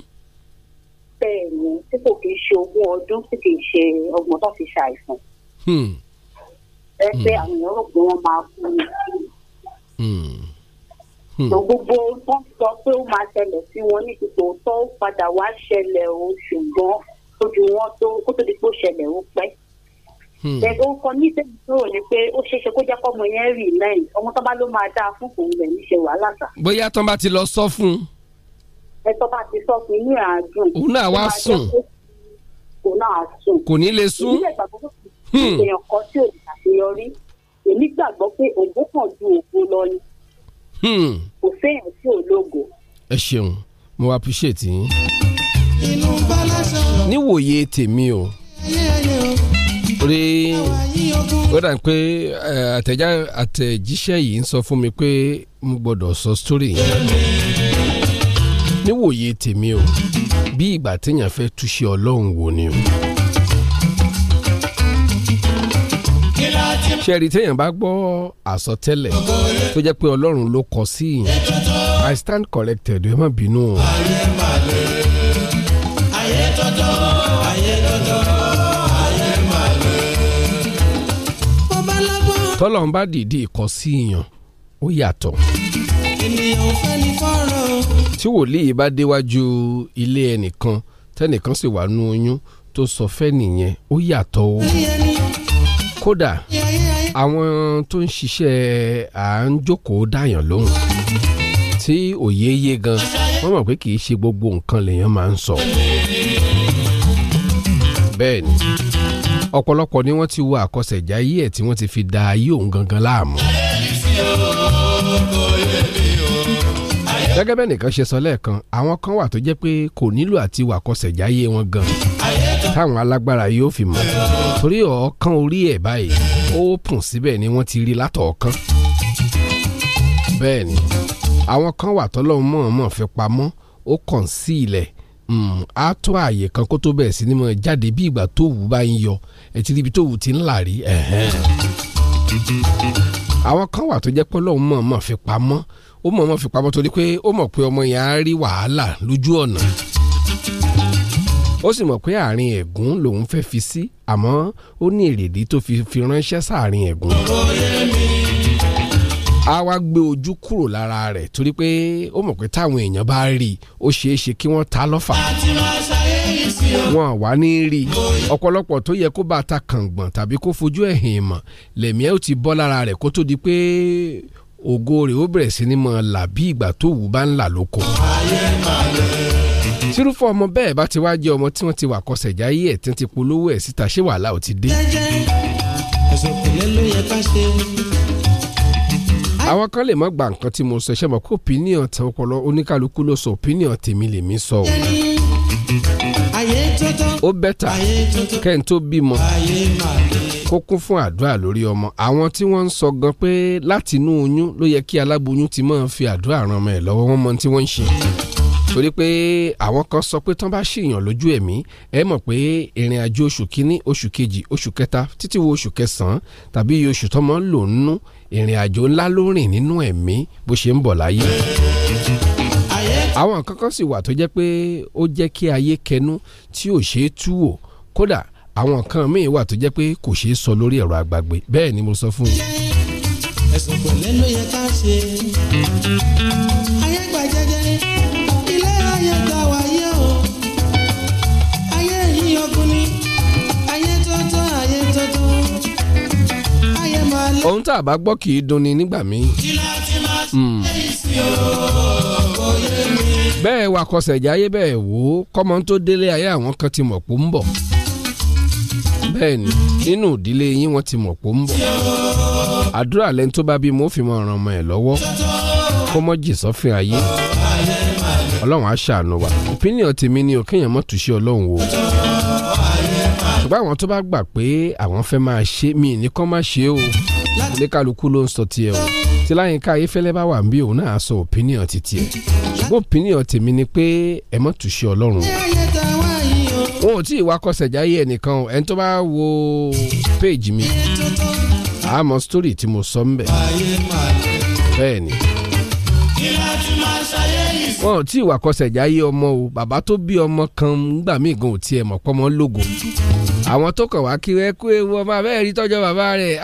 bẹ́ẹ̀ni tí kò kì í ṣe ogún ọdún tí kì í ṣe ọgbọ̀n tó fi ṣàìsàn. Hmm. ẹ pé hmm. àwọn èèyàn rò pé wọ́n máa kú ni. Hmm. tó gbogbo wọn sọ pé ó máa ṣẹlẹ̀ sí wọn ní ipò tó padà wá ṣẹlẹ̀ o ṣùgbọ́n ojú wọn tó kó tó di pé ó ṣẹlẹ̀ ó pẹ́ bẹ̀rẹ̀ ó kọ ní ìṣẹ́yìn kúrò ní pé ó ṣeéṣe kó jẹ́ kọ́mọ yẹn rì náà ọmọ tó bá ló máa dáa fún kò ń bẹ̀ wàhálà sà. bóyá tó bá ti lọ sọ fún ẹ tó bá ti sọ fún inú àádùn. òun náà wá sùn. òun náà sùn. kò ní lè sùn. Hmm. èmi gbàgbọ́ pé ògbó kan lọ ni. Hmm. kò séèyàn tí ò ẹ ṣeun mo appreciate yín. inú bá lásán. tèmi o. orí ó dà pé àtẹ̀já àtẹ̀jíṣẹ́ yìí ń sọ fún mi pé sọ yẹn níwòye tèmi o bí ìgbà téèyàn fẹ́ túṣe ọlọ́run wò ni o. cheri téèyàn bá gbọ́ àsọtẹ́lẹ̀ tó jẹ́ pé ọlọ́run kọ sí I stand corrected ẹ má o. tọ́lọ́run bá dìde ìkọ́ sí èèyàn ó yàtọ̀. ènìyàn fẹ́ ni tí wòlíì bá déwájú ilé ẹnìkan tẹ́nìkan sì wà nú oyún tó sọ fẹ́ nìyẹn ó yàtọ̀ o. kódà àwọn tó ń ṣiṣẹ́ à ń jókòó dáyàn lóhùn tí òye yé gan wọ́n mọ̀ pé kì í ṣe gbogbo nǹkan lèèyàn máa ń sọ. bẹ́ẹ̀ ni ọ̀pọ̀lọpọ̀ ni wọ́n ti wo àkọsẹ̀já ayé ẹ̀ tí wọ́n ti fi da ayé òun gangan láàmú. gẹ́gẹ́ bẹ́ẹ̀ nìkan ṣe sọ lẹ́ẹ̀kan àwọn kan wà tó jẹ́ pé kò nílò àti wàkọsẹ̀já ayé wọn gan táwọn alágbára yóò fi mọ̀ torí ọ̀ọ́kán orí ẹ̀ báyìí ó pùn síbẹ̀ ni wọ́n ti rí látọ̀ọ́kán bẹ́ẹ̀ ni àwọn kan wà tọ́lọ́hún mọ̀ọ́mọ̀ fi pamọ́ ó kàn sí ilẹ̀ á hmm, tó àyè kan kó tó bẹ̀rẹ̀ sí ni mo jáde bí ìgbà tó wù bá ń yọ ẹ ti ríbi tó wù ti ń là rí àwọn kan wà tó jẹ́ pé Ọlọ́run mọ̀ọ́mọ̀ fi pamọ́ ó mọ̀ọ́mọ̀ fi pamọ́ torí pé ó mọ̀ pé ọmọ yẹn á rí wàhálà lójú ọ̀nà ó sì mọ̀ pé àárín ẹ̀gún lòun fẹ́ fi sí àmọ́ ó ní èrèdí tó fi ránṣẹ́ sáàárín ẹ̀gún. ọ̀rọ̀ yẹn mi A wá gbé ojú kúrò lára rẹ̀ torí pé ó mọ̀ pé táwọn èèyàn bá rí i ó ṣeé ṣe kí wọ́n ta lọ́fà wọn wà ní rí i ọ̀pọ̀lọpọ̀ tó yẹ kó bá ta kàngbọ̀n tàbí kó fojú ẹ̀hìn mọ̀ lẹ̀mí ẹ̀ ó ti bọ́ lára rẹ̀ kó tó di pé ògo rẹ̀ ó bẹ̀rẹ̀ sí ni mọ̀ là bí ìgbà tó wù bá ń là lóko. tírúfọ́ ọmọ bẹ́ẹ̀ bá ti wá jẹ́ ọmọ tí wọ́n ti wà kọsẹ̀ jáyé ẹ̀ tí wọ́n ti polówó ẹ̀ síta ṣé wàhálà ò ti dé. ẹ̀sùn kò yẹ ló àwọn kan lè má gba nǹkan tí mo sọ ṣe mọ̀ kó opinion tẹ ọpọlọ oníkálukú ló sọ opinion tèmi lèmi sọ o. ó bẹ́tà kẹ́hìn tó bímọ kó kún fún àdúrà lórí ọmọ àwọn tí wọ́n ń sọ gan pé látinú oyún ló yẹ kí aláboyún ti máa fi àdúrà ran ọmọ ẹ̀ lọ́wọ́ wọ́n mọ tí wọ́n ń ṣe torí pé àwọn kan sọ pé tán bá ṣèyàn lójú ẹ̀mí ẹ mọ̀ pé ìrìn àjò oṣù kínní oṣù kejì oṣù kẹta títí wo oṣù kẹsàn-án tàbí oṣù tọmọ ń lò nínú ìrìn àjò ńlá ló rìn nínú ẹ̀mí bó ṣe ń bọ̀ láyé àwọn kankan sì wà tó jẹ́ pé ó jẹ́ kí ayé kẹnu tí ò ṣeé tú wò kódà àwọn kan míì wà tó jẹ́ pé kò ṣeé sọ lórí ẹ̀rọ àgbàgbé bẹ́ẹ̀ ni mo sọ fún yín. ẹ̀sùn pẹ̀lẹ́ ló yẹ ká ṣe ayé gbàjẹ́jẹ́. ohun tá a bá gbọ́ kì í dunni nígbà míì. Hmm. bẹ́ẹ̀ wakọsẹ̀ jáyé bẹ́ẹ̀ wò ó kọ́mọ tó délé ayé àwọn kan ti mọ̀ pó ń bọ̀ bẹ́ẹ̀ ni nínú ìdílé yín wọ́n ti mọ̀ pó ń bọ̀ àdúrà lẹ́ni tó bá bí mo fi mọ ràn ọmọ ẹ̀ lọ́wọ́ kó mọ́ jì sọ́fìn ayé ọlọ́run á wa opinion tèmi ni ò kéèyàn mọ́ túṣe ọlọ́run o ṣùgbọ́n àwọn tó bá gbà pé àwọn fẹ́ máa ṣe mí ní máa ṣe o oníkàlùkù ló ń sọ tiẹ̀ o tí láyínká ayéfẹ́lẹ́ bá wà ń bí òun náà sọ opinion ti tiẹ̀ ṣùgbọ́n opinion tèmi ni pé ẹ mọ̀ túṣe ọlọ́run o wọn ò tí ì wá kọsẹ̀já yé ẹnìkan o ẹni tó bá wo péèjì mi àmọ́ story tí mo sọ ń bẹ̀ bẹ́ẹ̀ ni wọn ò tí ì wà kọsẹ̀já yé ọmọ o bàbá tó bí ọmọ kan ńgbà míì gan ò tiẹ̀ mọ̀ pọ́mọ lógo àwọn tó kàn wá kiri ẹ ewu ọmọ abẹ́rẹ́ rí tọ́jọ́ bàbá rẹ̀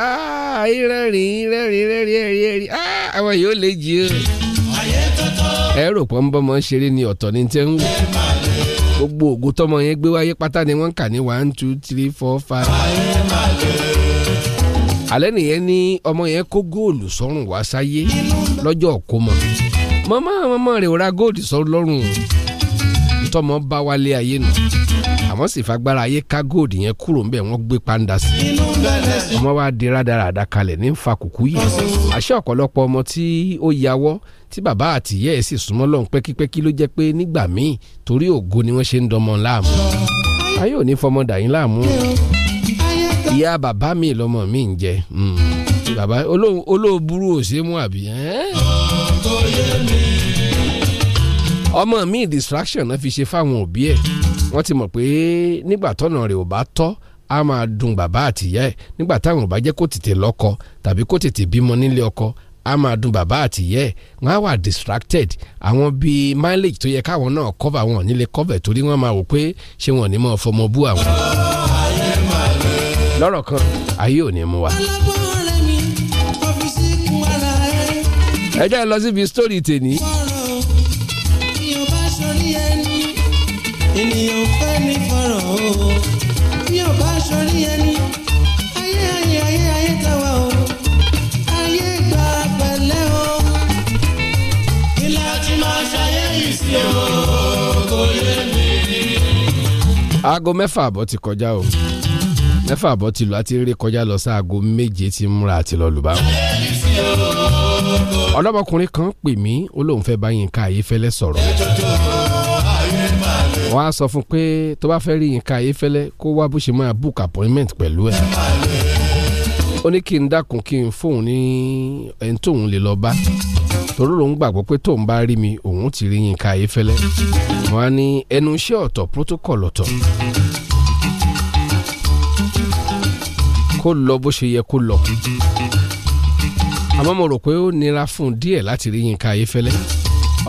rẹ́rìn rẹ́rìn rẹ́rìn ẹ̀rí ẹ̀rí àwọn yóò lè jí o. ẹ rò pọ́ ń bọ́mọ ṣeré ni ọ̀tọ̀ ni tẹ́ ń wò gbogbo ògo tọmọ yẹn gbé wáyé pátá ni wọ́n kà ní one two three four five. alẹ́ nìyẹn ní ọmọ yẹn kó góòlù sọ́rùn wá sáyé lọ́jọ́ kó mọ́ mọ́mọ́ mọ́mọ́ rẹ̀ ò ra góòdì sọ lọ́rùn tọmọ bá wálé ayé nù àmọ́ sì fagbára ayé ká góòdì yẹn kúrò ńbẹ̀ wọ́n gbé pàǹdà sí i ọmọ wa di rádaràda kalẹ̀ ní nfa kùkú yìí àṣẹ ọ̀pọ̀lọpọ̀ ọmọ tí ó yàwọ́ tí bàbá àtìyẹ́ ẹ̀ sì súnmọ́ lọ́n pẹ́kípẹ́kí ló jẹ́ pé nígbà míì torí ògo ni wọ́n ṣe ń dọmọ láàmú ayé ò ní fọmọ láàmú ìyá bàbá mi lọmọ mi ń jẹ hmm. bàbá olóòburú ò ṣe mú àbí. ọmọ mi distraction náà fi ṣe fáwọn òbí ẹ̀ wọ́n ti mọ̀ pé nígbà tọ́nà rẹ̀ ò bá tọ́ a máa dùn bàbá àtìyá ẹ̀ nígbà táwọn ò bá jẹ́ kó tètè lọ́kọ tàbí kó tètè bímọ nílé ọkọ a máa dùn bàbá àtìyá ẹ̀ wọ́n á wà distracted àwọn bíi mileage tó yẹ káwọn náà cover wọn ò ní lè cover torí wọ́n máa wò pé ṣé wọn ò ní máa fọmọ bú àwọn lọ́rọ̀ kan ayé ò ní mú wa. ẹ lọ síbi sítórì tèmi. ènìyàn fẹ́ mi fọ̀rọ̀ o bí o bá sọrí ẹni ayé ayé ayé ayé tàwa o ayé gba pẹ̀lẹ́ o. ilé àti máa ṣayé sí o kò yé mi. aago mẹ́fà àbọ̀ ti kọjá o mẹ́fà bọ́ ti lọ àti rere kọjá lọ sáago méje ti múra àti lọ lù bá wọn. ọ̀dọ́mọkùnrin kan pè mí ó lóun fẹ́ bá Yínká Ayéfẹ́lẹ́ sọ̀rọ̀. wọ́n á sọ fún pé tó bá fẹ́ rí Yínká Ayéfẹ́lẹ́ kó wá bó ṣe máa book appointment pẹ̀lú ẹ̀. ó ní kí n dákun kí n fóun ní ẹni tóun lè lọ bá torí lòun gbàgbọ́ pé tóun bá rí mi òun ti rí Yínká Ayéfẹ́lẹ́. wọ́n á ní ẹnu iṣẹ́ ọ̀tọ̀ protocol ọ̀tọ̀ kó lọ bó ṣe yẹ kó lọ àmọ́ mo rò pé ó nira fún díẹ̀ láti rí Yínká Ayéfẹ́lẹ́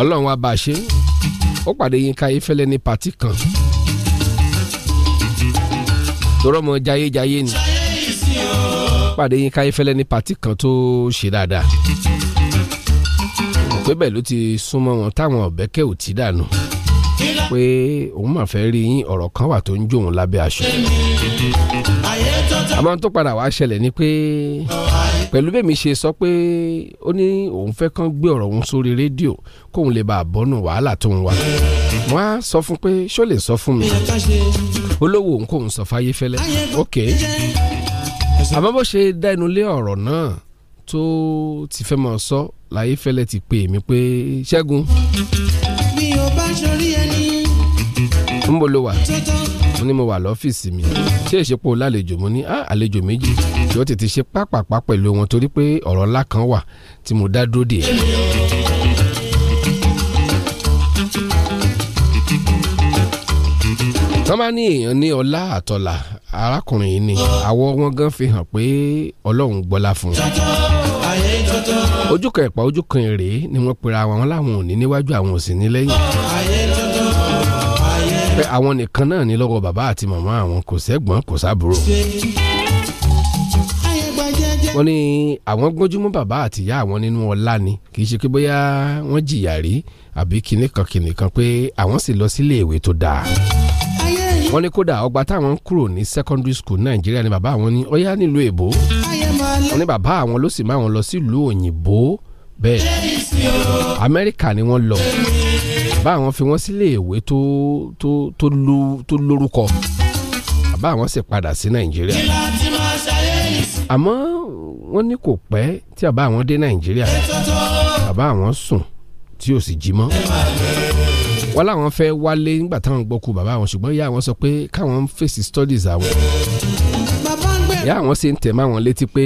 ọlọ́run wa bá a ṣe ó pàdé Yínká Ayéfẹ́lẹ́ ní pàtí kan torọ́ jayéjayé ni pàdé Yínká Ayéfẹ́lẹ́ ní pàtí kan tó ṣe dáadáa pé bẹ́ẹ̀ ló ti súnmọ́ wọn táwọn ọ̀bẹ́kẹ́ ò tí dànù. No pé òun mà fẹ́ rí yín ọ̀rọ̀ kan wà tó ń jóun lábẹ́ aṣọ. àmọ́ tó padà wá ṣẹlẹ̀ ni pé pẹ̀lú bẹ́ẹ̀ mi ṣe sọ pé ó ní òun fẹ́ kán gbé ọ̀rọ̀ òun sórí rédíò kóun lè bá a bọ́nù wàhálà tó ń wà. wọ́n á sọ fún pé ṣó lè sọ fún mi olówó òun kóun sọ fáyé fẹ́lẹ́ ok àmọ́ bó ṣe dá lé ọ̀rọ̀ náà tó ti fẹ́ máa sọ láyé fẹ́lẹ́ ti pè mí pé ṣẹ́gun ń bo lo wà mo ní mo wà lọ́fíìsì mi ṣé ìṣepọ̀ lálejò mo ní àlejò méjì tí ó tètè ṣe pápápá pẹ̀lú wọn torí pé ọ̀rọ̀ ńlá kan wà tí mo dá dúró dè é. tọ́ ní èèyàn ní ọlá àtọ́là arákùnrin yìí ni àwọ̀ wọn gan fi hàn pé ọlọ́run gbọ́lá fún un ojú kan ẹ̀pà ojú kan èrè ni wọ́n pera wọn láwọn ò níwájú àwọn ò ní lẹ́yìn àwọn nìkan náà ní lọ́wọ́ bàbá àti màmá àwọn kò sẹ́gbọ́n kò sábúrò wọ́n ní àwọn gbójúmọ́ bàbá àti ìyá àwọn nínú ọlá ni kì í ṣe pé bóyá wọ́n jìyà rí àbí kinní kan kinní kan pé àwọn sì lọ sílé ìwé tó dáa wọ́n ní kódà ọgbà táwọn ń kúrò ní secondary school nàìjíríà ni bàbá àwọn ní ọyá nílùú èbó wọ́n ní bàbá àwọn ló sì máa wọn lọ sílùú òyìnbó bẹ́ẹ̀ amẹ́ríkà ni wọ́n lọ bàbá àwọn fi wọ́n sílé ìwé tó tó tó lórúkọ bàbá àwọn sì padà sí nàìjíríà àmọ́ wọ́n ní kò pẹ́ tí bàbá àwọn dé nàìjíríà bàbá àwọn sùn tí ò sì jí mọ́ wọ́n láwọn fẹ́ wálé nígbà táwọn gbọ́ kú bàbá àwọn ṣùgbọ́n ìyá àwọn sọ pé káwọn fèsì studies àwọn ìyá àwọn sì ń tẹ̀ mọ́ àwọn létí pé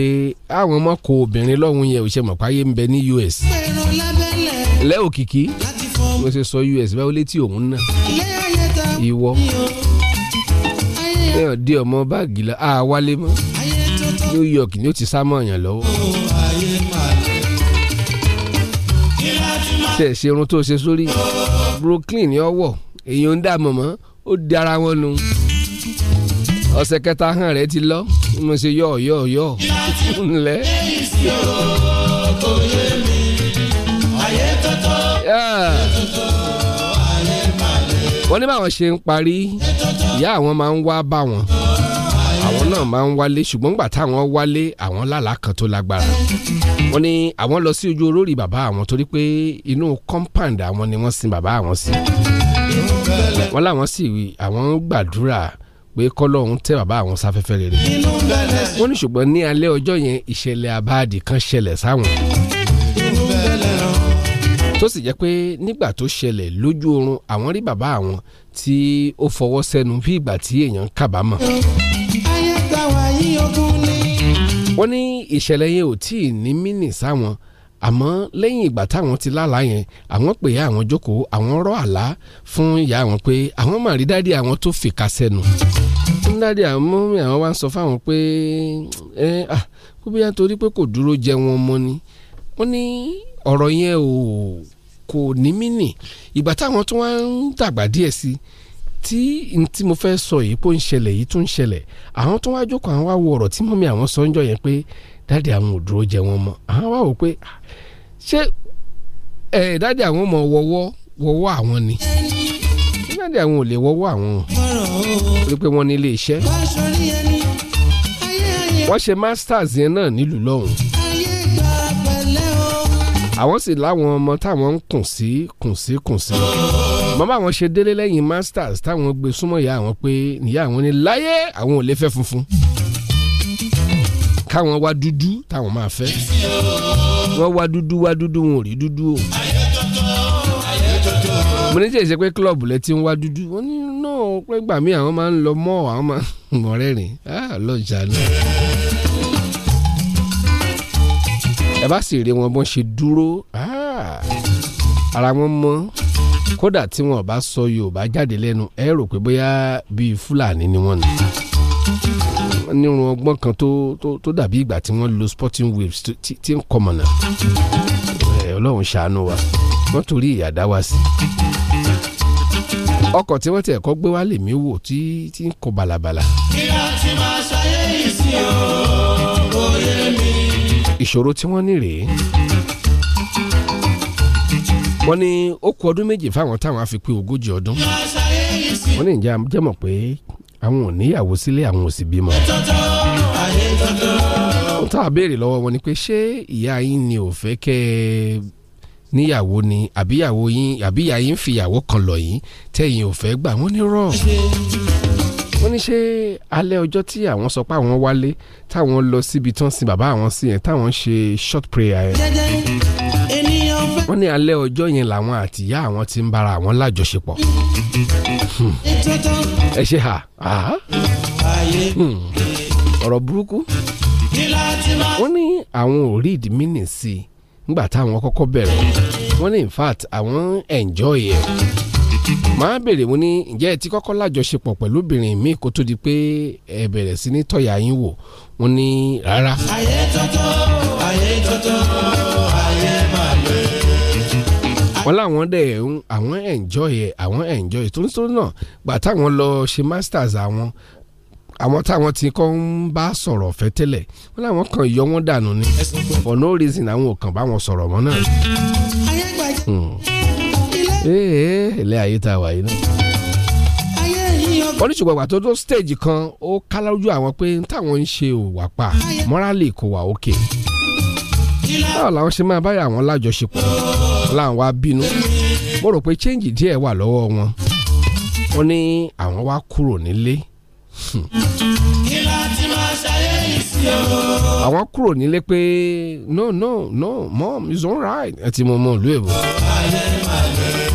àwọn ọmọ kò obìnrin lọ́hùn yẹn ò ṣe mọ̀ páyé ń bẹ ní US lẹ́òkìkí mo ṣe sọ US báwo létí òun náà ìwọ ẹ̀yàn dé ọmọ báàgì lọ àwálé mọ́ New York ni ó ti sá mọ́ ọ̀yàn lọ́wọ́ tẹ̀ ṣe irun tó ṣe sórí Brooklyn ni ọ wọ̀ èèyàn ń dà mọ̀mọ́ ó di ara wọn nu ọ̀sẹ̀ kẹta hàn rẹ̀ ti lọ mo ṣe yọ̀ yọ̀ yọ̀ ńlẹ̀. wọ́n ní báwọn ṣe ń parí ìyá àwọn máa ń wá bá wọn náà máa ń wálé ṣùgbọ́n nígbà táwọn wálé àwọn lálàá kan tó lágbára wọ́n ní àwọn lọ sí ojú olórí bàbá àwọn torí pé inú compound àwọn ni wọ́n sin bàbá àwọn sí wọ́n láwọn sì àwọn gbàdúrà pé kọ́lọ́hún tẹ́ bàbá àwọn sáfẹ́fẹ́ rere wọ́n ní ṣùgbọ́n ní alẹ́ ọjọ́ yẹn ìṣẹ̀lẹ̀ abáàdì kan ṣẹlẹ̀ sáwọn tó sì jẹ́ pé nígbà tó ṣẹlẹ̀ lójú oorun àwọn rí bàbá àwọn tí ó fọwọ́ sẹ́nu bí ìgbà tí èèyàn kábàámọ̀. Mm. wọ́n ní ìṣẹ̀lẹ̀ yẹn ò tí ì ní mínì sáwọn àmọ́ lẹ́yìn ìgbà táwọn ti lálàá yẹn àwọn pè é àwọn jókòó àwọn rọ́ àlá fún ìyá àwọn pé àwọn máa rí dáàdi àwọn tó fìkà sẹ́nu dáàdi àwọn àwọn wá ń sọ fáwọn pé ẹ ah kó bóyá torí pé kò dúró jẹ wọn mọ́ ni wọ́n ní ọ̀rọ̀ yẹn ò kò ní mínì ìgbà táwọn tó wá ń dàgbà díẹ̀ sí i tí tí mo fẹ́ sọ yìí pé ó ń ṣẹlẹ̀ yìí tún ń ṣẹlẹ̀ àwọn tó wá jókòó àwọn wá wo ọ̀rọ̀ tí mọ́mí àwọn sọ ń jọ yẹn pé dáàdi àwọn ò dúró jẹ wọn mọ́ àwọn wá wò pé ṣé ẹ dáàdi àwọn mọ wọ́wọ́ wọ́wọ́ àwọn ni dáàdi àwọn ò lè wọ́wọ́ àwọn rí pé wọ́n ní ilé iṣẹ́ wọ́n ṣe masters yẹn náà nílùú lọ́hùn àwọn sì láwọn ọmọ táwọn ń kùn sí kùn sí kùn sí. Oh mọ bá wọn ṣe délé lẹ́yìn masters táwọn gbé súnmọ́ ìyá àwọn pé níyà àwọn ní láyé àwọn ò lè fẹ́ funfun káwọn wá dúdú táwọn máa fẹ́ wọ́n wá dúdú wá dúdú wọn ò rí dúdú o mo ní jẹ́ pé club lẹ ti ń wá dúdú wọ́n ní náà pé gbà mí àwọn máa ń lọ mọ́ àwọn máa ń mọ̀rẹ́ rìn ah, lọ́jà náà. ẹ bá sì rí wọn bọ́n ṣe dúró ah, ara wọn mọ́ kódà tí wọn bá sọ Yorùbá jáde lẹ́nu ẹ rò pé bóyá bíi Fúlàní ni wọ́n ní nírun ọgbọ́n kan tó tó dàbí ìgbà tí wọ́n lo sporting waves tí ń kọmọ̀nà ọlọ́run ṣàánú wa wọ́n torí ìyàdá wa sí ọkọ̀ tí wọ́n ti ẹ̀kọ́ gbé wá lèmi wò tí tí ń kọ balabala. kíá tí máa ṣayé yìí sí o òye mi. ìṣòro tí wọ́n ní rèé wọ́n ní ó kù ọdún méjì fáwọn táwọn á fi pé ogójì ọdún wọ́n ní ìjà jẹ́mọ̀ pé àwọn ò níyàwó sílé àwọn ò sì bímọ. wọ́n tá a béèrè lọ́wọ́ wọn ni pé ṣé ìyá yín ni ò fẹ́ kẹ́ ẹ níyàwó ni àbíyàwó yín àbíyà yín fìyàwó kan lọ̀ yín tẹ̀yìn ò fẹ́ gbà wọ́n ní rọ̀ wọ́n ní ṣé alẹ́ ọjọ́ tí àwọn sọ pé àwọn wálé táwọn lọ síbi tán sin bàbá àwọn sí yẹn táwọn ṣe short prayer yẹn wọ́n ní alẹ́ ọjọ́ yẹn làwọn àtìyá àwọn ti ń bára àwọn lájọṣepọ̀ ẹ ṣe hà hmm. ọ̀rọ̀ burúkú wọ́n ní àwọn ò rí ìdí mínì sí i nígbà táwọn kọ́kọ́ bẹ̀rẹ̀ wọ́n ní in àwọn enjoy ẹ̀ màá béèrè mo ní ǹjẹ́ ẹ ti kọ́kọ́ lájọṣepọ̀ pẹ̀lú obìnrin mi kó tó di pé ẹ bẹ̀rẹ̀ sí ní tọ̀yà yín wò wọ́n ní rárá. ayé tọ́tọ́ ayé tọ́tọ́ wọ́n láwọn dẹ̀ àwọn enjoy ẹ̀ àwọn enjoy tó ń tó náà gbà táwọn lọ ṣe masters àwọn àwọn táwọn ti kọ́ ń bá sọ̀rọ̀ fẹ́ tẹ́lẹ̀ wọ́n láwọn kan yọ wọ́n dànù ni for no reason àwọn ò kàn bá wọn sọ̀rọ̀ mọ́ náà. ee hmm. ilé ayé tá wà yìí náà. wọ́n ní ṣùgbọ́n àgbà tó tó stage kan ó ká àwọn pé táwọn ń ṣe ò pa morally kò wà òkè. báwo làwọn ṣe máa báyà àwọn lájọṣepọ̀ là wá bínú mo rò pé change díẹ̀ wà lọ́wọ́ wọn ó ní àwọn wá kúrò nílé. kí la ti máa ṣayé sí o. àwọn kúrò nílé pé no no no mom it's alright ẹ ti mọ ọmọ ìlú èbó. ọ̀rọ̀ ayé màlẹ́.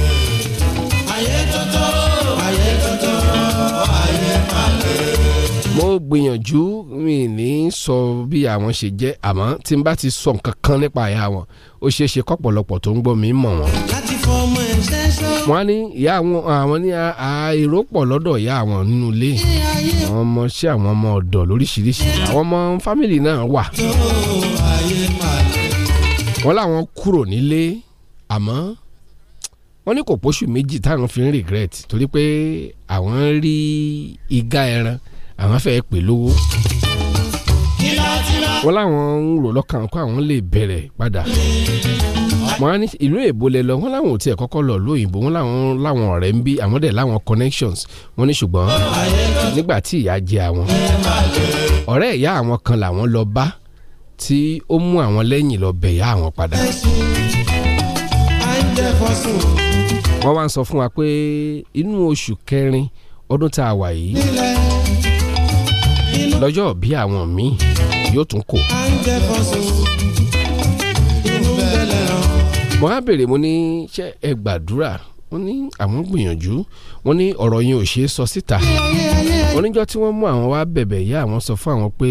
mo gbìyànjú mi ní sọ bí àwọn ṣe jẹ́ àmọ́ tí n bá ti sọ nǹkan kan nípa ìyá wọn ó ṣeé ṣe kọ́pọ̀lọpọ̀ tó ń gbọ́ mi mọ̀ wọ́n. wọ́n á ní ìyá àwọn àwọn ní àìró pọ̀ lọ́dọ̀ ìyá àwọn nínú ilé àwọn ọmọ sí àwọn ọmọ ọ̀dọ̀ lóríṣiríṣi àwọn ọmọ fámìlì náà wà. wọ́n láwọn kúrò nílé àmọ́ wọ́n ní kò pósù méjì táwọn fi ń regret torí pé àwọn ń rí igá ẹran àwọn fẹ́ pè lówó. wọ́n láwọn ń rò lọ́kàn kó àwọn lè bẹ̀rẹ̀ padà wọ́n á ní ìlú èbó lẹ lọ wọ́n láwọn ò tiẹ̀ kọ́kọ́ lọ lóyìnbó wọ́n láwọn láwọn ọ̀rẹ́ ń bí àwọn dẹ̀ láwọn connections wọ́n ní ṣùgbọ́n nígbà tí ìyà jẹ àwọn ọ̀rẹ́ ìyá àwọn kan làwọn lọ bá tí ó mú àwọn lẹ́yìn lọ bẹ̀ ìyá àwọn padà. wọ́n wá ń sọ fún wa pé inú oṣù kẹrin ọdún tá a wà yìí lọ́jọ́ bí àwọn míì yóò tún kò. mo á bèrè mo ní ṣé ẹ gbàdúrà wọ́n ní àwọn gbìyànjú wọ́n ní ọ̀rọ̀ yẹn ò ṣeé sọ síta oníjọ́ tí wọ́n mú àwọn wá bẹ̀bẹ̀ yá àwọn sọ fún àwọn pé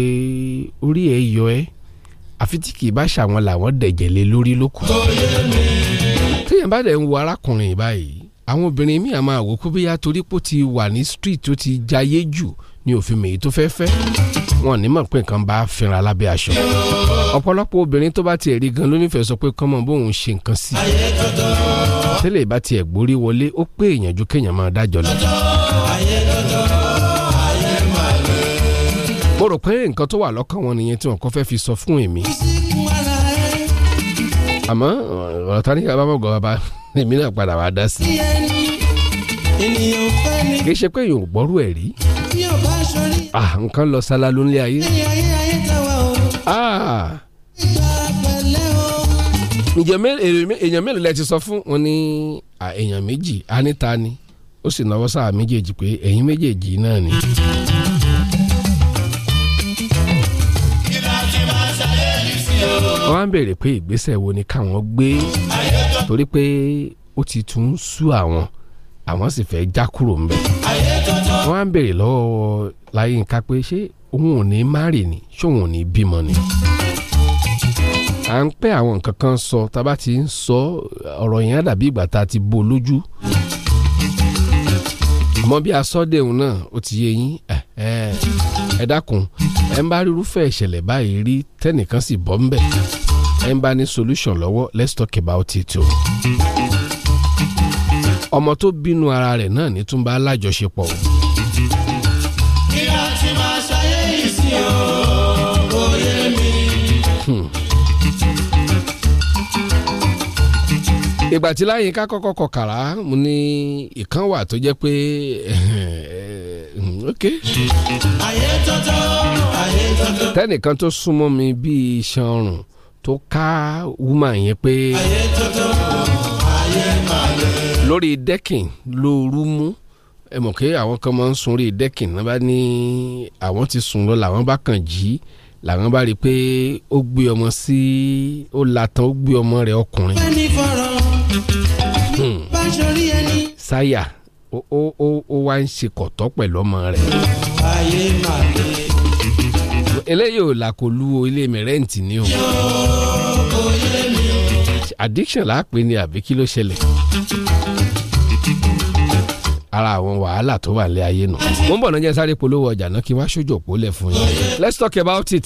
orí ẹ̀ yọ ẹ́ àfi tí kì í bá ṣàwọn làwọn dẹ̀jẹ̀ lé lórí lóko. téèyàn bá dẹ̀ ń wo arákùnrin báyìí àwọn obìnrin míì àmọ́ àwòkú bíyà torí ti wà ní street tó ti jayé jù ni òfin mi tó fẹ́ fẹ́ wọn ní mọ̀ pé nǹkan bá fínra lábẹ́ aṣọ ọ̀pọ̀lọpọ̀ obìnrin tó bá tiẹ̀ rí gan ló nífẹ̀ẹ́ sọ pé kọ́mọ bóun ṣe nǹkan sí i tẹ́lẹ̀ bá tiẹ̀ gborí wọlé ó pé èèyàn kéèyàn máa dájọ́ lọ. mo rò pé nǹkan tó wà lọ́kàn wọn nìyẹn tí wọn kọ́ fẹ́ fi sọ fún èmi àmọ́ ọ̀rọ̀ ta ní ká bá mọ̀ gan bàbá èmi náà padà wá dá sí i kì í ṣe pé èèyàn ò gbọ́rú ẹ̀ rí ah nǹkan lọ ṣàlàlù ńlẹ̀ ayé. èèyàn mélòó lẹ ti sọ fún wọn ní èèyàn méjì aníta ni ó sì náwó sáà méjèèjì pé ẹ̀yin méjèèjì náà ni. wọ́n á béèrè pé ìgbésẹ̀ wo ni káwọn gbé torí pé ó ti tún sú àwọn àwọn sì fẹ́ já kúrò ń bẹ̀. wọ́n á ń béèrè lọ́wọ́ Láyínká pé ṣé òun ò ní márì ni ṣóun ò ní bímọ ni. à ń pẹ́ àwọn nǹkan kan sọ tá a bá ti ń sọ ọ̀rọ̀ yẹn á dàbí ìgbà tá a ti bo lójú. mọ bí asọ́dẹ̀hùn náà ó ti yé yín ẹ dákun ẹ ń bá rírúfẹ́ ìṣẹ̀lẹ̀ báyìí rí tẹ́nìkan sì bọ́ ń bẹ̀ ẹ ń bá ní solution lọ́wọ́ let's talk about it o ọmọ tó bínú ara rẹ̀ náà ní túnbà alájọṣepọ̀ o. Hmm. kí a ti máa ṣayé yìí sí o òye mi. ìgbà tí láyínká kọ́kọ́ kọkàrá mo ní ìkan wà tó jẹ́ pé *laughs* ok. ayé tọ́tọ́ ayé tọ́tọ́. tẹ́nìkan tó súnmọ́ mi bíi iṣan ọrùn tó ká wúmà yẹn pé. ayé tọ́tọ́ lórí dẹ́kìn lóoru mú ẹ mọ̀ pé àwọn kan máa ń sun orí dẹ́kìn náà bá ní àwọn ti sùn lọ làwọn bá kàn jí làwọn bá rí i pé ó gbé ọmọ sí ó latan ó gbé ọmọ rẹ̀ ọkùnrin. ẹni fọ̀rọ̀ hmm. bá sọrí ẹni. sáyà ó ó ó wá ń ṣe kọ̀tọ́ pẹ̀lú ọmọ rẹ̀. ayé màá lè. eléyìí ò làkòlù ilé mi rẹ́ǹtì ni o. yóò kó ilé mi addiction láàpẹ ni àbí kí ló ṣẹlẹ̀ ara àwọn wàhálà tó wà lé ayé nù. mo ń bọ̀ náà jẹ́ sáré polówó ọjà náà kí n wá sójú òpó lẹ̀ fún yín. let's talk about it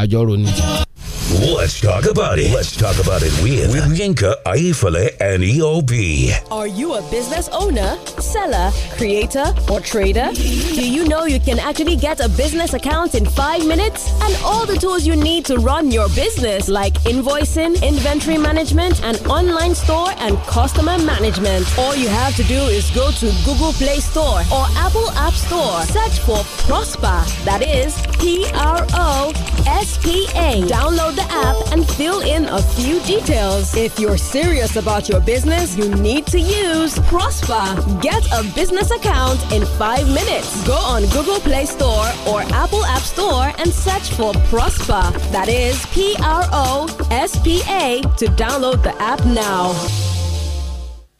àjọrò ni. Let's talk about it. Let's talk about it with, with Yinka, Aifale, and EOB. Are you a business owner, seller, creator, or trader? Do you know you can actually get a business account in five minutes? And all the tools you need to run your business, like invoicing, inventory management, an online store, and customer management. All you have to do is go to Google Play Store or Apple App Store. Search for Prosper. That is P R O S P A. Download download the app and fill in a few details. If you're serious about your business, you need to use Prosper. Get a business account in five minutes. Go on Google Play Store or Apple App Store and search for Prosper. That is P R O S P A to download the app now.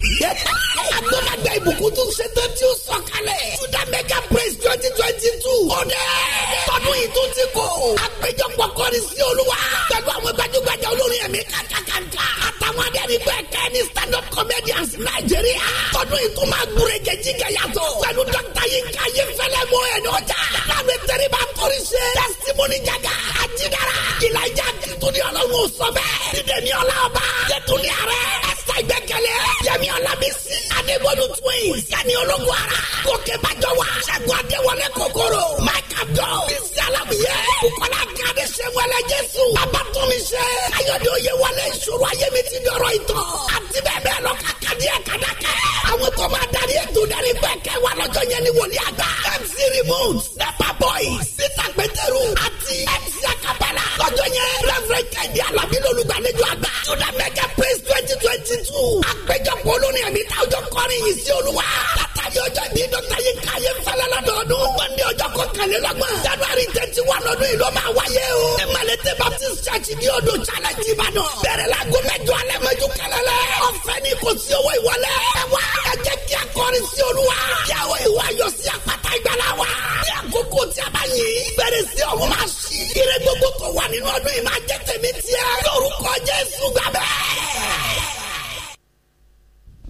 Àgbọ̀nagbà ìbùkún tún ṣe tán tí ó sọ̀kalẹ̀. Suda mega praise twenty twenty two. Ó dẹ̀. Tọdún yìí tún ti kò. Àpéjọpọ̀ kọrin sí Olúwa. Pẹ̀lú àwọn gbajúgbajà olórin ẹ̀mí kàkàkàkà. Àtàwọn adẹ́rìn bẹ́ẹ̀ kẹ́ ní stand up comedians Nàìjíríà. Tọdún yìí tún máa gbúre jẹjí kẹyàtọ̀. Pẹ̀lú Dr. Yinka Ayéfẹ́lẹ́ mọ ẹni ọjà. Láàbẹ̀ tẹ̀rí bá kọrin ṣe. Testimony jaga. Àjidara. Ìlàjà kìtùnú ọlọ́run sọ bẹ́ẹ̀. Dídèmí ọlá ọba. Jẹ́tùnú ààrẹ. Ẹ̀sà ìgbẹ́kẹ̀lé. Yẹmí ọlábísí adébólú twins Sani ológun ara gòkè bàjọ́ wa ṣẹ́gun adéwọlé kòkòrò mike abdul bísí alábìyẹ bukola kade sewọlé jésù babatunmiṣẹ káyọ̀dé oyè wọlé ìṣòro ayé mi ti dọ̀rọ̀ ìtàn àti bẹ́ẹ̀ bẹ́ẹ̀ lọ kàkàdí ẹ̀ kàdákẹ́ àwọn tó máa darí ètò darí bẹ́ẹ̀ kẹ́ wà lọ́jọ́ yẹn ni wòlíì àgbà mc remote nepa boy sita gbẹdẹrù àti mc akabala lọ́jọ́ yẹn reverend kẹ́hìndé alábí lolùgbàlejò àgbà judah mega praise olórin ẹ̀mí tá ọjọ́ kọrin yìí sí olúwa. látàrí ọjọ́ ìbí dọ́kítà yìí ká yé falala lọ́dọọdún. wọ́n ní ọjọ́ kọkànlélọ́gbọ̀n. january twenty one ọdún yìí ló máa wáyé o. emalete baptist church ní odò challenge ìbàdàn. bẹ̀rẹ̀ la go mẹ́jọ alẹ́ mẹ́jọ kẹlẹ́lẹ́. ọ̀fẹ́ ni kò sí owó ìwọlé. ẹ wá ẹ jẹ́ kí a kọrin sí olúwa. yàwó ìwà yọ sí àpáta ìgbàlá wa. ní àkókò tí a bá yìn. bẹ̀rẹ̀ sí ọ̀hún máa ṣí. ire gbogbo tó wà nínú ọdún yìí máa jẹ́ tèmi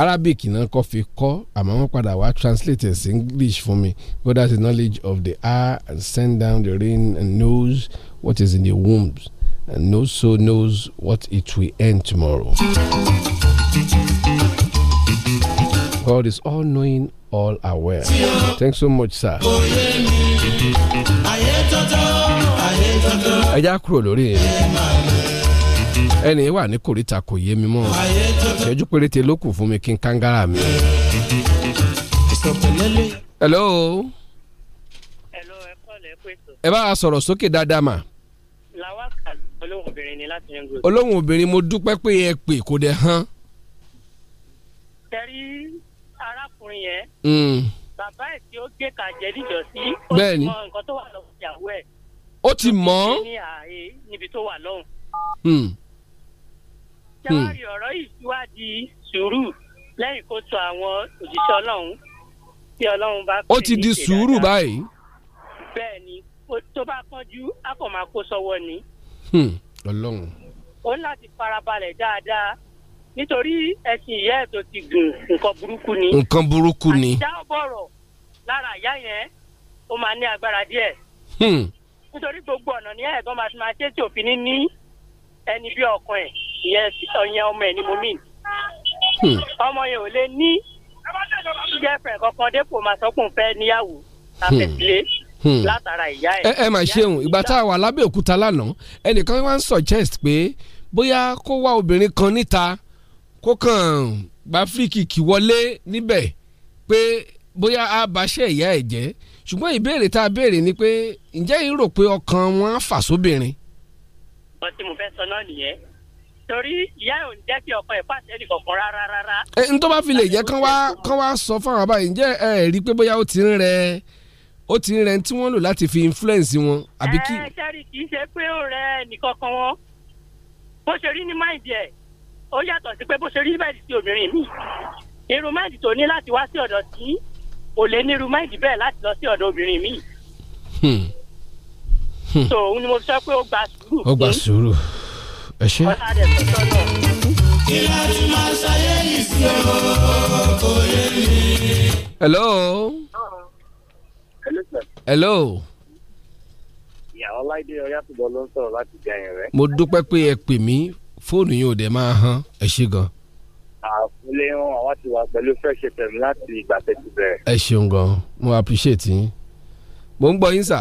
Arabic náà kọ́ fi kọ́ àmọ́ wọ́n padà wá translate ẹ̀ sí English fún mi God has the knowledge of the air and send down the rain and knows what is in the wombs and no soul knows what it will end tomorrow. God is all knowing, all aware. Thanks so much, sir. Ẹ já kúrò lórí yẹn ẹni wà ní kòríta kò yé mi mọ́ ìṣẹ́jú péréte ló kù fún mi kí n kángárà mi. hello. hello ẹ kọ́ lẹ́ pèsè. ẹ bá a sọ̀rọ̀ sókè dáadáa mà. làwọn kà olóhùn obìnrin ni láti yango. olóhùn obìnrin mo dúpẹ́ pé ẹ pè kó dẹ̀ hán. kẹrí arákùnrin yẹn. Hmm. bàbá ẹ̀ tí ó gbé kàjẹ́ níjọ́sí. bẹ́ẹ̀ni ó ti ó ti mọ̀. níbi tó wà lọ́hùn. Hmm ṣáwárí hmm. ọ̀rọ̀ yìí síwádìí sùúrù lẹ́yìn kó sọ àwọn òjíṣẹ́ ọlọ́run tí ọlọ́run bá pè ní ìṣẹ̀dá. ó ti di sùúrù báyìí. bẹ́ẹ̀ ni tó bá kánjú á kàn máa kó sọ́wọ́ ni. Hmm, ọlọ́run. ó ní láti farabalẹ̀ dáadáa nítorí ẹ̀sìn ìyá ẹ̀ tó ti gùn nǹkan burúkú ni. nǹkan burúkú ni. àti dáhùn bọ̀rọ̀ lára ìyá yẹn ó máa ní agbára díẹ̀. Hmm. nítorí gbogbo ọ̀nà ní ẹ̀gbọ́n máa ti máa ṣe tí òfin ní ẹni bí ọkàn ẹ̀ ìyẹn sísọ yẹn ọmọ ẹ ni mo mean hmm. ọmọ yẹn ò lè ní girlfriend kankan dépò máa sọ pé òun fẹ́ níyàwó àfẹ́sílẹ̀ hmm. hmm. látara ìyá ẹ̀. ẹ mà ṣeun ìgbà tá a wà lábẹ́òkúta lánàá ẹnìkan wá ń suggest pé bóyá kó wá obìnrin kan níta kó kàn gba free kick wọlé níbẹ̀ pé bóyá a bá ṣe ìyá ẹ̀ jẹ́ ṣùgbọ́n ìbéèrè tá a béèrè ni pé ǹjẹ́ yìí rò pé ọkàn wọn á fà sóbìnrin. ọtí mo fẹ́ sọ náà nìyẹn torí ìyá ò ń jẹ́ kí ọkọ ẹ̀ pàṣẹ nìkan kan rárá rárá. ẹ n tó bá fi lè jẹ́ kán wá kán wá sọ fún àwọn báyìí ǹjẹ́ ẹ rí i pé bóyá ó ti ń rẹ ó ti ń rẹ tí wọ́n lò láti fi influence wọn àbí kí. ẹ sẹ́rí kì í ṣe pé ó rẹ nìkan kan wọn bó ṣe rí ní máìdì ẹ̀ ó yàtọ̀ sí pé bó ṣe rí bẹ́ẹ̀ sí obìnrin mi irú máìdì tó ní láti wá sí ọ̀dọ̀ sí ò lè ní irú máìdì bẹ́ẹ̀ láti lọ sí ọ̀dọ̀ obìnrin mi. Hmm. Hmm. so òun ni mo sọ pé ó gba sùúrù. ó gba sùúrù ẹ ṣe. hello. hello. ìyàwó láìdé ọyàtúbọ ló ń sọ̀rọ̀ láti jẹ ẹyìn rẹ. mo dúpẹ́ pé ẹ pè mí fóònù yìí ò dẹ̀ máa hàn ẹ ṣe gan. àfúlé wọn àwa ti wà pẹ̀lú fresh fm láti ìgbà tẹ̀sí bẹ̀rẹ̀. ẹ ṣeun gan mo appreciate yín mo ń gbọ́ yín sà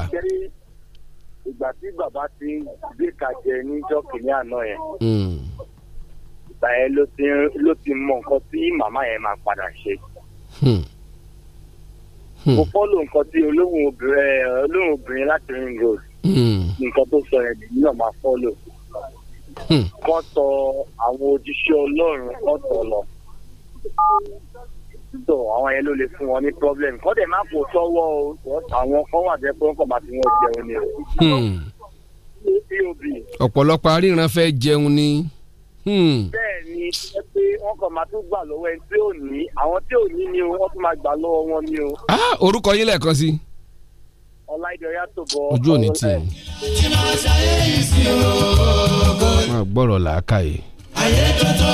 ìgbà tí bàbá ti gbé kàjẹ níjọ́ kìíní àná yẹn hmm. ìgbà yẹn ló ti mọ nǹkan tí màmá yẹn máa padà ṣe hmm. Hmm. mo fọ́lò nǹkan tí olóhùn obìnrin olóhùn obìnrin láti ring road nǹkan tó sọ yẹn nínú ọ̀ma fọ́lò kọ́ tọ àwọn òjíṣẹ́ ọlọ́run kọ́ tọ̀ lọ tó àwọn yẹn ló lè fún wọn ní problem kọ́ dẹ̀ má kó sọ́wọ́ àwọn kan wà jẹ́ pé wọ́n kàn bá ti wọ́n jẹun ni o. Hmm. ọ̀pọ̀lọpọ̀ aríran fẹ́ jẹun ni. Hmm. bẹ́ẹ̀ ni ẹ pé wọ́n kàn máa tún gbà lọ́wọ́ ẹni tí ò ní àwọn tí ò ní ni wọ́n tún máa gbà lọ́wọ́ wọn ni o. orúkọ yín lẹ́ẹ̀kan sí i ojú òní tí o. máa gbọ́rọ̀ làákàyè ayé tuntun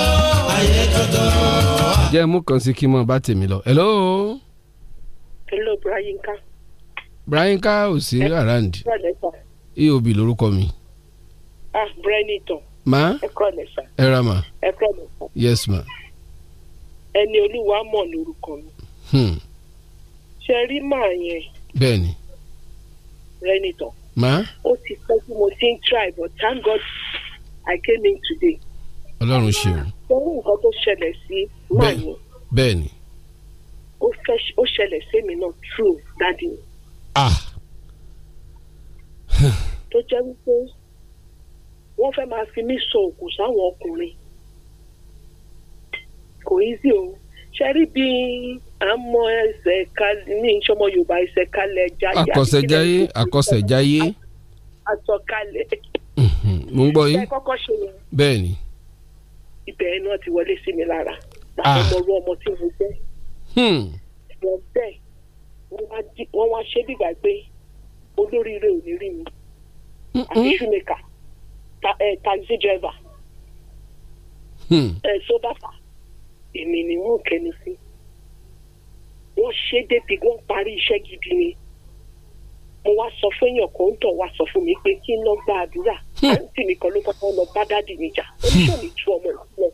ayé tuntun. jẹ́ mú kan sí kí n mọ̀ bá tèmi lọ. hello. hello brayinka. brayinka ò sí around. eob lórúkọ mi. ah breniton. ma ẹ kọ́ lẹ sá. ẹ ra ma. ẹ kọ́ yes ma. ẹni olúwa mọ̀ lórúkọ mi. Hmm. ṣe rí màá yẹn. bẹ́ẹ̀ni. breniton. ma. ó ti pẹ́ tí mo ti ń try but thank God I came in today. Ọlọ́run ṣeun. torí nǹkan tó ṣẹlẹ̀ sí máa yẹn. bẹ́ẹ̀ni. ó ṣẹlẹ̀ sẹ́mi náà true dadi. ah. tó jẹ́ wípé wọ́n fẹ́ máa fi mí sọ òkú sáwọn ọkùnrin kò í sí o ṣe rí bí à ń mọ ní ìṣọmọ Yorùbá ẹsẹ̀ kalẹ̀ jáyé. àkọsẹ̀jáyé àkọsẹ̀jáyé. àtọ̀kalẹ̀. mo ń gbọ́ yín. bẹ́ẹ̀ ni ibẹ̀ náà ti wọlé sí mi lára láti ah. mọ orú ọmọ tí mo jẹ́ hmm. wọ́n bẹ́ẹ̀ wọ́n wá ṣe bí ìgbà pé olóríire ò ní rí mi àti ṣùmẹ̀kà eh, taxi driver hmm. eh, sóbàfà èmi ni wọ́n kẹnu sí wọ́n ṣe débi wọ́n parí iṣẹ́ gidi ni mo wá sọ fún èèyàn kan ń tọ̀ wá sọ fún mi pé kí n lọ gba àdúrà àǹtí mi kan ló kọ́kọ́ lọ bá dáàdì mi jà oníṣòwò ju ọmọ ìlú lọ.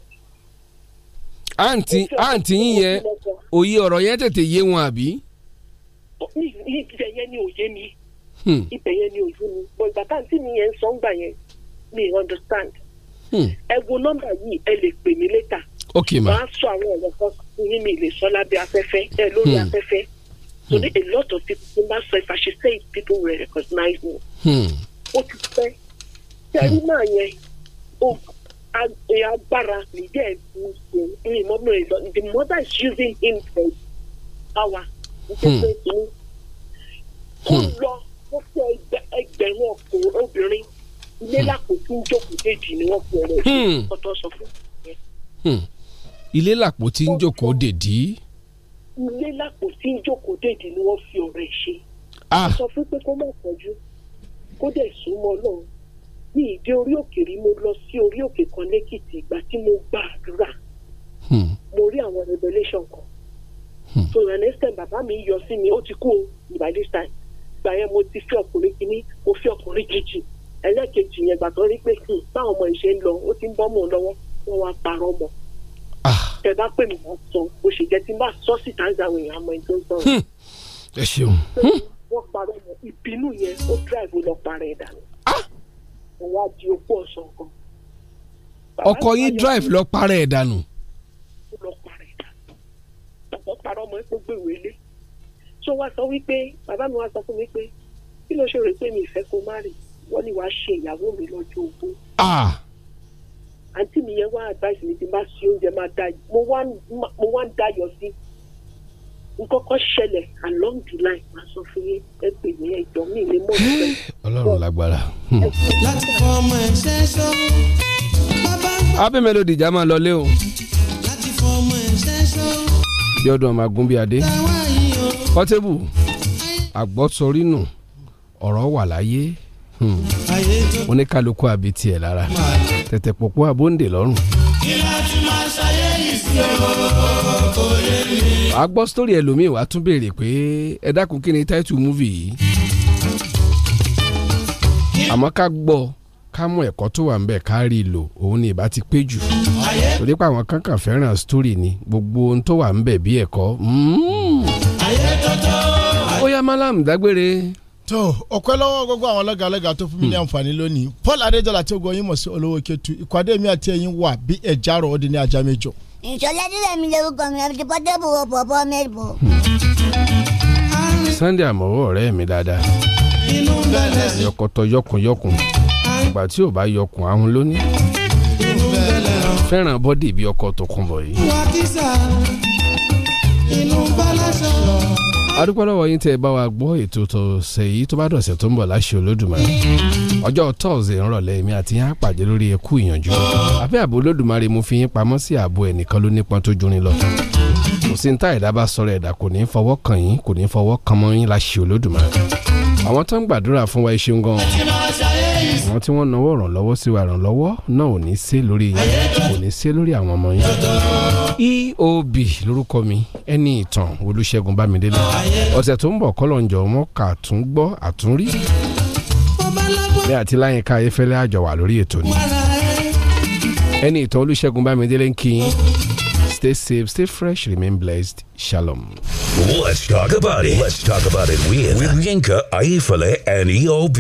àǹtí àǹtí yín yẹn òye ọ̀rọ̀ yẹn tètè yé wọn àbí. ibẹ̀ yẹn ni òye mi hmm. ibẹ̀ yẹn ni òye mi bọ̀ ìgbà táǹtí mi yẹn ń sọ ń gbà yẹn mi understand. Hmm. ẹ wo nọ́mbà yìí ẹ lè pè mí létà. ok ma máa sọ àwọn ọ̀rọ̀ kan yín mi lè sọ lábẹ́ afẹ́fẹ́ ẹ lórí hmm. afẹ́fẹ́ so a lot of people bá sọ if I should say it people will recognize me. ó ti pẹ́ tẹ̀rí náà yẹn ó agbára nìjẹ́ ìfúnṣe ní ìmọ̀mọ́ ìlọ the mother is using him for power nítorí hmm. pé hmm. lọ ó fẹ́ ẹgbẹ̀rún ọkùnrin obìnrin ilé hmm. làpótí ń jókòó déjì ni wọ́n fi ọ̀rọ̀ ọ̀tọ̀ sọ fún un. ilé làpótí ń jókòó dèdí. ilé làpótí ń jókòó dèdí ni wọ́n fi ọ̀rọ̀ ẹ̀ ṣe. Ah. sọ fún pé kó má pọ̀jù kó dẹ̀ súnmọ́ Ọlọ́run ní ìdí orí òkè rí mo lọ sí orí òkè kan lẹ́kìtì ìgbà tí mo gbàdúrà hmm. mo rí àwọn revelation kan hmm. so the next time bàbá mi yọ sí mi ó ti kú o by this time ìgbà yẹn mo ti fẹ́ ọkùnrin kìíní mo fẹ́ ọkùnrin kejì ẹlẹ́kejì yẹn gbàtọ́ rí pé hmm, báwọn ọmọ ìṣe ń lọ ó ti ń bọ́ mọ̀ lọ́wọ́ wọ́n wá parọ́ mọ́ ah. tẹ bá pè mí wọ́n sọ bó ṣe jẹ́ tí n bá sọ sí tanzania èèyàn àmọ́ ẹni tó ń sọ̀rọ̀. ẹ ṣeun. wọ́n parọ́ mọ́ ìbínú yẹn ó drive mo wá di opó ọ̀sán kan. ọkọ yín drive lọ parẹ́ ẹ̀ dànù. ó lọ parẹ́ ẹ̀ dànù bàbá parọ́ ọmọ epo gbèrò ilé tó wá sọ wípé bàbá mi wá sọ fún mi pé kí ló ṣe rè pé mi ìfẹ́ kó má rè wọ́n ní wàá ṣe ìyàwó mi lọ́jọ́ ogbó. àǹtí mi yẹn wá advice mi ti máa ṣe oúnjẹ máa da mo wá ń dayọ̀ sí nǹkan kan ṣẹlẹ̀ along the line máa sọ fún yín ẹ pè mí ẹjọ́ mi ní mọ̀ nípa. lágbára. Hmm. láti fọ ọmọ ẹ ṣe sọ. abẹ́ melody ìjà máa lọ lé o. láti fọ ọmọ ẹ ṣe sọ. bí ọdún ọmọ agúnbíadé. pọ́tébù àgbọ́sọrí nù ọ̀rọ̀ wà láyé hmm. oníkálukú àbí tiẹ̀ lára tẹ̀tẹ̀ pọ̀pọ̀ àbóǹdè lọ́rùn. kí láti má wà á gbọ́ sítórì ẹlòmíì wà á tún béèrè pé ẹ dákun kí ni táìtù múvì yìí àmọ́ ká gbọ́ ká mú ẹ̀kọ́ tó wà ń bẹ̀ ká rí i lò òun ni ìbá ti pé jù torí pé àwọn kankan fẹ́ràn sítórì ni gbogbo ohun tó wà ń bẹ̀ bí ẹ̀kọ́. Hmm. ó yá malam dágbére tó ọpẹ́ lọ́wọ́ gbogbo àwọn lọ́gàlọ́gà tó fún mi ní hmm. àǹfààní lónìí Paul Adéjọlá tí ogun yín mọ̀ sí olówó ketu ìpàdé mi àti ẹ̀yin wà bí ẹ̀já rọ̀ ọ́ Ìṣọlá Adérẹ̀mí lórúkọ mi ọ̀dẹ pọ́tẹ́bù ọ̀pọ̀ ọ̀pọ̀ mẹ́bù. Sunday àmọ̀wọ́ ọ̀rẹ́ mi dáadáa yọkọtọ yọkùn yọkùn ìgbà tí ò bá yọkùn ahun lónìí fẹ́ràn bọ́dì bí ọkọ̀ tó kún bọ̀ yìí adúpẹ́ lọ́wọ́ yín tẹ́ ẹ bá wa gbọ́ ètò tọ̀sẹ̀ yìí tó bá dọ̀sẹ̀ tó ń bọ̀ láṣẹ Olódùmarè ọjọ́ tọ́ọ̀sẹ̀ ńrọ̀lẹ́ èmi àti yín á pàdé lórí ẹkú ìyànjú abẹ́ ààbò Olódùmarè mo fi yín pamọ́ sí ààbò ẹnìkan ló nípọn tó jurin lọ kò sí ní ẹ̀dá bá sọ̀rọ̀ ẹ̀dá kò ní fọwọ́ kàn yín kò ní fọwọ́ kàn mọ́ yín láṣẹ Olódùmarè àwọn tó ń gbàdúrà fún wa ẹ ṣeun àwọn tí wọ́n náwó ìrànlọ́wọ́ sí wa ìrànlọ́wọ́ náà ò ní ṣe lórí yín ní ṣe lórí àwọn ọmọ yín. EOB lórúkọ mi ẹni ìtàn Olúṣẹ́gun Bámidélé ọ̀sẹ̀ tó ń bọ̀ kọ́lọ̀njọ́ wọn kà tún gbọ́ àtúnrí bí àti láyínká ayéfẹ́lẹ́ àjọ wà lórí ètò ni ẹni ìtàn Olúṣẹ́gun Bámidélé ń kí Stay safe, stay fresh, remain blessed. Shalom. Let's talk about it. Let's talk about it with, with Yinka, Aifale, and EOB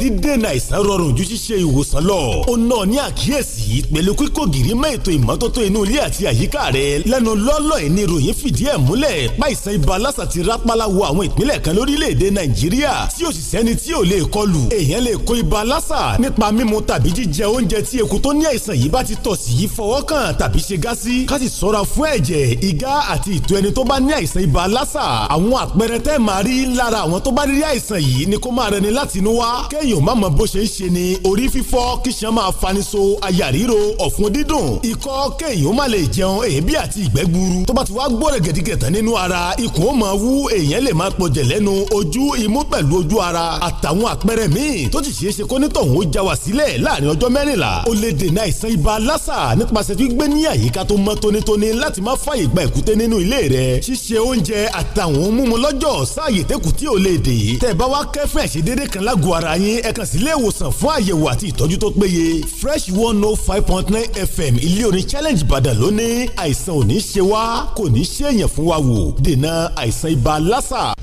dídènà àìsàn rọrùn ju ṣíṣe ìwòsàn lọ. ó náà ní àkíyèsí pẹ̀lú kíkó gìrì mọ́ ètò ìmọ́tótó inú ilé àti àyíká rẹ̀ lẹ́nu lọ́lọ́ ẹ̀ ní ìròyìn fìdí ẹ̀ múlẹ̀ páìsàn ibà lásà ti rápálá wo àwọn ìpínlẹ̀ kan lórílẹ̀‐èdè nàìjíríà tí òṣìṣẹ́ ni tí ò lè kọlù èèyàn lè kó ibà lásà nípa mímu tàbí jíjẹ oúnjẹ tí eku tó ní àìsàn yìí bá ti tọ̀ sí yìí fọwọ́ kàn tàbí ṣe gá sí ká sì sọ́ra fún ẹ̀jẹ̀ ìgá àti ìtọ̀ ẹni tó bá ní àìsàn ibà lásà àwọn àpẹẹrẹ tẹ́ẹ̀ máa rí lára àwọn tó bá ní àìsàn yìí ni kó máa rẹni látinú wá kẹ́ kéèyàn má mọ bó ṣe ń ṣe ni orí fífọ́ kíṣàn máa faniṣo àyà ríro ọ̀fun dídùn ikọ́ kéèyàn má lè jẹun èébì àti ìgbẹ́ gbuuru tó bá ti wá gbọ́rẹ̀ gẹ̀dígẹ̀tàn nínú ara ikùn ó máa wú èèyàn lè máa pọ̀jẹ̀ lẹ́nu ojú imú pẹ̀lú ojú ara àtàwọn àpẹẹrẹ míì tó ti ṣeé ṣe kó nítọ̀hún ó já wa sílẹ̀ láàrin ọjọ́ mẹ́rìnlá ó lè dènà àìsàn ibà lásà nípasẹ̀ gbígbé ní àyíká tó mọ́ tónítóní láti má fàyè gba èkúté nínú ilé rẹ̀ ṣíṣe oúnjẹ àtàwọn mímu lọ́jọ́ sáàyè tẹ́kù tí ò lè dè tẹ̀ bá wá kẹ́fẹ́ àṣedédé kan lágọ̀ọ́ ara yín ẹ kàn sí ilé ìwòsàn fún àyẹ̀wò àti ìtọ́jú tó péye fresh one oh five point nine fm ilé orin challenge ìbàdàn lónìí àìsàn ò ní ṣe wá kò ní ṣe èèyàn fún wa wò dènà àìsàn ibà lásà.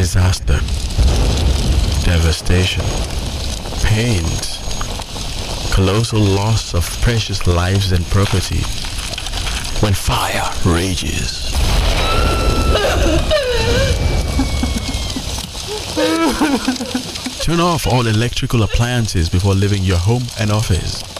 disaster devastation pain colossal loss of precious lives and property when fire rages. *laughs* Turn off all electrical appliances before leaving your home and office.